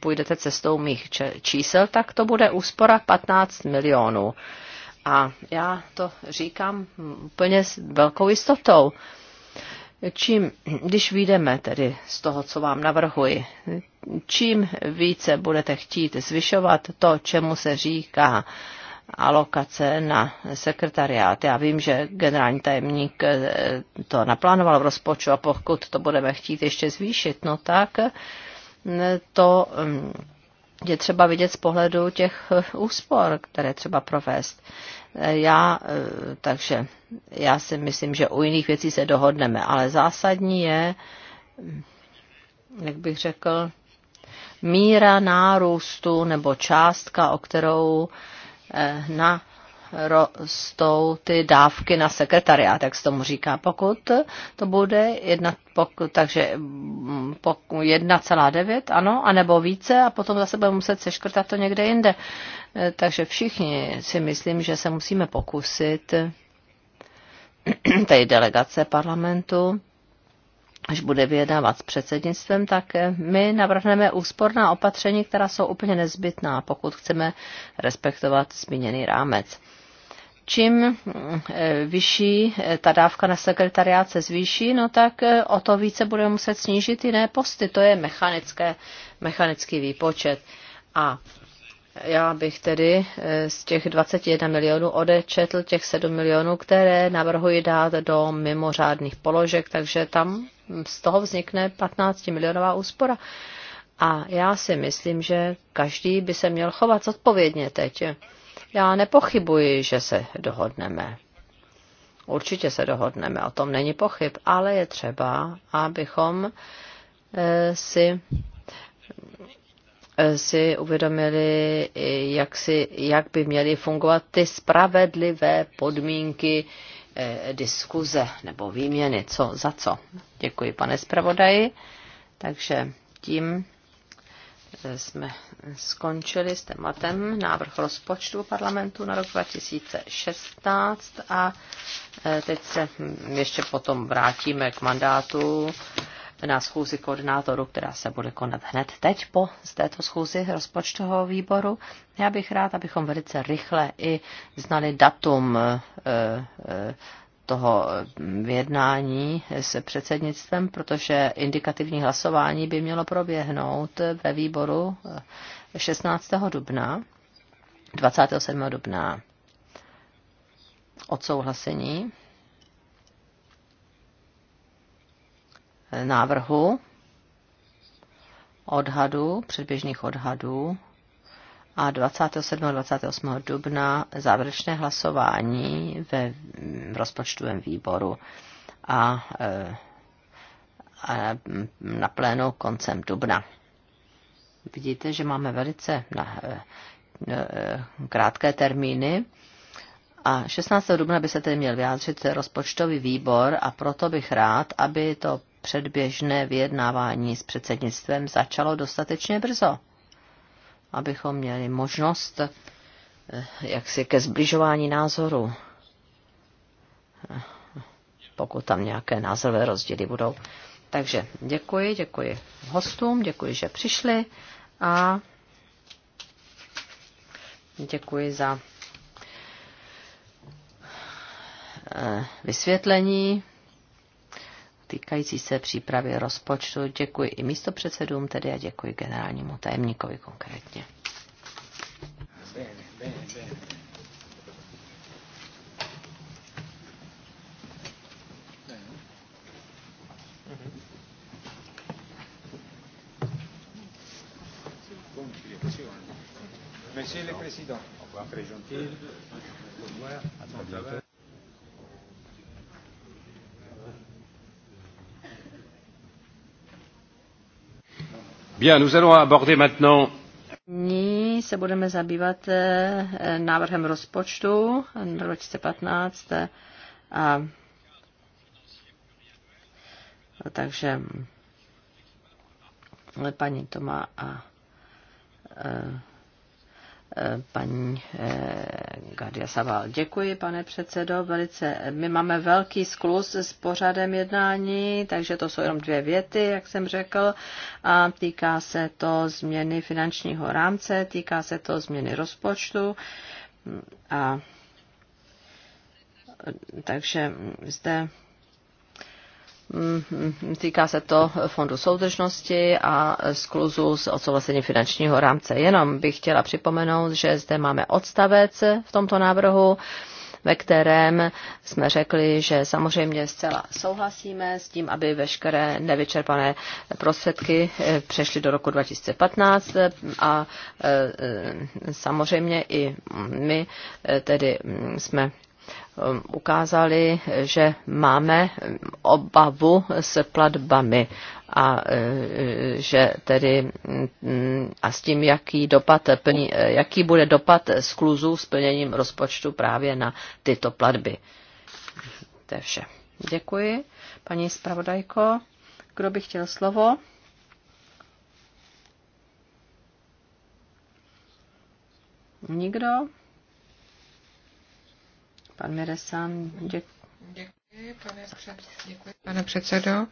půjdete cestou mých čísel, tak to bude úspora 15 milionů. A já to říkám úplně s velkou jistotou čím, když vyjdeme tedy z toho, co vám navrhuji, čím více budete chtít zvyšovat to, čemu se říká alokace na sekretariát. Já vím, že generální tajemník eh, to naplánoval v rozpočtu a pokud to budeme chtít ještě zvýšit, no tak eh, to mm, je třeba vidět z pohledu těch eh, úspor, které třeba provést. Eh, já, eh, takže já si myslím, že u jiných věcí se dohodneme, ale zásadní je, mm, jak bych řekl, míra nárůstu nebo částka, o kterou na rostou ty dávky na sekretariát, jak se tomu říká. Pokud to bude jedna, pokud, takže 1,9, mm, ano, anebo více a potom zase budeme muset seškrtat to někde jinde. Eh, takže všichni si myslím, že se musíme pokusit tady delegace parlamentu, až bude vyjednávat s předsednictvem, tak eh, my navrhneme úsporná opatření, která jsou úplně nezbytná, pokud chceme respektovat zmíněný rámec čím eh, vyšší eh, ta dávka na sekretariát se zvýší, no tak eh, o to více bude muset snížit jiné posty. To je mechanické, mechanický výpočet. A já bych tedy z těch 21 milionů odečetl těch 7 milionů, které navrhuji dát do mimořádných položek, takže tam z toho vznikne 15 milionová úspora. A já si myslím, že každý by se měl chovat zodpovědně teď. Já nepochybuji, že se dohodneme. Určitě se dohodneme, o tom není pochyb, ale je třeba, abychom eh, si eh, si uvědomili, eh, jak, si, jak by měly fungovat ty spravedlivé podmínky diskuze nebo výměny, co za co. Děkuji, pane zpravodaji. Takže tím jsme skončili s tématem návrh rozpočtu parlamentu na rok 2016 a e, teď se ještě potom vrátíme k mandátu na schůzi koordinátoru, která se bude konat hned teď po z této schůzi rozpočtového výboru. Já bych rád, abychom velice rychle i znali datum e, e, toho eh, vyjednání se předsednictvem, protože indikativní hlasování by mělo proběhnout eh, ve výboru 16. Eh, dubna, 27. dubna odsouhlasení návrhu odhadu, předběžných odhadů a 27. a 28. dubna závěrečné hlasování ve rozpočtovém výboru a, e, a na plénu koncem dubna. Vidíte, že máme velice na, na, e, e, krátké termíny. A 16. dubna by se tedy měl vyjádřit rozpočtový výbor a proto bych rád, aby to předběžné vyjednávání s předsednictvem začalo dostatečně brzo abychom měli možnost eh, jaksi ke zbližování názoru, eh, pokud tam nějaké názorové rozdíly budou. Takže děkuji, děkuji hostům, děkuji, že přišli a děkuji za eh, vysvětlení týkající se přípravy rozpočtu. Děkuji i místopředsedům tedy a děkuji generálnímu tajemníkovi konkrétně. Monsieur le Président, au revoir. Très gentil. Au revoir. À bientôt. Bien, nous allons aborder maintenant Nyní se budeme zabývat eh, návrhem rozpočtu na 2015 a takže eh, paní Toma a, a eh, Paní eh, Gardia Saval, děkuji, pane předsedo, velice. My máme velký sklus s pořadem jednání, takže to jsou jenom dvě věty, jak jsem řekl, a týká se to změny finančního rámce, týká se to změny rozpočtu a takže zde Mhm. Týká se to Fondu soudržnosti a skluzu s odsouhlasením finančního rámce. Jenom bych chtěla připomenout, že zde máme odstavec v tomto návrhu, ve kterém jsme řekli, že samozřejmě zcela souhlasíme s tím, aby veškeré nevyčerpané prostředky eh, přešly do roku 2015 a eh, samozřejmě i my eh, tedy mm, jsme Um, ukázali, že máme obavu s platbami a uh, že tedy mm, a s tím, jaký, dopad, uh, jaký bude dopad skluzů s plněním rozpočtu právě na tyto platby. To je vše. Děkuji. Paní zpravodajko, kdo by chtěl slovo? Nikdo? Pan Miresan, děkuji. Děkuji pane, před, děkuji, pane předsedo.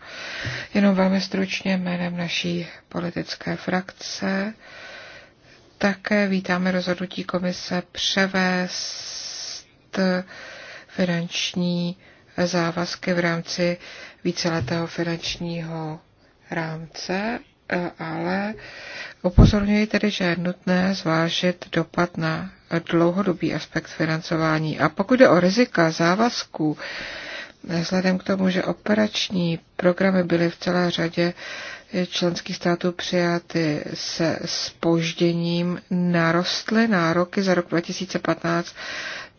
Jenom velmi stručně jménem naší politické frakce. Také vítáme rozhodnutí komise převést finanční závazky v rámci víceletého finančního rámce E, ale upozorňuji tedy, že je nutné zvážit dopad na dlouhodobý aspekt financování. A pokud jde o rizika závazků, vzhledem k tomu, že operační programy byly v celé řadě členských států přijaty se spožděním, narostly nároky za rok 2015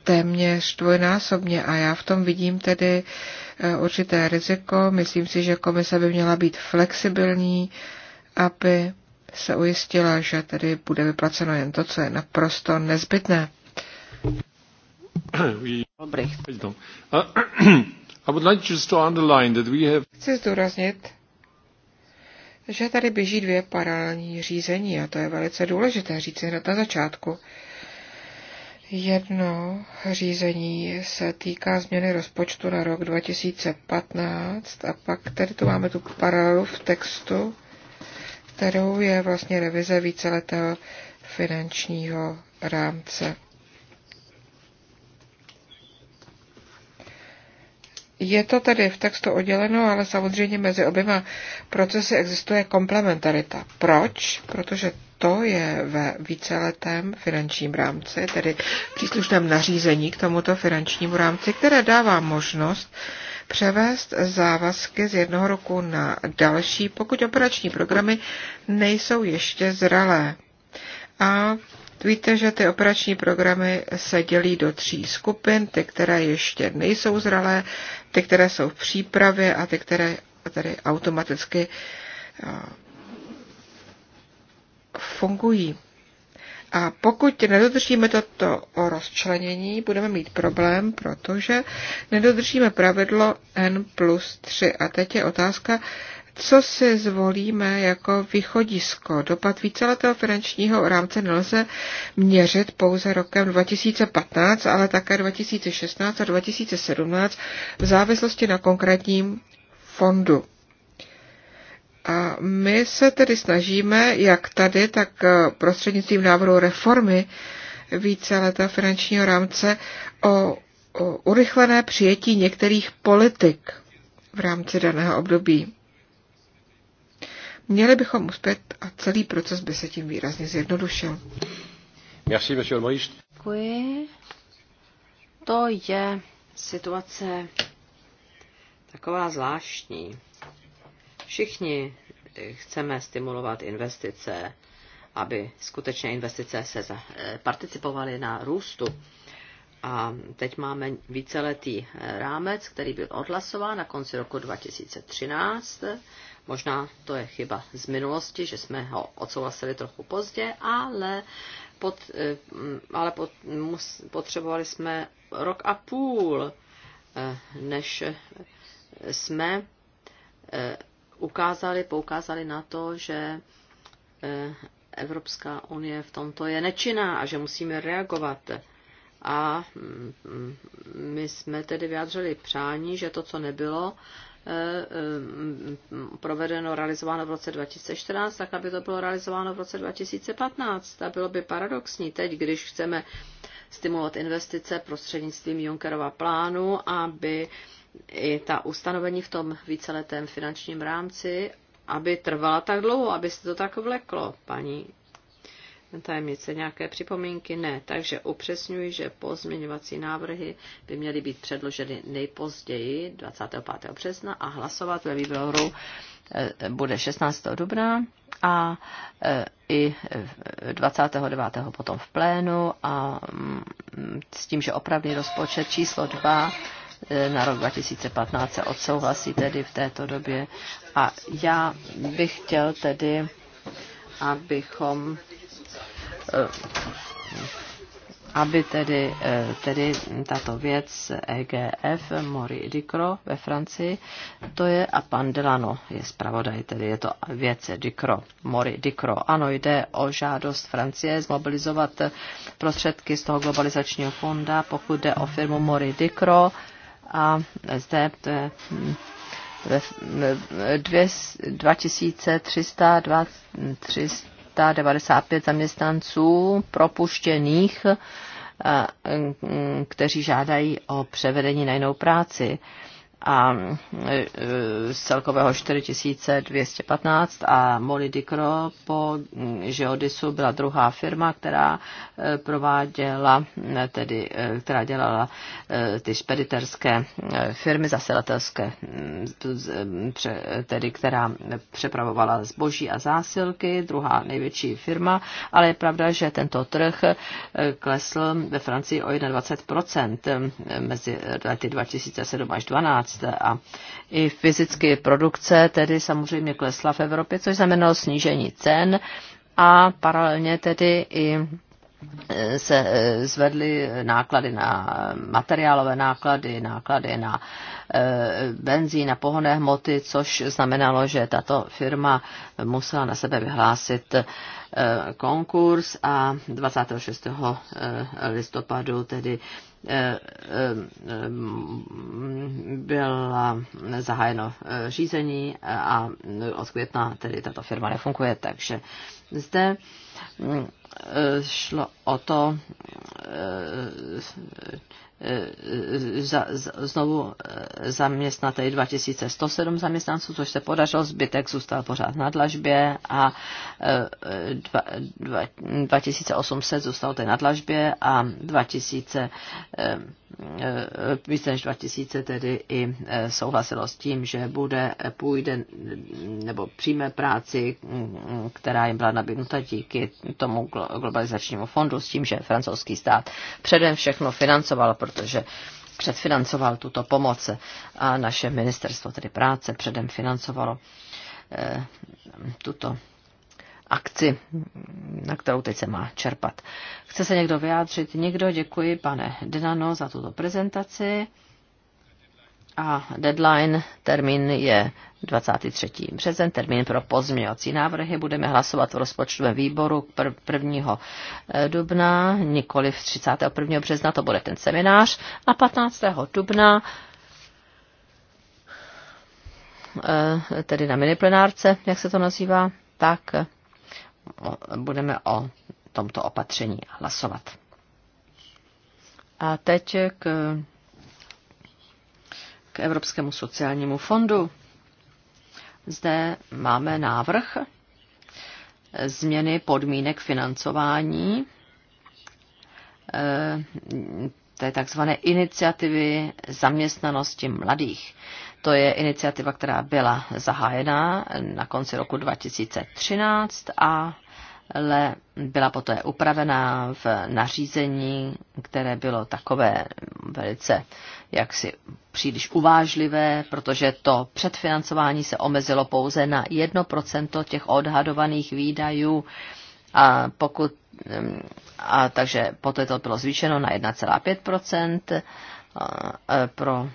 téměř dvojnásobně a já v tom vidím tedy e, určité riziko. Myslím si, že komise by měla být flexibilní aby se ujistila, že tedy bude vyplaceno jen to, co je naprosto nezbytné. Chci zdůraznit, že tady běží dvě paralelní řízení a to je velice důležité říci hned na začátku. Jedno řízení se týká změny rozpočtu na rok 2015 a pak tady tu máme tu paralelu v textu kterou je vlastně revize víceletého finančního rámce. Je to tedy v textu odděleno, ale samozřejmě mezi oběma procesy existuje komplementarita. Proč? Protože to je ve víceletém finančním rámci, tedy příslušném nařízení k tomuto finančnímu rámci, které dává možnost převést závazky z jednoho roku na další, pokud operační programy nejsou ještě zralé. A víte, že ty operační programy se dělí do tří skupin, ty, které ještě nejsou zralé, ty, které jsou v přípravě a ty, které tady automaticky fungují. A pokud nedodržíme toto rozčlenění, budeme mít problém, protože nedodržíme pravidlo N plus 3. A teď je otázka, co si zvolíme jako východisko. Dopad víceletého finančního rámce nelze měřit pouze rokem 2015, ale také 2016 a 2017 v závislosti na konkrétním fondu. A my se tedy snažíme, jak tady, tak eh, prostřednictvím návrhu reformy víceletého finančního rámce o, o urychlené přijetí některých politik v rámci daného období. Měli bychom uspět a celý proces by se tím výrazně zjednodušil. Merci, Děkuji. To je situace taková zvláštní. Všichni chceme stimulovat investice, aby skutečně investice se eh, participovaly na růstu. A teď máme víceletý eh, rámec, který byl odhlasován na konci roku 2013. Možná to je chyba z minulosti, že jsme ho odsouhlasili trochu pozdě, ale, pod, eh, ale pod, mus, potřebovali jsme rok a půl, než jsme ukázali, poukázali na to, že eh, Evropská unie v tomto je nečinná a že musíme reagovat. A mm, mm, my jsme tedy vyjádřili přání, že to, co nebylo eh, eh, provedeno, realizováno v roce 2014, tak aby to bylo realizováno v roce 2015. A bylo by paradoxní teď, když chceme stimulovat investice prostřednictvím Junckerova plánu, aby i ta ustanovení v tom víceletém finančním rámci, aby trvala tak dlouho, aby se to tak vleklo, paní tajemnice. Nějaké připomínky? Ne. Takže upřesňuji, že pozměňovací návrhy by měly být předloženy nejpozději 25. března a hlasovat ve výboru eh, bude 16. dubna a eh, i 29. Eh, potom v plénu a mm, s tím, že opravný rozpočet číslo 2 na rok 2015 se odsouhlasí tedy v této době. A já bych chtěl tedy, abychom eh, aby tedy, eh, tedy tato věc EGF Mori Dicro ve Francii, to je a pan Delano je zpravodaj, tedy je to věc Dicro, Mori Dicro. Ano, jde o žádost Francie zmobilizovat prostředky z toho globalizačního fonda, pokud jde o firmu Mori Dicro, a zde to je 2395 hm, hm, zaměstnanců propuštěných, hm, kteří žádají o převedení na jinou práci a e, e, z celkového 4215 a Molly Dicro po Geodisu byla druhá firma, která e, prováděla, tedy, která dělala ty spediterské firmy zasilatelské, tedy která přepravovala zboží a zásilky, druhá největší firma, ale je pravda, že tento trh klesl ve Francii o 21% mezi lety 2007 až 2012 2014 a i fyzicky produkce tedy samozřejmě klesla v Evropě, což znamenalo snížení cen a paralelně tedy i e, se e, zvedly náklady na materiálové náklady, náklady na e, benzín, na pohonné hmoty, což znamenalo, že tato firma musela na sebe vyhlásit konkurs a 26. listopadu tedy Eh, eh, mm, byla zahájeno eh, řízení a od května tedy tato firma nefunguje, takže zde mm, šlo o to E, e, za, znovu zaměstnat tady 2107 zaměstnanců, což se podařilo, zbytek zůstal pořád na dlažbě a 2800 e, zůstalo tady na dlažbě a 2000, více než 2000 tedy i souhlasilo s tím, že bude, půjde nebo přijme práci, která jim byla nabídnuta díky tomu globalizačnímu fondu s tím, že francouzský stát předem všechno financoval, protože předfinancoval tuto pomoc a naše ministerstvo, tedy práce, předem financovalo eh, tuto akci, na kterou teď se má čerpat. Chce se někdo vyjádřit? Někdo? Děkuji, pane Dnano, za tuto prezentaci a deadline termín je 23. březen, termín pro pozměňovací návrhy. Budeme hlasovat v rozpočtovém výboru 1. Eh, dubna, nikoli 31. března, to bude ten seminář, a 15. dubna eh, tedy na miniplenárce, jak se to nazývá, tak eh, budeme o tomto opatření hlasovat. A teď k k Evropskému sociálnímu fondu. Zde máme návrh změny podmínek financování eh, té takzvané iniciativy zaměstnanosti mladých. To je iniciativa, která byla zahájena na konci roku 2013 a ale byla poté upravená v nařízení, které bylo takové velice jaksi příliš uvážlivé, protože to předfinancování se omezilo pouze na 1% těch odhadovaných výdajů a pokud mm, a takže poté to bylo zvýšeno na 1,5% e, pro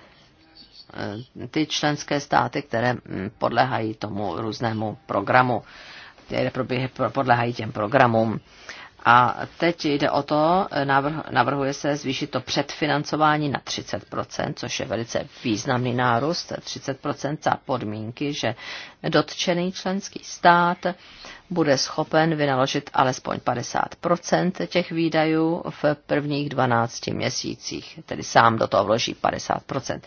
e, ty členské státy, které mm, podlehají tomu různému programu, které podlehají těm programům. A teď jde o to, navrhuje se zvýšit to předfinancování na 30%, což je velice významný nárůst, 30% za podmínky, že dotčený členský stát bude schopen vynaložit alespoň 50% těch výdajů v prvních 12 měsících, tedy sám do toho vloží 50%.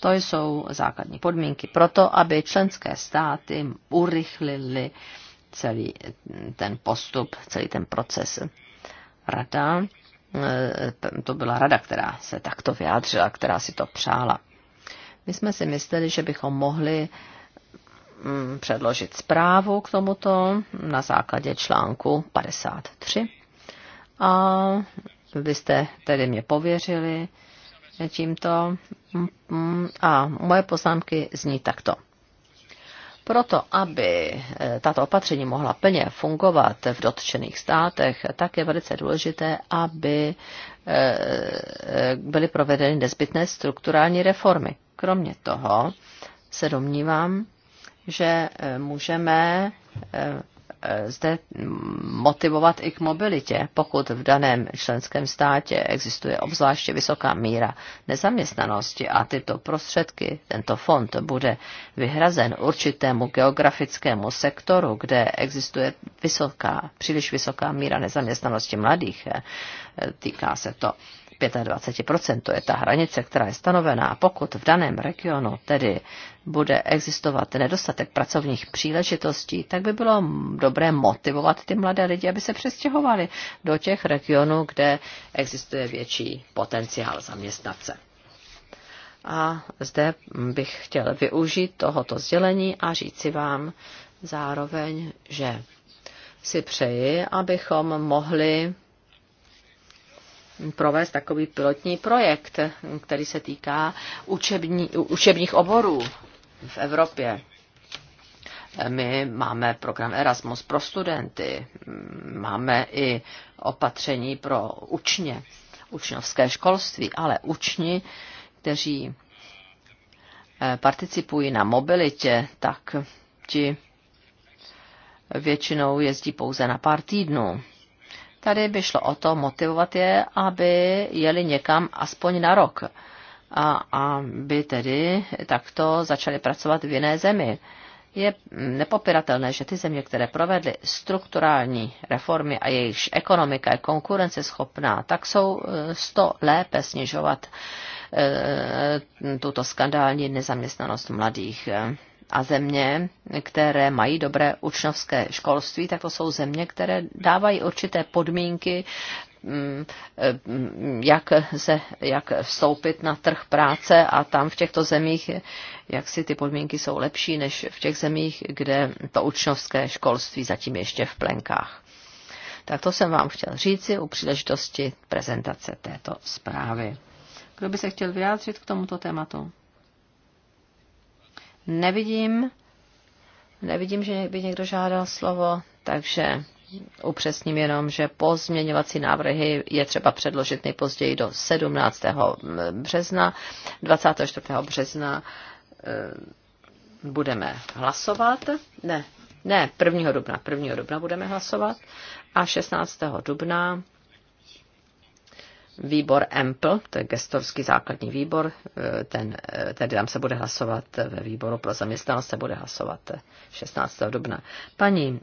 To jsou základní podmínky pro to, aby členské státy urychlily uh, celý ten postup, celý ten proces. Rada, eh, to byla rada, která se takto vyjádřila, která si to přála. My jsme si mysleli, že bychom mohli mm, předložit zprávu k tomuto na základě článku 53. A vy jste tedy mě pověřili tímto mm, mm, a moje poznámky zní takto. Proto, aby eh, tato opatření mohla plně fungovat v dotčených státech, tak je velice důležité, aby eh, eh, byly provedeny nezbytné strukturální reformy. Kromě toho se domnívám, že můžeme Eh, zde motivovat i k mobilitě, pokud v daném členském státě existuje obzvláště vysoká míra nezaměstnanosti a tyto prostředky, tento fond bude vyhrazen určitému geografickému sektoru, kde existuje vysoká, příliš vysoká míra nezaměstnanosti mladých. Eh, týká se to 25%, to je ta hranice, která je stanovená. A pokud v daném regionu tedy bude existovat nedostatek pracovních příležitostí, tak by bylo dobré motivovat ty mladé lidi, aby se přestěhovali do těch regionů, kde existuje větší potenciál zaměstnavce. A zde bych chtěl využít tohoto sdělení a říci vám zároveň, že si přeji, abychom mohli provést takový pilotní projekt, který se týká učební, učebních oborů v Evropě. My máme program Erasmus pro studenty, máme i opatření pro učně, učňovské školství, ale učni, kteří eh, participují na mobilitě, tak ti většinou jezdí pouze na pár týdnů Tady by šlo o to motivovat je, aby jeli někam aspoň na rok a aby tedy takto začali pracovat v jiné zemi. Je nepopiratelné, že ty země, které provedly strukturální reformy a jejichž ekonomika je konkurenceschopná, tak jsou eh, sto lépe snižovat eh, tuto skandální nezaměstnanost mladých a země, které mají dobré učňovské školství, tak to jsou země, které dávají určité podmínky, mm, mm, jak, se, jak vstoupit na trh práce a tam v těchto zemích, jak si ty podmínky jsou lepší než v těch zemích, kde to učňovské školství zatím ještě v plenkách. Tak to jsem vám chtěl říci u příležitosti prezentace této zprávy. Kdo by se chtěl vyjádřit k tomuto tématu? nevidím. Nevidím, že by někdo žádal slovo, takže upřesním jenom, že pozměňovací návrhy je třeba předložit nejpozději do 17. Mm, března. 24. března mm, budeme hlasovat. Ne, ne, 1. dubna. 1. dubna budeme hlasovat a 16. dubna výbor EMPL, to je gestorský základní výbor, e, ten, e, tedy tam se bude hlasovat e, ve výboru pro zaměstnanost, se bude hlasovat 16. dubna. Paní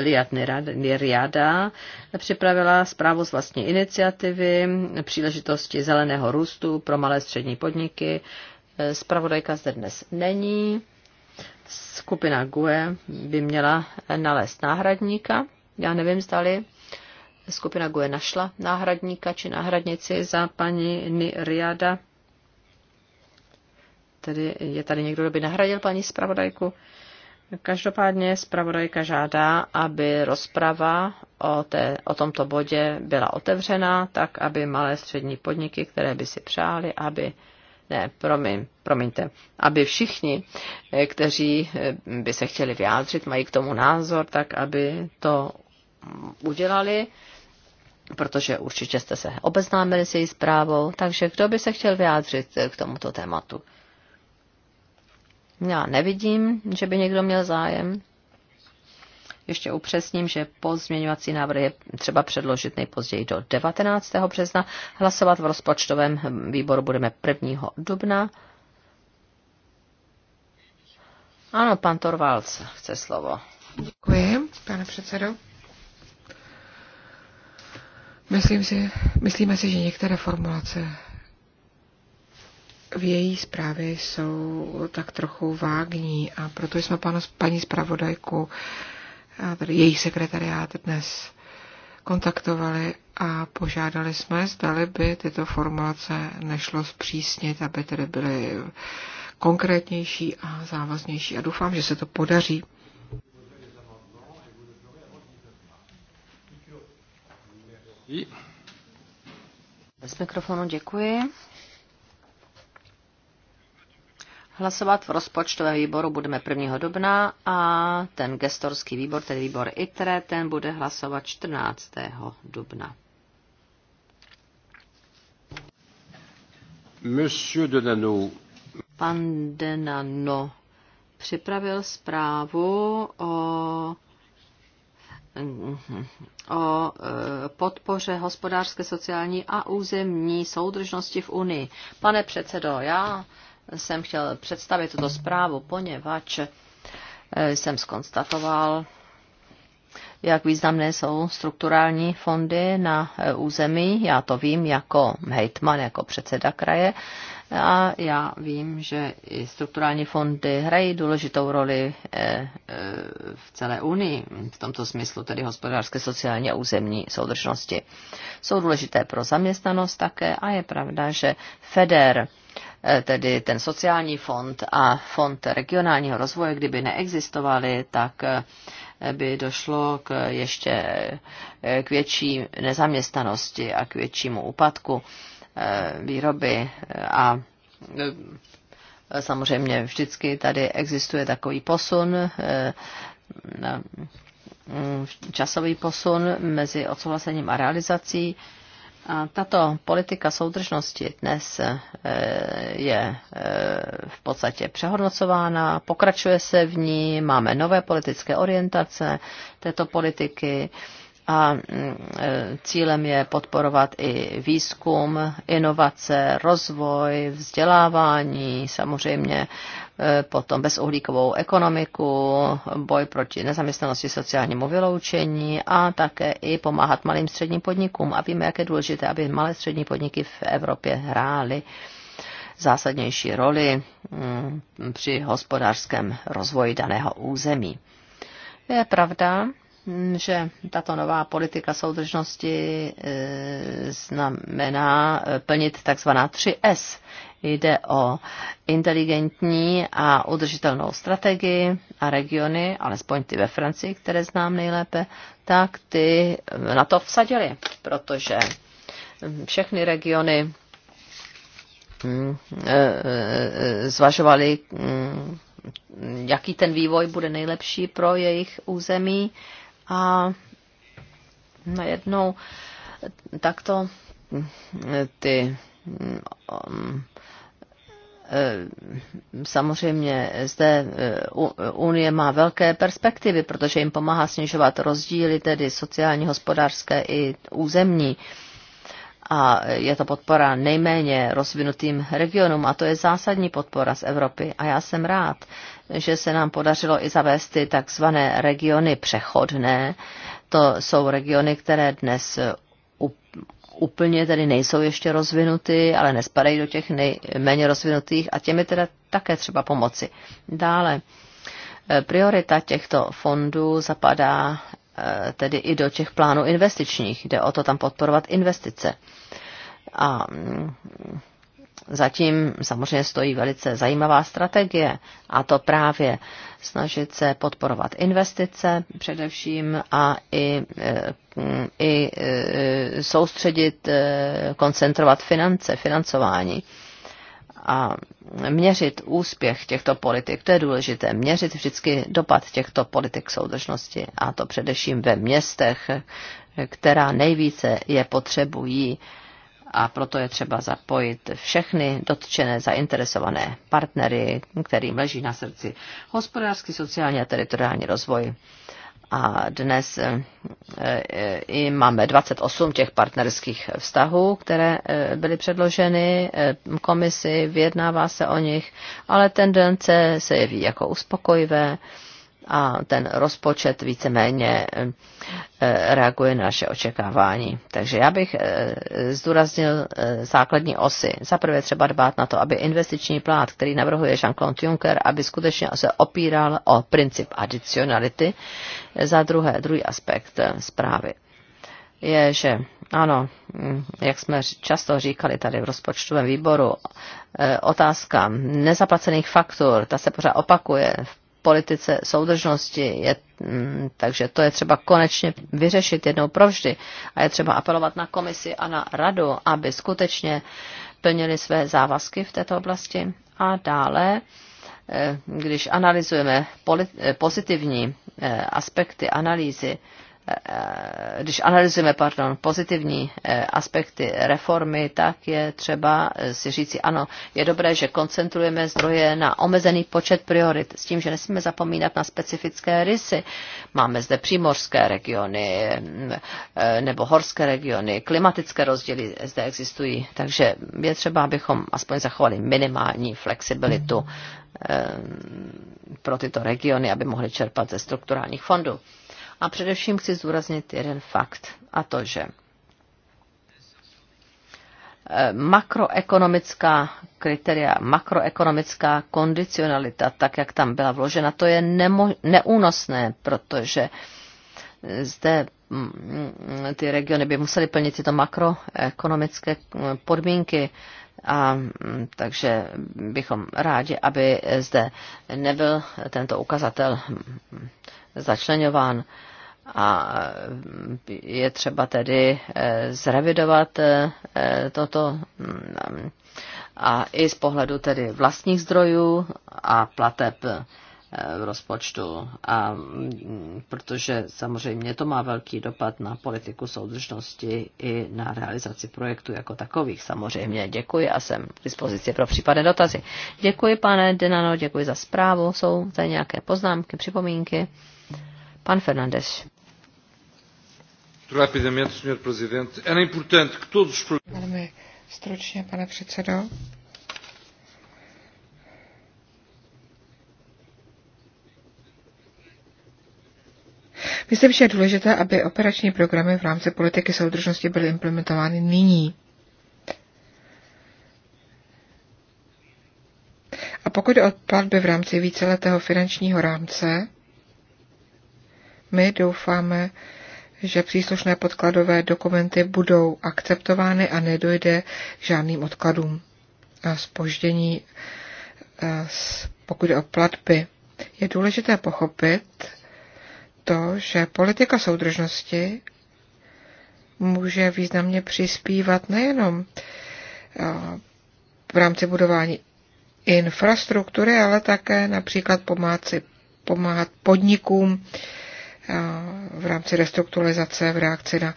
Liat Niriada připravila zprávu z vlastní iniciativy příležitosti zeleného růstu pro malé střední podniky. Spravodajka zde dnes není. Skupina GUE by měla nalézt náhradníka. Já nevím, zdali skupina Goe našla náhradníka či náhradnici za paní Niriada. Tedy je tady někdo, kdo by nahradil paní zpravodajku. Každopádně zpravodajka žádá, aby rozprava o, té, o tomto bodě byla otevřena, tak aby malé střední podniky, které by si přáli, aby ne, promiň, promiňte, aby všichni, eh, kteří eh, by se chtěli vyjádřit, mají k tomu názor, tak aby to udělali protože určitě jste se obeznámili s její zprávou, takže kdo by se chtěl vyjádřit eh, k tomuto tématu? Já nevidím, že by někdo měl zájem. Ještě upřesním, že pozměňovací návrh je třeba předložit nejpozději do 19. března. Hlasovat v rozpočtovém hm, výboru budeme 1. dubna. Ano, pan Torvalds chce slovo. Děkuji, pane předsedo. Myslím si, myslíme si, že některé formulace v její zprávě jsou tak trochu vágní a proto jsme panu, paní zpravodajku, tedy její sekretariát dnes kontaktovali a požádali jsme, zdali by tyto formulace nešlo zpřísnit, aby tedy byly konkrétnější a závaznější a doufám, že se to podaří. Bez mikrofonu děkuji. Hlasovat v rozpočtovém výboru budeme 1. dubna a ten gestorský výbor, tedy výbor ITRE, ten bude hlasovat 14. dubna. Monsieur de Nano. Pan Denano připravil zprávu o o e, podpoře hospodářské, sociální a územní soudržnosti v Unii. Pane předsedo, já jsem chtěl představit tuto zprávu, poněvadž e, jsem skonstatoval, jak významné jsou strukturální fondy na e, území. Já to vím jako hejtman, jako předseda kraje. A já vím, že i strukturální fondy hrají důležitou roli eh, eh, v celé Unii, v tomto smyslu tedy hospodářské, sociální a územní soudržnosti. Jsou důležité pro zaměstnanost také a je pravda, že FEDER, eh, tedy ten sociální fond a fond regionálního rozvoje, kdyby neexistovaly, tak by došlo k ještě k větší nezaměstnanosti a k většímu úpadku. Eh, výroby a eh, samozřejmě vždycky tady existuje takový posun, eh, mm, časový posun mezi odsouhlasením a realizací. A tato politika soudržnosti dnes je v podstatě přehodnocována, pokračuje se v ní, máme nové politické orientace této politiky a mm, e, cílem je podporovat i výzkum, inovace, rozvoj, vzdělávání, samozřejmě e, potom bezuhlíkovou ekonomiku, boj proti nezaměstnanosti, sociálnímu vyloučení a také i pomáhat malým středním podnikům. A víme, jak je důležité, aby malé střední podniky v Evropě hrály zásadnější roli mm, při hospodářském rozvoji daného území. Je pravda, že tato nová politika soudržnosti e, znamená e, plnit takzvaná 3S. Jde o inteligentní a udržitelnou strategii a regiony, alespoň ty ve Francii, které znám nejlépe, tak ty na to vsadili, protože všechny regiony mm, e, zvažovali, mm, jaký ten vývoj bude nejlepší pro jejich území a najednou takto ty mm, mm, mm, samozřejmě zde eh, Unie má velké perspektivy, protože jim pomáhá snižovat rozdíly, tedy sociální, hospodářské i územní. A je to podpora nejméně rozvinutým regionům a to je zásadní podpora z Evropy. A já jsem rád, že se nám podařilo i zavést ty takzvané regiony přechodné. To jsou regiony, které dnes úplně tedy nejsou ještě rozvinuty, ale nespadají do těch nejméně rozvinutých a těmi teda také třeba pomoci. Dále, eh, priorita těchto fondů zapadá eh, tedy i do těch plánů investičních. Jde o to tam podporovat investice. A mm, zatím samozřejmě stojí velice zajímavá strategie a to právě snažit se podporovat investice především a i, eh, i eh, soustředit, eh, koncentrovat finance, financování a měřit úspěch těchto politik. To je důležité. Měřit vždycky dopad těchto politik soudržnosti a to především ve městech, která nejvíce je potřebují a proto je třeba zapojit všechny dotčené zainteresované partnery, kterým leží na srdci hospodářský, sociální a teritoriální rozvoj. A dnes eh, eh, i máme 28 těch partnerských vztahů, které eh, byly předloženy komisi, vyjednává se o nich, ale tendence se jeví jako uspokojivé a ten rozpočet víceméně eh, eh, reaguje na naše očekávání. Takže já bych eh, zdůraznil základní osy. Za prvé třeba dbát na to, aby investiční plán, který navrhuje Jean-Claude Juncker, aby skutečně se opíral o princip adicionality. Za druhé, druhý aspekt zprávy je, že ano, hm, jak jsme často říkali tady v rozpočtovém výboru, otázka nezaplacených faktur, ta se pořád opakuje v politice soudržnosti. Je, mm, takže to je třeba konečně vyřešit jednou provždy. A je třeba apelovat na komisi a na radu, aby skutečně plnili své závazky v této oblasti. A dále, eh, když analyzujeme eh, pozitivní eh, aspekty analýzy, Eh, když analyzujeme pardon, pozitivní eh, aspekty reformy, tak je třeba eh, si říci, ano, je dobré, že koncentrujeme zdroje na omezený počet priorit, s tím, že nesmíme zapomínat na specifické rysy. Máme zde přímořské regiony mm, nebo horské regiony, klimatické rozdíly zde existují, takže je třeba, abychom aspoň zachovali minimální flexibilitu pro tyto regiony, aby mohly čerpat ze strukturálních fondů. A především chci zdůraznit jeden fakt, a to, že eh, makroekonomická kritéria, makroekonomická kondicionalita, tak jak tam byla vložena, to je nemo, neúnosné, protože eh, zde mm, mm, ty regiony by musely plnit tyto makroekonomické eh, podmínky, a mm, takže bychom rádi, aby zde nebyl tento ukazatel začlenován a je třeba tedy eh, zrevidovat eh, toto mm, a i z pohledu tedy vlastních zdrojů a plateb eh, v rozpočtu, a, mm, protože samozřejmě to má velký dopad na politiku soudržnosti i na realizaci projektu jako takových. Samozřejmě děkuji a jsem k dispozici pro případné dotazy. Děkuji, pane Denano, děkuji za zprávu. Jsou tady nějaké poznámky, připomínky? Pan Fernandez. Rapidamente, senhor presidente. Era importante que todos os... Velmi stručně, pane předsedo. Myslím, že je důležité, aby operační programy v rámci politiky soudržnosti byly implementovány nyní. A pokud jde o platby v rámci víceletého finančního rámce, my doufáme, že příslušné podkladové dokumenty budou akceptovány a nedojde k žádným odkladům a spoždění, pokud je o platby. Je důležité pochopit to, že politika soudržnosti může významně přispívat nejenom v rámci budování infrastruktury, ale také například pomáci, pomáhat podnikům v rámci restrukturalizace, v reakci na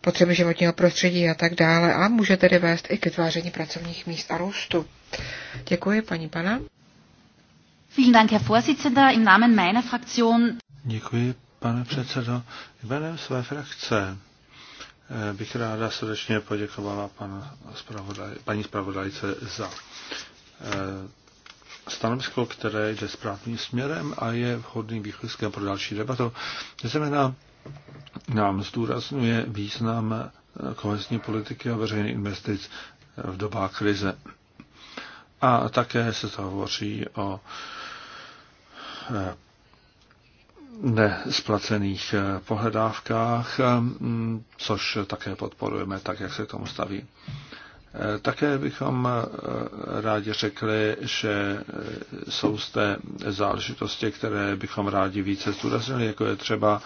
potřeby životního prostředí a tak dále a může tedy vést i k vytváření pracovních míst a růstu. Děkuji, paní pana. Vielen Dank, Herr Vorsitzender. Im Namen meiner Fraktion. Děkuji, pane předsedo. Jmenem své frakce eh, bych ráda srdečně poděkovala panu spravodaj, paní zpravodajce za eh, stanovisko, které jde správným směrem a je vhodným východiskem pro další debatu. Znamená, nám zdůrazňuje význam kohezní politiky a veřejných investic v dobách krize. A také se to hovoří o eh, nesplacených eh, pohledávkách, mm, což také podporujeme, tak jak se k tomu staví. Eh, také bychom eh, rádi řekli, že eh, jsou zde záležitosti, které bychom rádi více zdůraznili, jako je třeba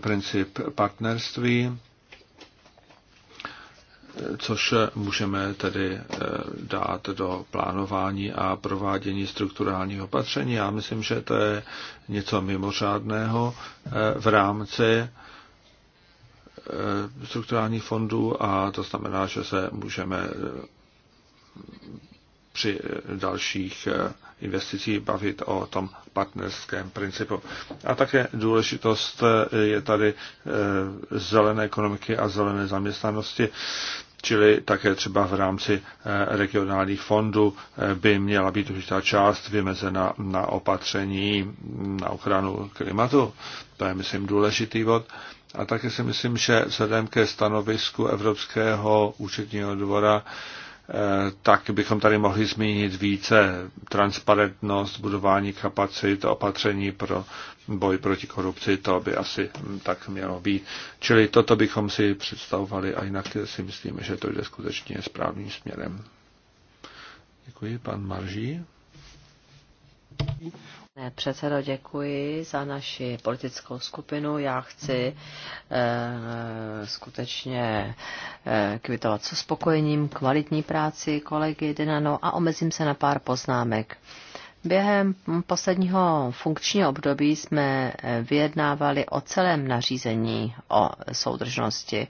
princip partnerství, což můžeme tedy dát do plánování a provádění strukturálních opatření. Já myslím, že to je něco mimořádného v rámci Eh, strukturálních fondů a to znamená, že se můžeme eh, při dalších eh, investicích bavit o tom partnerském principu. A také důležitost je tady zelené ekonomiky a zelené zaměstnanosti, čili také třeba v rámci regionálních fondů by měla být určitá část vymezena na opatření na ochranu klimatu. To je, myslím, důležitý bod. A také si myslím, že vzhledem ke stanovisku Evropského účetního dvora, eh, tak bychom tady mohli zmínit více transparentnost, budování kapacit, opatření pro boj proti korupci, to by asi tak mělo být. Čili toto bychom si představovali a jinak si myslíme, že to jde skutečně správným směrem. Děkuji, pan Marží. Pane předsedo, děkuji za naši politickou skupinu. Já chci eh, skutečně eh, kvitovat se spokojením, kvalitní práci kolegy Dynano a omezím se na pár poznámek. Během posledního funkčního období jsme eh, vyjednávali o celém nařízení o soudržnosti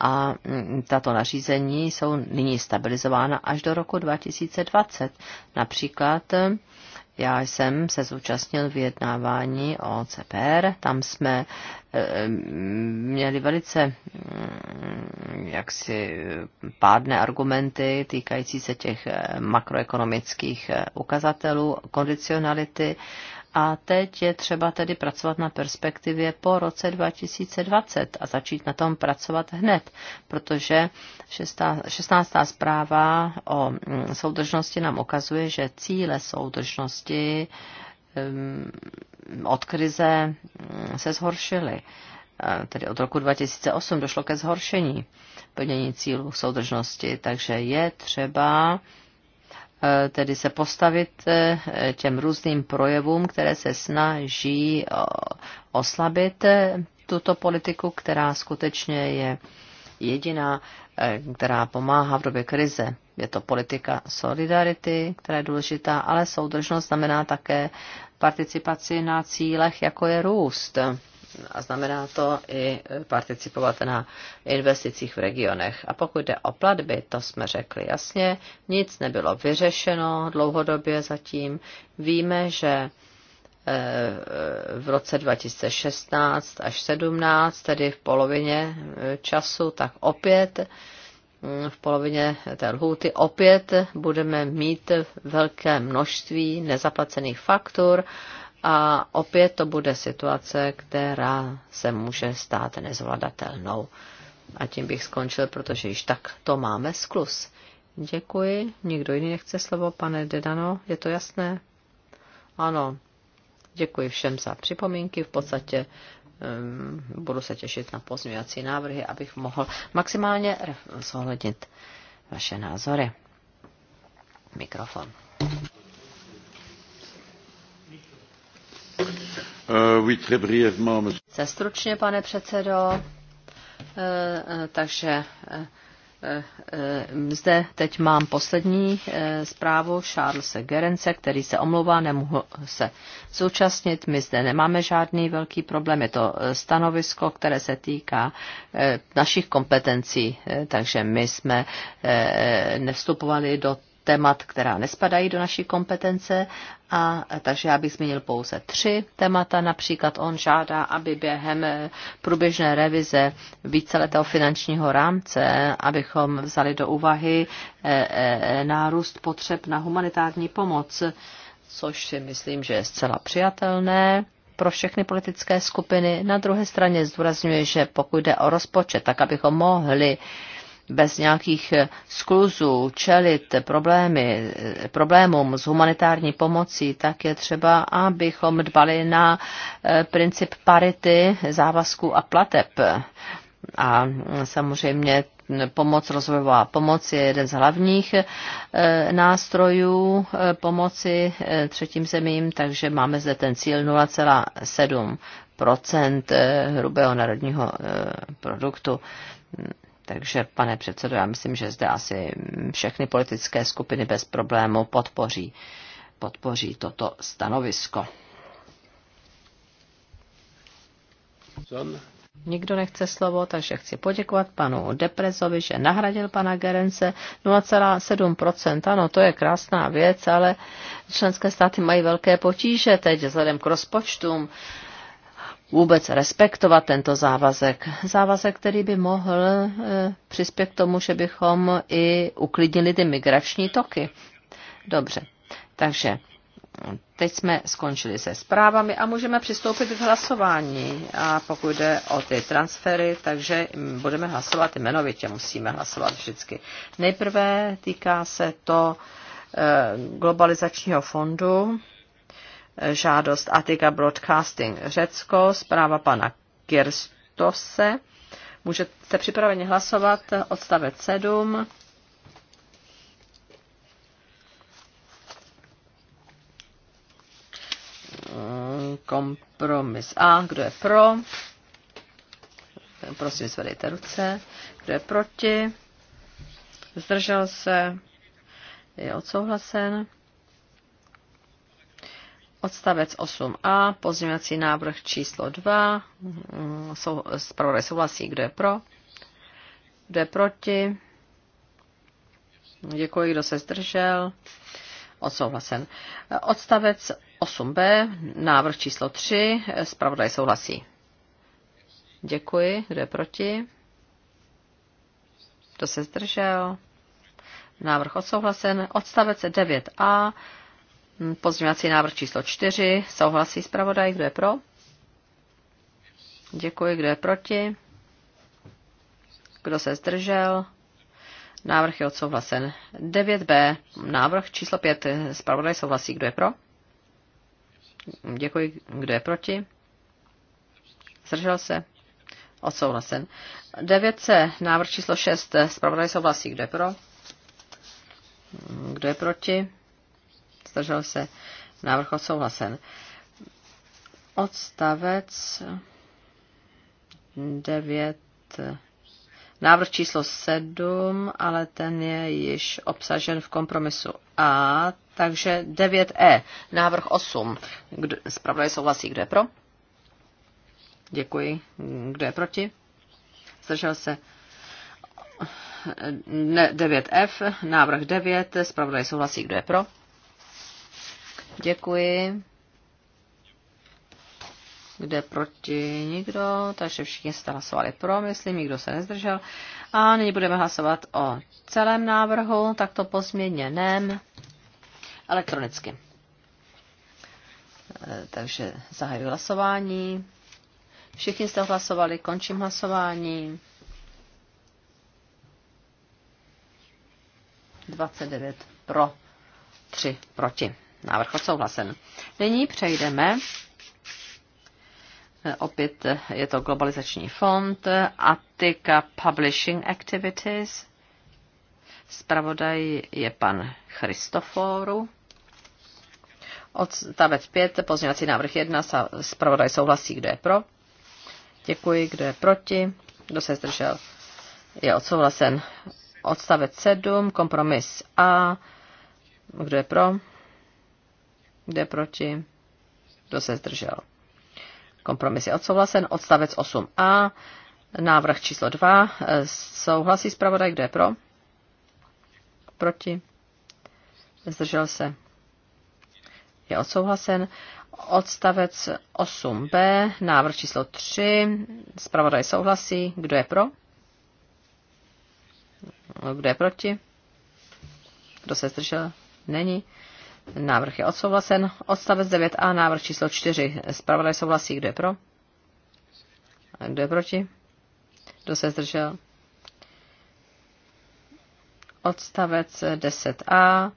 a mm, tato nařízení jsou nyní stabilizována až do roku 2020. Například eh, já jsem se zúčastnil vyjednávání o CPR, tam jsme eh, eh, měli velice mm, jaksi pádné argumenty týkající se těch eh, makroekonomických ukazatelů, kondicionality a teď je třeba tedy pracovat na perspektivě po roce 2020 a začít na tom pracovat hned, protože 16. zpráva o mm, soudržnosti nám ukazuje, že cíle soudržnosti mm, od krize mm, se zhoršily. Tedy od roku 2008 došlo ke zhoršení plnění cílů soudržnosti, takže je třeba Eh, tedy se postavit eh, těm různým projevům, které se snaží oslabit eh, tuto politiku, která skutečně je jediná, která pomáhá v době krize. Je to politika solidarity, která je důležitá, ale soudržnost znamená také participaci na cílech, jako je růst a znamená to i participovat na investicích v regionech. A pokud jde o platby, to jsme řekli jasně, nic nebylo vyřešeno dlouhodobě zatím. Víme, že eh, v roce 2016 až 17, tedy v polovině eh, času, tak opět mm, v polovině té lhůty opět budeme mít velké množství nezaplacených faktur a opět to bude situace, která se může stát nezvladatelnou. A tím bych skončil, protože již tak to máme sklus. Děkuji. Nikdo jiný nechce slovo, pane Dedano, je to jasné? Ano. Děkuji všem za připomínky. V podstatě um, budu se těšit na pozměňovací návrhy, abych mohl maximálně zohlednit vaše názory. Mikrofon. Eh, se stručně, pane předsedo. Eh, eh, takže zde teď mám poslední zprávu Charlesa Gerence, který se omlouvá, nemohl se zúčastnit. My zde nemáme žádný velký problém. Je to stanovisko, které se týká našich kompetencí, takže my jsme nevstupovali do témat, která nespadají do naší kompetence, a takže já bych zmínil pouze tři témata. Například on žádá, aby během průběžné revize víceletého finančního rámce, abychom vzali do úvahy e, e, nárůst potřeb na humanitární pomoc, což si myslím, že je zcela přijatelné pro všechny politické skupiny. Na druhé straně zdůrazňuje, že pokud jde o rozpočet, tak abychom mohli eh, bez nějakých eh, skluzů čelit problémy, eh, problémům s humanitární pomocí, tak je třeba, abychom dbali na eh, princip parity závazků a plateb. A mm, samozřejmě mm, pomoc, rozvojová pomoc je jeden z hlavních nástrojů pomoci třetím zemím, takže máme zde ten cíl 0,7 procent hrubého národního produktu takže, pane předsedo, já myslím, že zde asi všechny politické skupiny bez problému podpoří, podpoří toto stanovisko. Son. Nikdo nechce slovo, takže chci poděkovat panu Deprezovi, že nahradil pana Gerence 0,7%. Ano, to je krásná věc, ale členské státy mají velké potíže teď vzhledem k rozpočtům. Uh, vůbec respektovat tento závazek. Závazek, který by mohl eh, přispět k tomu, že bychom i uklidnili ty migrační toky. Dobře, takže teď jsme skončili se zprávami a můžeme přistoupit k hlasování. A pokud jde o ty transfery, takže budeme hlasovat jmenovitě, musíme hlasovat vždycky. Nejprve týká se to eh, globalizačního fondu žádost Atika Broadcasting Řecko, zpráva pana Kirstose. Můžete připraveni hlasovat odstavec 7. Kompromis A, kdo je pro? Prosím, zvedejte ruce. Kdo je proti? Zdržel se? Je odsouhlasen. Odstavec 8a, pozměňovací návrh číslo 2, sou, zpravodaj souhlasí, kdo je pro, kdo je proti, děkuji, kdo se zdržel, odsouhlasen. Odstavec 8b, návrh číslo 3, zpravodaj souhlasí. Děkuji, kdo je proti, kdo se zdržel, návrh odsouhlasen. Odstavec 9a, Mm, pozměňovací návrh číslo 4. Souhlasí zpravodaj, kdo je pro? Děkuji, kdo je proti? Kdo se zdržel? Návrh je odsouhlasen. 9b. Návrh číslo 5. Zpravodaj souhlasí, kdo je pro? Děkuji, kdo je proti? Zdržel se? Odsouhlasen. 9c. Návrh číslo 6. Zpravodaj souhlasí, kdo je pro? Kdo je proti? zdržel se, návrh odsouhlasen. Odstavec 9, návrh číslo 7, ale ten je již obsažen v kompromisu A, takže 9E, návrh 8. Kdo, zpravodaj souhlasí, kdo je pro? Děkuji. Kdo je proti? Zdržel se. 9F, návrh 9, zpravodaj souhlasí, kdo je pro? Děkuji. Kde proti nikdo, takže všichni se hlasovali pro, myslím, nikdo se nezdržel. A nyní budeme hlasovat o celém návrhu, takto pozměněném elektronicky. E, takže zahajuji hlasování. Všichni jste hlasovali, končím hlasování. 29 pro, 3 proti. Návrh odsouhlasen. Nyní přejdeme. Eh, opět eh, je to globalizační fond, Attica Publishing Activities. Spravodaj je pan Christoforu. Odstavec 5, pozměňovací návrh 1, zpravodaj souhlasí, kdo je pro. Děkuji, kdo je proti, kdo se zdržel, je odsouhlasen. Odstavec 7, kompromis A, kdo je pro, jde proti? Kdo se zdržel? Kompromis je odsouhlasen. Odstavec 8a. Návrh číslo 2. Souhlasí zpravodaj, kdo je pro? Proti? Zdržel se? Je odsouhlasen. Odstavec 8b. Návrh číslo 3. Zpravodaj souhlasí. Kdo je pro? Kdo je proti? Kdo se zdržel? Není. Návrh je odsouhlasen. Odstavec 9a, návrh číslo 4. Zpravodaj souhlasí. Kdo je pro? Kdo je proti? Kdo se zdržel? Odstavec 10a,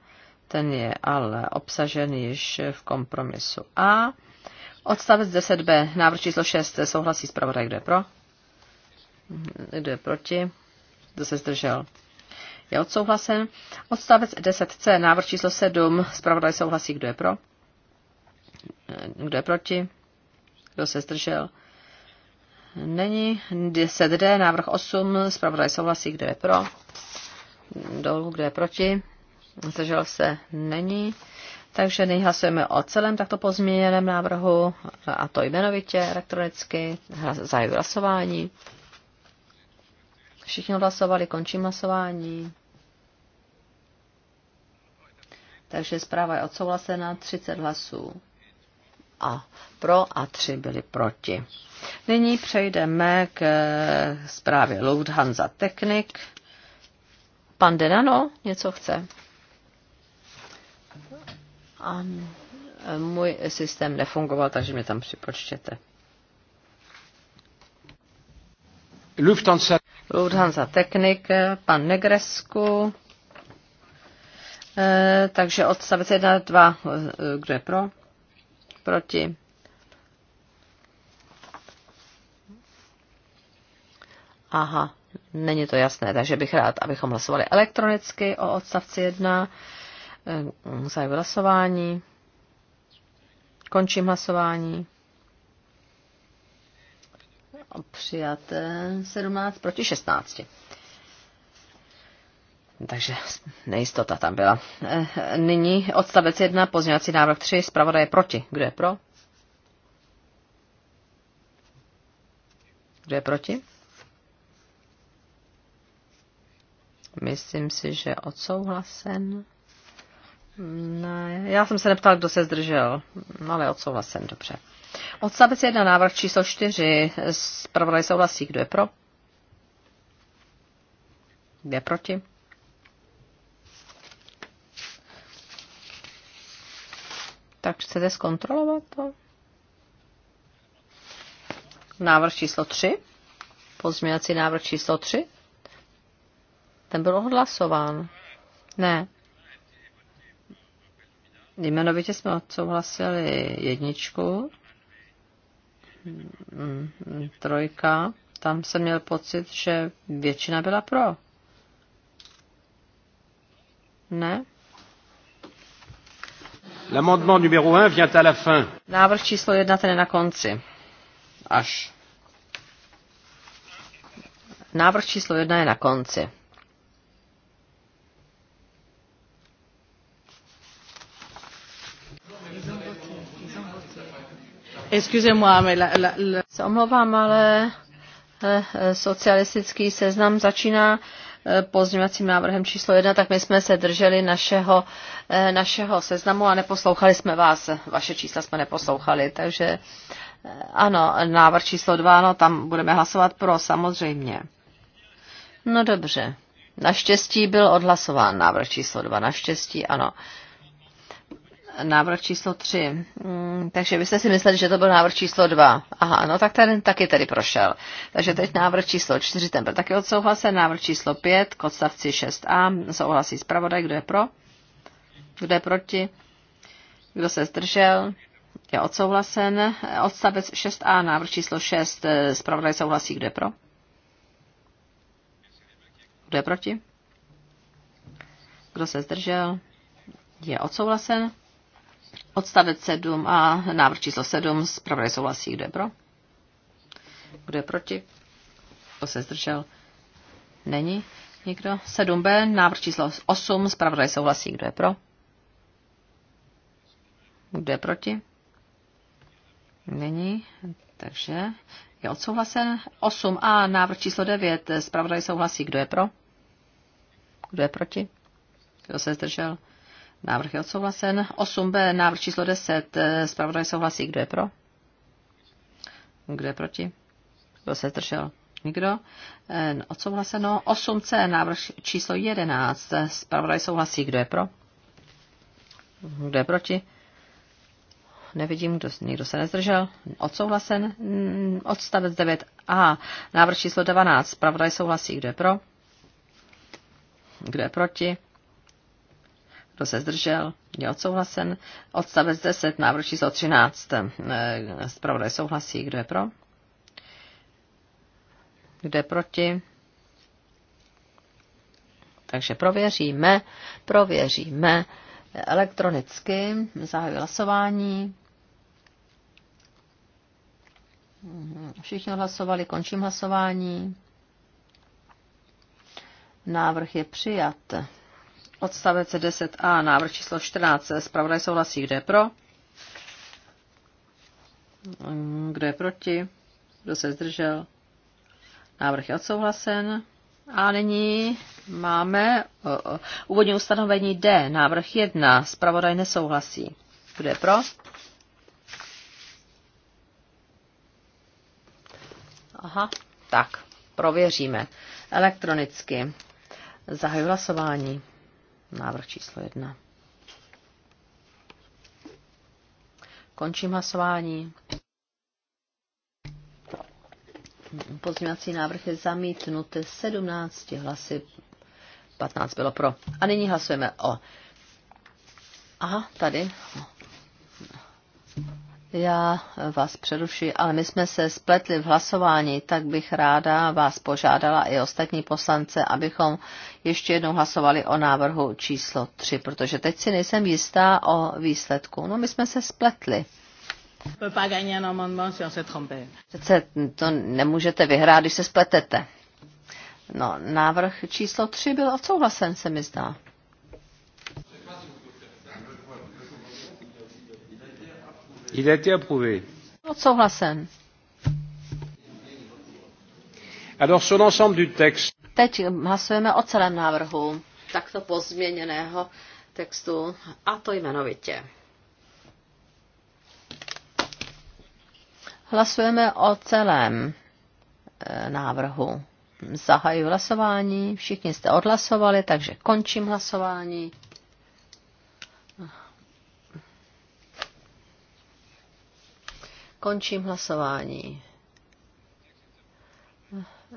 ten je ale obsažen již v kompromisu A. Odstavec 10b, návrh číslo 6, souhlasí zpravodaj, kdo je pro? Kdo je proti? Kdo se zdržel? je odsouhlasen. Odstavec 10c, návrh číslo 7, zpravodaj souhlasí, kdo je pro, kdo je proti, kdo se zdržel. Není 10d, návrh 8, zpravodaj souhlasí, kdo je pro, dolů, kdo je proti, zdržel se, není. Takže nyní hlasujeme o celém takto pozměněném návrhu, a to jmenovitě, elektronicky, zahajuji hlasování. Všichni hlasovali, končím hlasování. Takže zpráva je odsouhlasena 30 hlasů a pro a 3 byli proti. Nyní přejdeme k eh, zprávě Lufthansa Technik. Pan Denano něco chce? A eh, můj systém nefungoval, takže mě tam připočtěte. Lufthansa, Lufthansa Technik, eh, pan Negresku, E, takže odstavec 1, 2, e, kdo je pro? Proti? Aha, není to jasné, takže bych rád, abychom hlasovali elektronicky o odstavci 1. E, zahajuji hlasování. Končím hlasování. Přijaté 17 proti 16. Takže nejistota tam byla. Eh, nyní odstavec 1, pozměňovací návrh 3, zpravodaj je proti. Kdo je pro? Kdo je proti? Myslím si, že odsouhlasen. Ne, já jsem se neptal, kdo se zdržel, ale odsouhlasen, dobře. Odstavec 1, návrh číslo 4, zpravodaj souhlasí, kdo je pro? Kdo je proti? Tak chcete zkontrolovat to? Návrh číslo 3. Pozměňovací návrh číslo 3. Ten byl odhlasován. Ne. Jmenovitě jsme odsouhlasili jedničku. Mm, trojka. Tam jsem měl pocit, že většina byla pro. Ne? L'amendement numéro 1 vient à la fin. Návrh číslo 1 ten je na konci. Až. Návrh číslo 1 je na konci. Se omlouvám, ale eh, eh, socialistický seznam začíná Eh, pozměňovacím návrhem číslo jedna, tak my jsme se drželi našeho, eh, našeho seznamu a neposlouchali jsme vás. Vaše čísla jsme neposlouchali, takže eh, ano, návrh číslo dva, no tam budeme hlasovat pro, samozřejmě. No dobře. Naštěstí byl odhlasován návrh číslo dva, naštěstí ano návrh číslo 3. Hmm, takže vy jste si mysleli, že to byl návrh číslo 2. Aha, no tak ten taky tady prošel. Takže teď návrh číslo 4, ten byl taky odsouhlasen. Návrh číslo 5 k odstavci 6a. Souhlasí zpravodaj, kdo je pro? Kdo je proti? Kdo se zdržel? Je odsouhlasen. Odstavec 6a, návrh číslo 6. Zpravodaj souhlasí, kdo je pro? Kdo je proti? Kdo se zdržel? Je odsouhlasen. Odstavec 7 a návrh číslo 7, zpravodaj souhlasí, kdo je pro? Kdo je proti? Kdo se zdržel? Není nikdo. 7b, návrh číslo 8, zpravodaj souhlasí, kdo je pro? Kdo je proti? Není, takže je odsouhlasen. 8a, návrh číslo 9, zpravodaj souhlasí, kdo je pro? Kdo je proti? Kdo se zdržel? Návrh je odsouhlasen. 8b, návrh číslo 10, eh, zpravodaj souhlasí. Kdo je pro? Kdo je proti? Kdo se zdržel? Nikdo. Eh, odsouhlaseno. 8c, návrh číslo 11, eh, zpravodaj souhlasí. Kdo je pro? Kdo je proti? Nevidím, kdo, nikdo se nezdržel. Odsouhlasen. Mm, odstavec 9a, návrh číslo 12, zpravodaj souhlasí. Kdo je pro? Kdo je proti? kdo se zdržel, je odsouhlasen. Odstavec 10, návrh číslo 13, eh, zpravodaj souhlasí, kdo je pro, kdo je proti. Takže prověříme, prověříme elektronicky, zahajuji hlasování. Všichni hlasovali, končím hlasování. Návrh je přijat. Odstavec 10a, návrh číslo 14. Zpravodaj souhlasí, kdo je pro? Kdo je proti? Kdo se zdržel? Návrh je odsouhlasen. A nyní máme úvodní ustanovení D, návrh 1. Zpravodaj nesouhlasí. Kdo je pro? Aha, tak, prověříme elektronicky. Zahajuji hlasování. Návrh číslo jedna. Končím hlasování. Pozměňovací návrh je zamítnut 17 hlasy, 15 bylo pro. A nyní hlasujeme o. Aha, tady já vás přeruši, ale my jsme se spletli v hlasování, tak bych ráda vás požádala i ostatní poslance, abychom ještě jednou hlasovali o návrhu číslo 3, protože teď si nejsem jistá o výsledku. No, my jsme se spletli. Přece to nemůžete vyhrát, když se spletete. No, návrh číslo 3 byl odsouhlasen, se mi zdá. Odsouhlasen. Alors sur l'ensemble du texte. Teď hlasujeme o celém návrhu takto pozměněného textu a to jmenovitě. Hlasujeme o celém e, návrhu. Zahajuji hlasování, všichni jste odhlasovali, takže končím hlasování. Končím hlasování.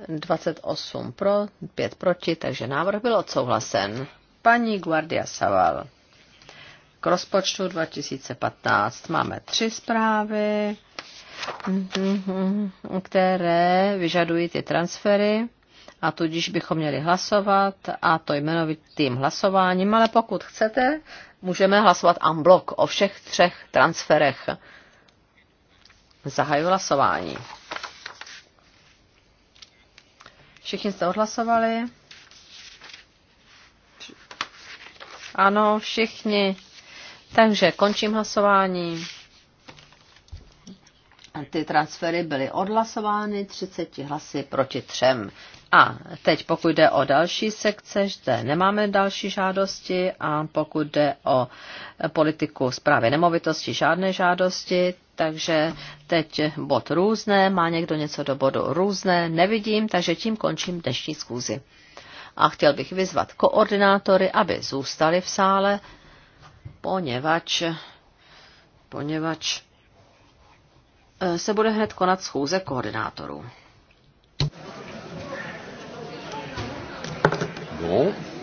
28 pro, 5 proti, takže návrh byl odsouhlasen. Paní Guardia Saval. K rozpočtu 2015 máme tři zprávy, které vyžadují ty transfery a tudíž bychom měli hlasovat a to jmenovitým hlasováním, ale pokud chcete, můžeme hlasovat en bloc o všech třech transferech. Zahajuji hlasování. Všichni jste odhlasovali? Ano, všichni. Takže končím hlasování. Ty transfery byly odhlasovány 30 hlasy proti třem. A teď pokud jde o další sekce, zde nemáme další žádosti a pokud jde o politiku zprávy nemovitosti, žádné žádosti, takže teď bod různé, má někdo něco do bodu různé, nevidím, takže tím končím dnešní zkůzi. A chtěl bych vyzvat koordinátory, aby zůstali v sále, poněvadž, poněvadž eh, se bude hned konat schůze koordinátorů. Bon.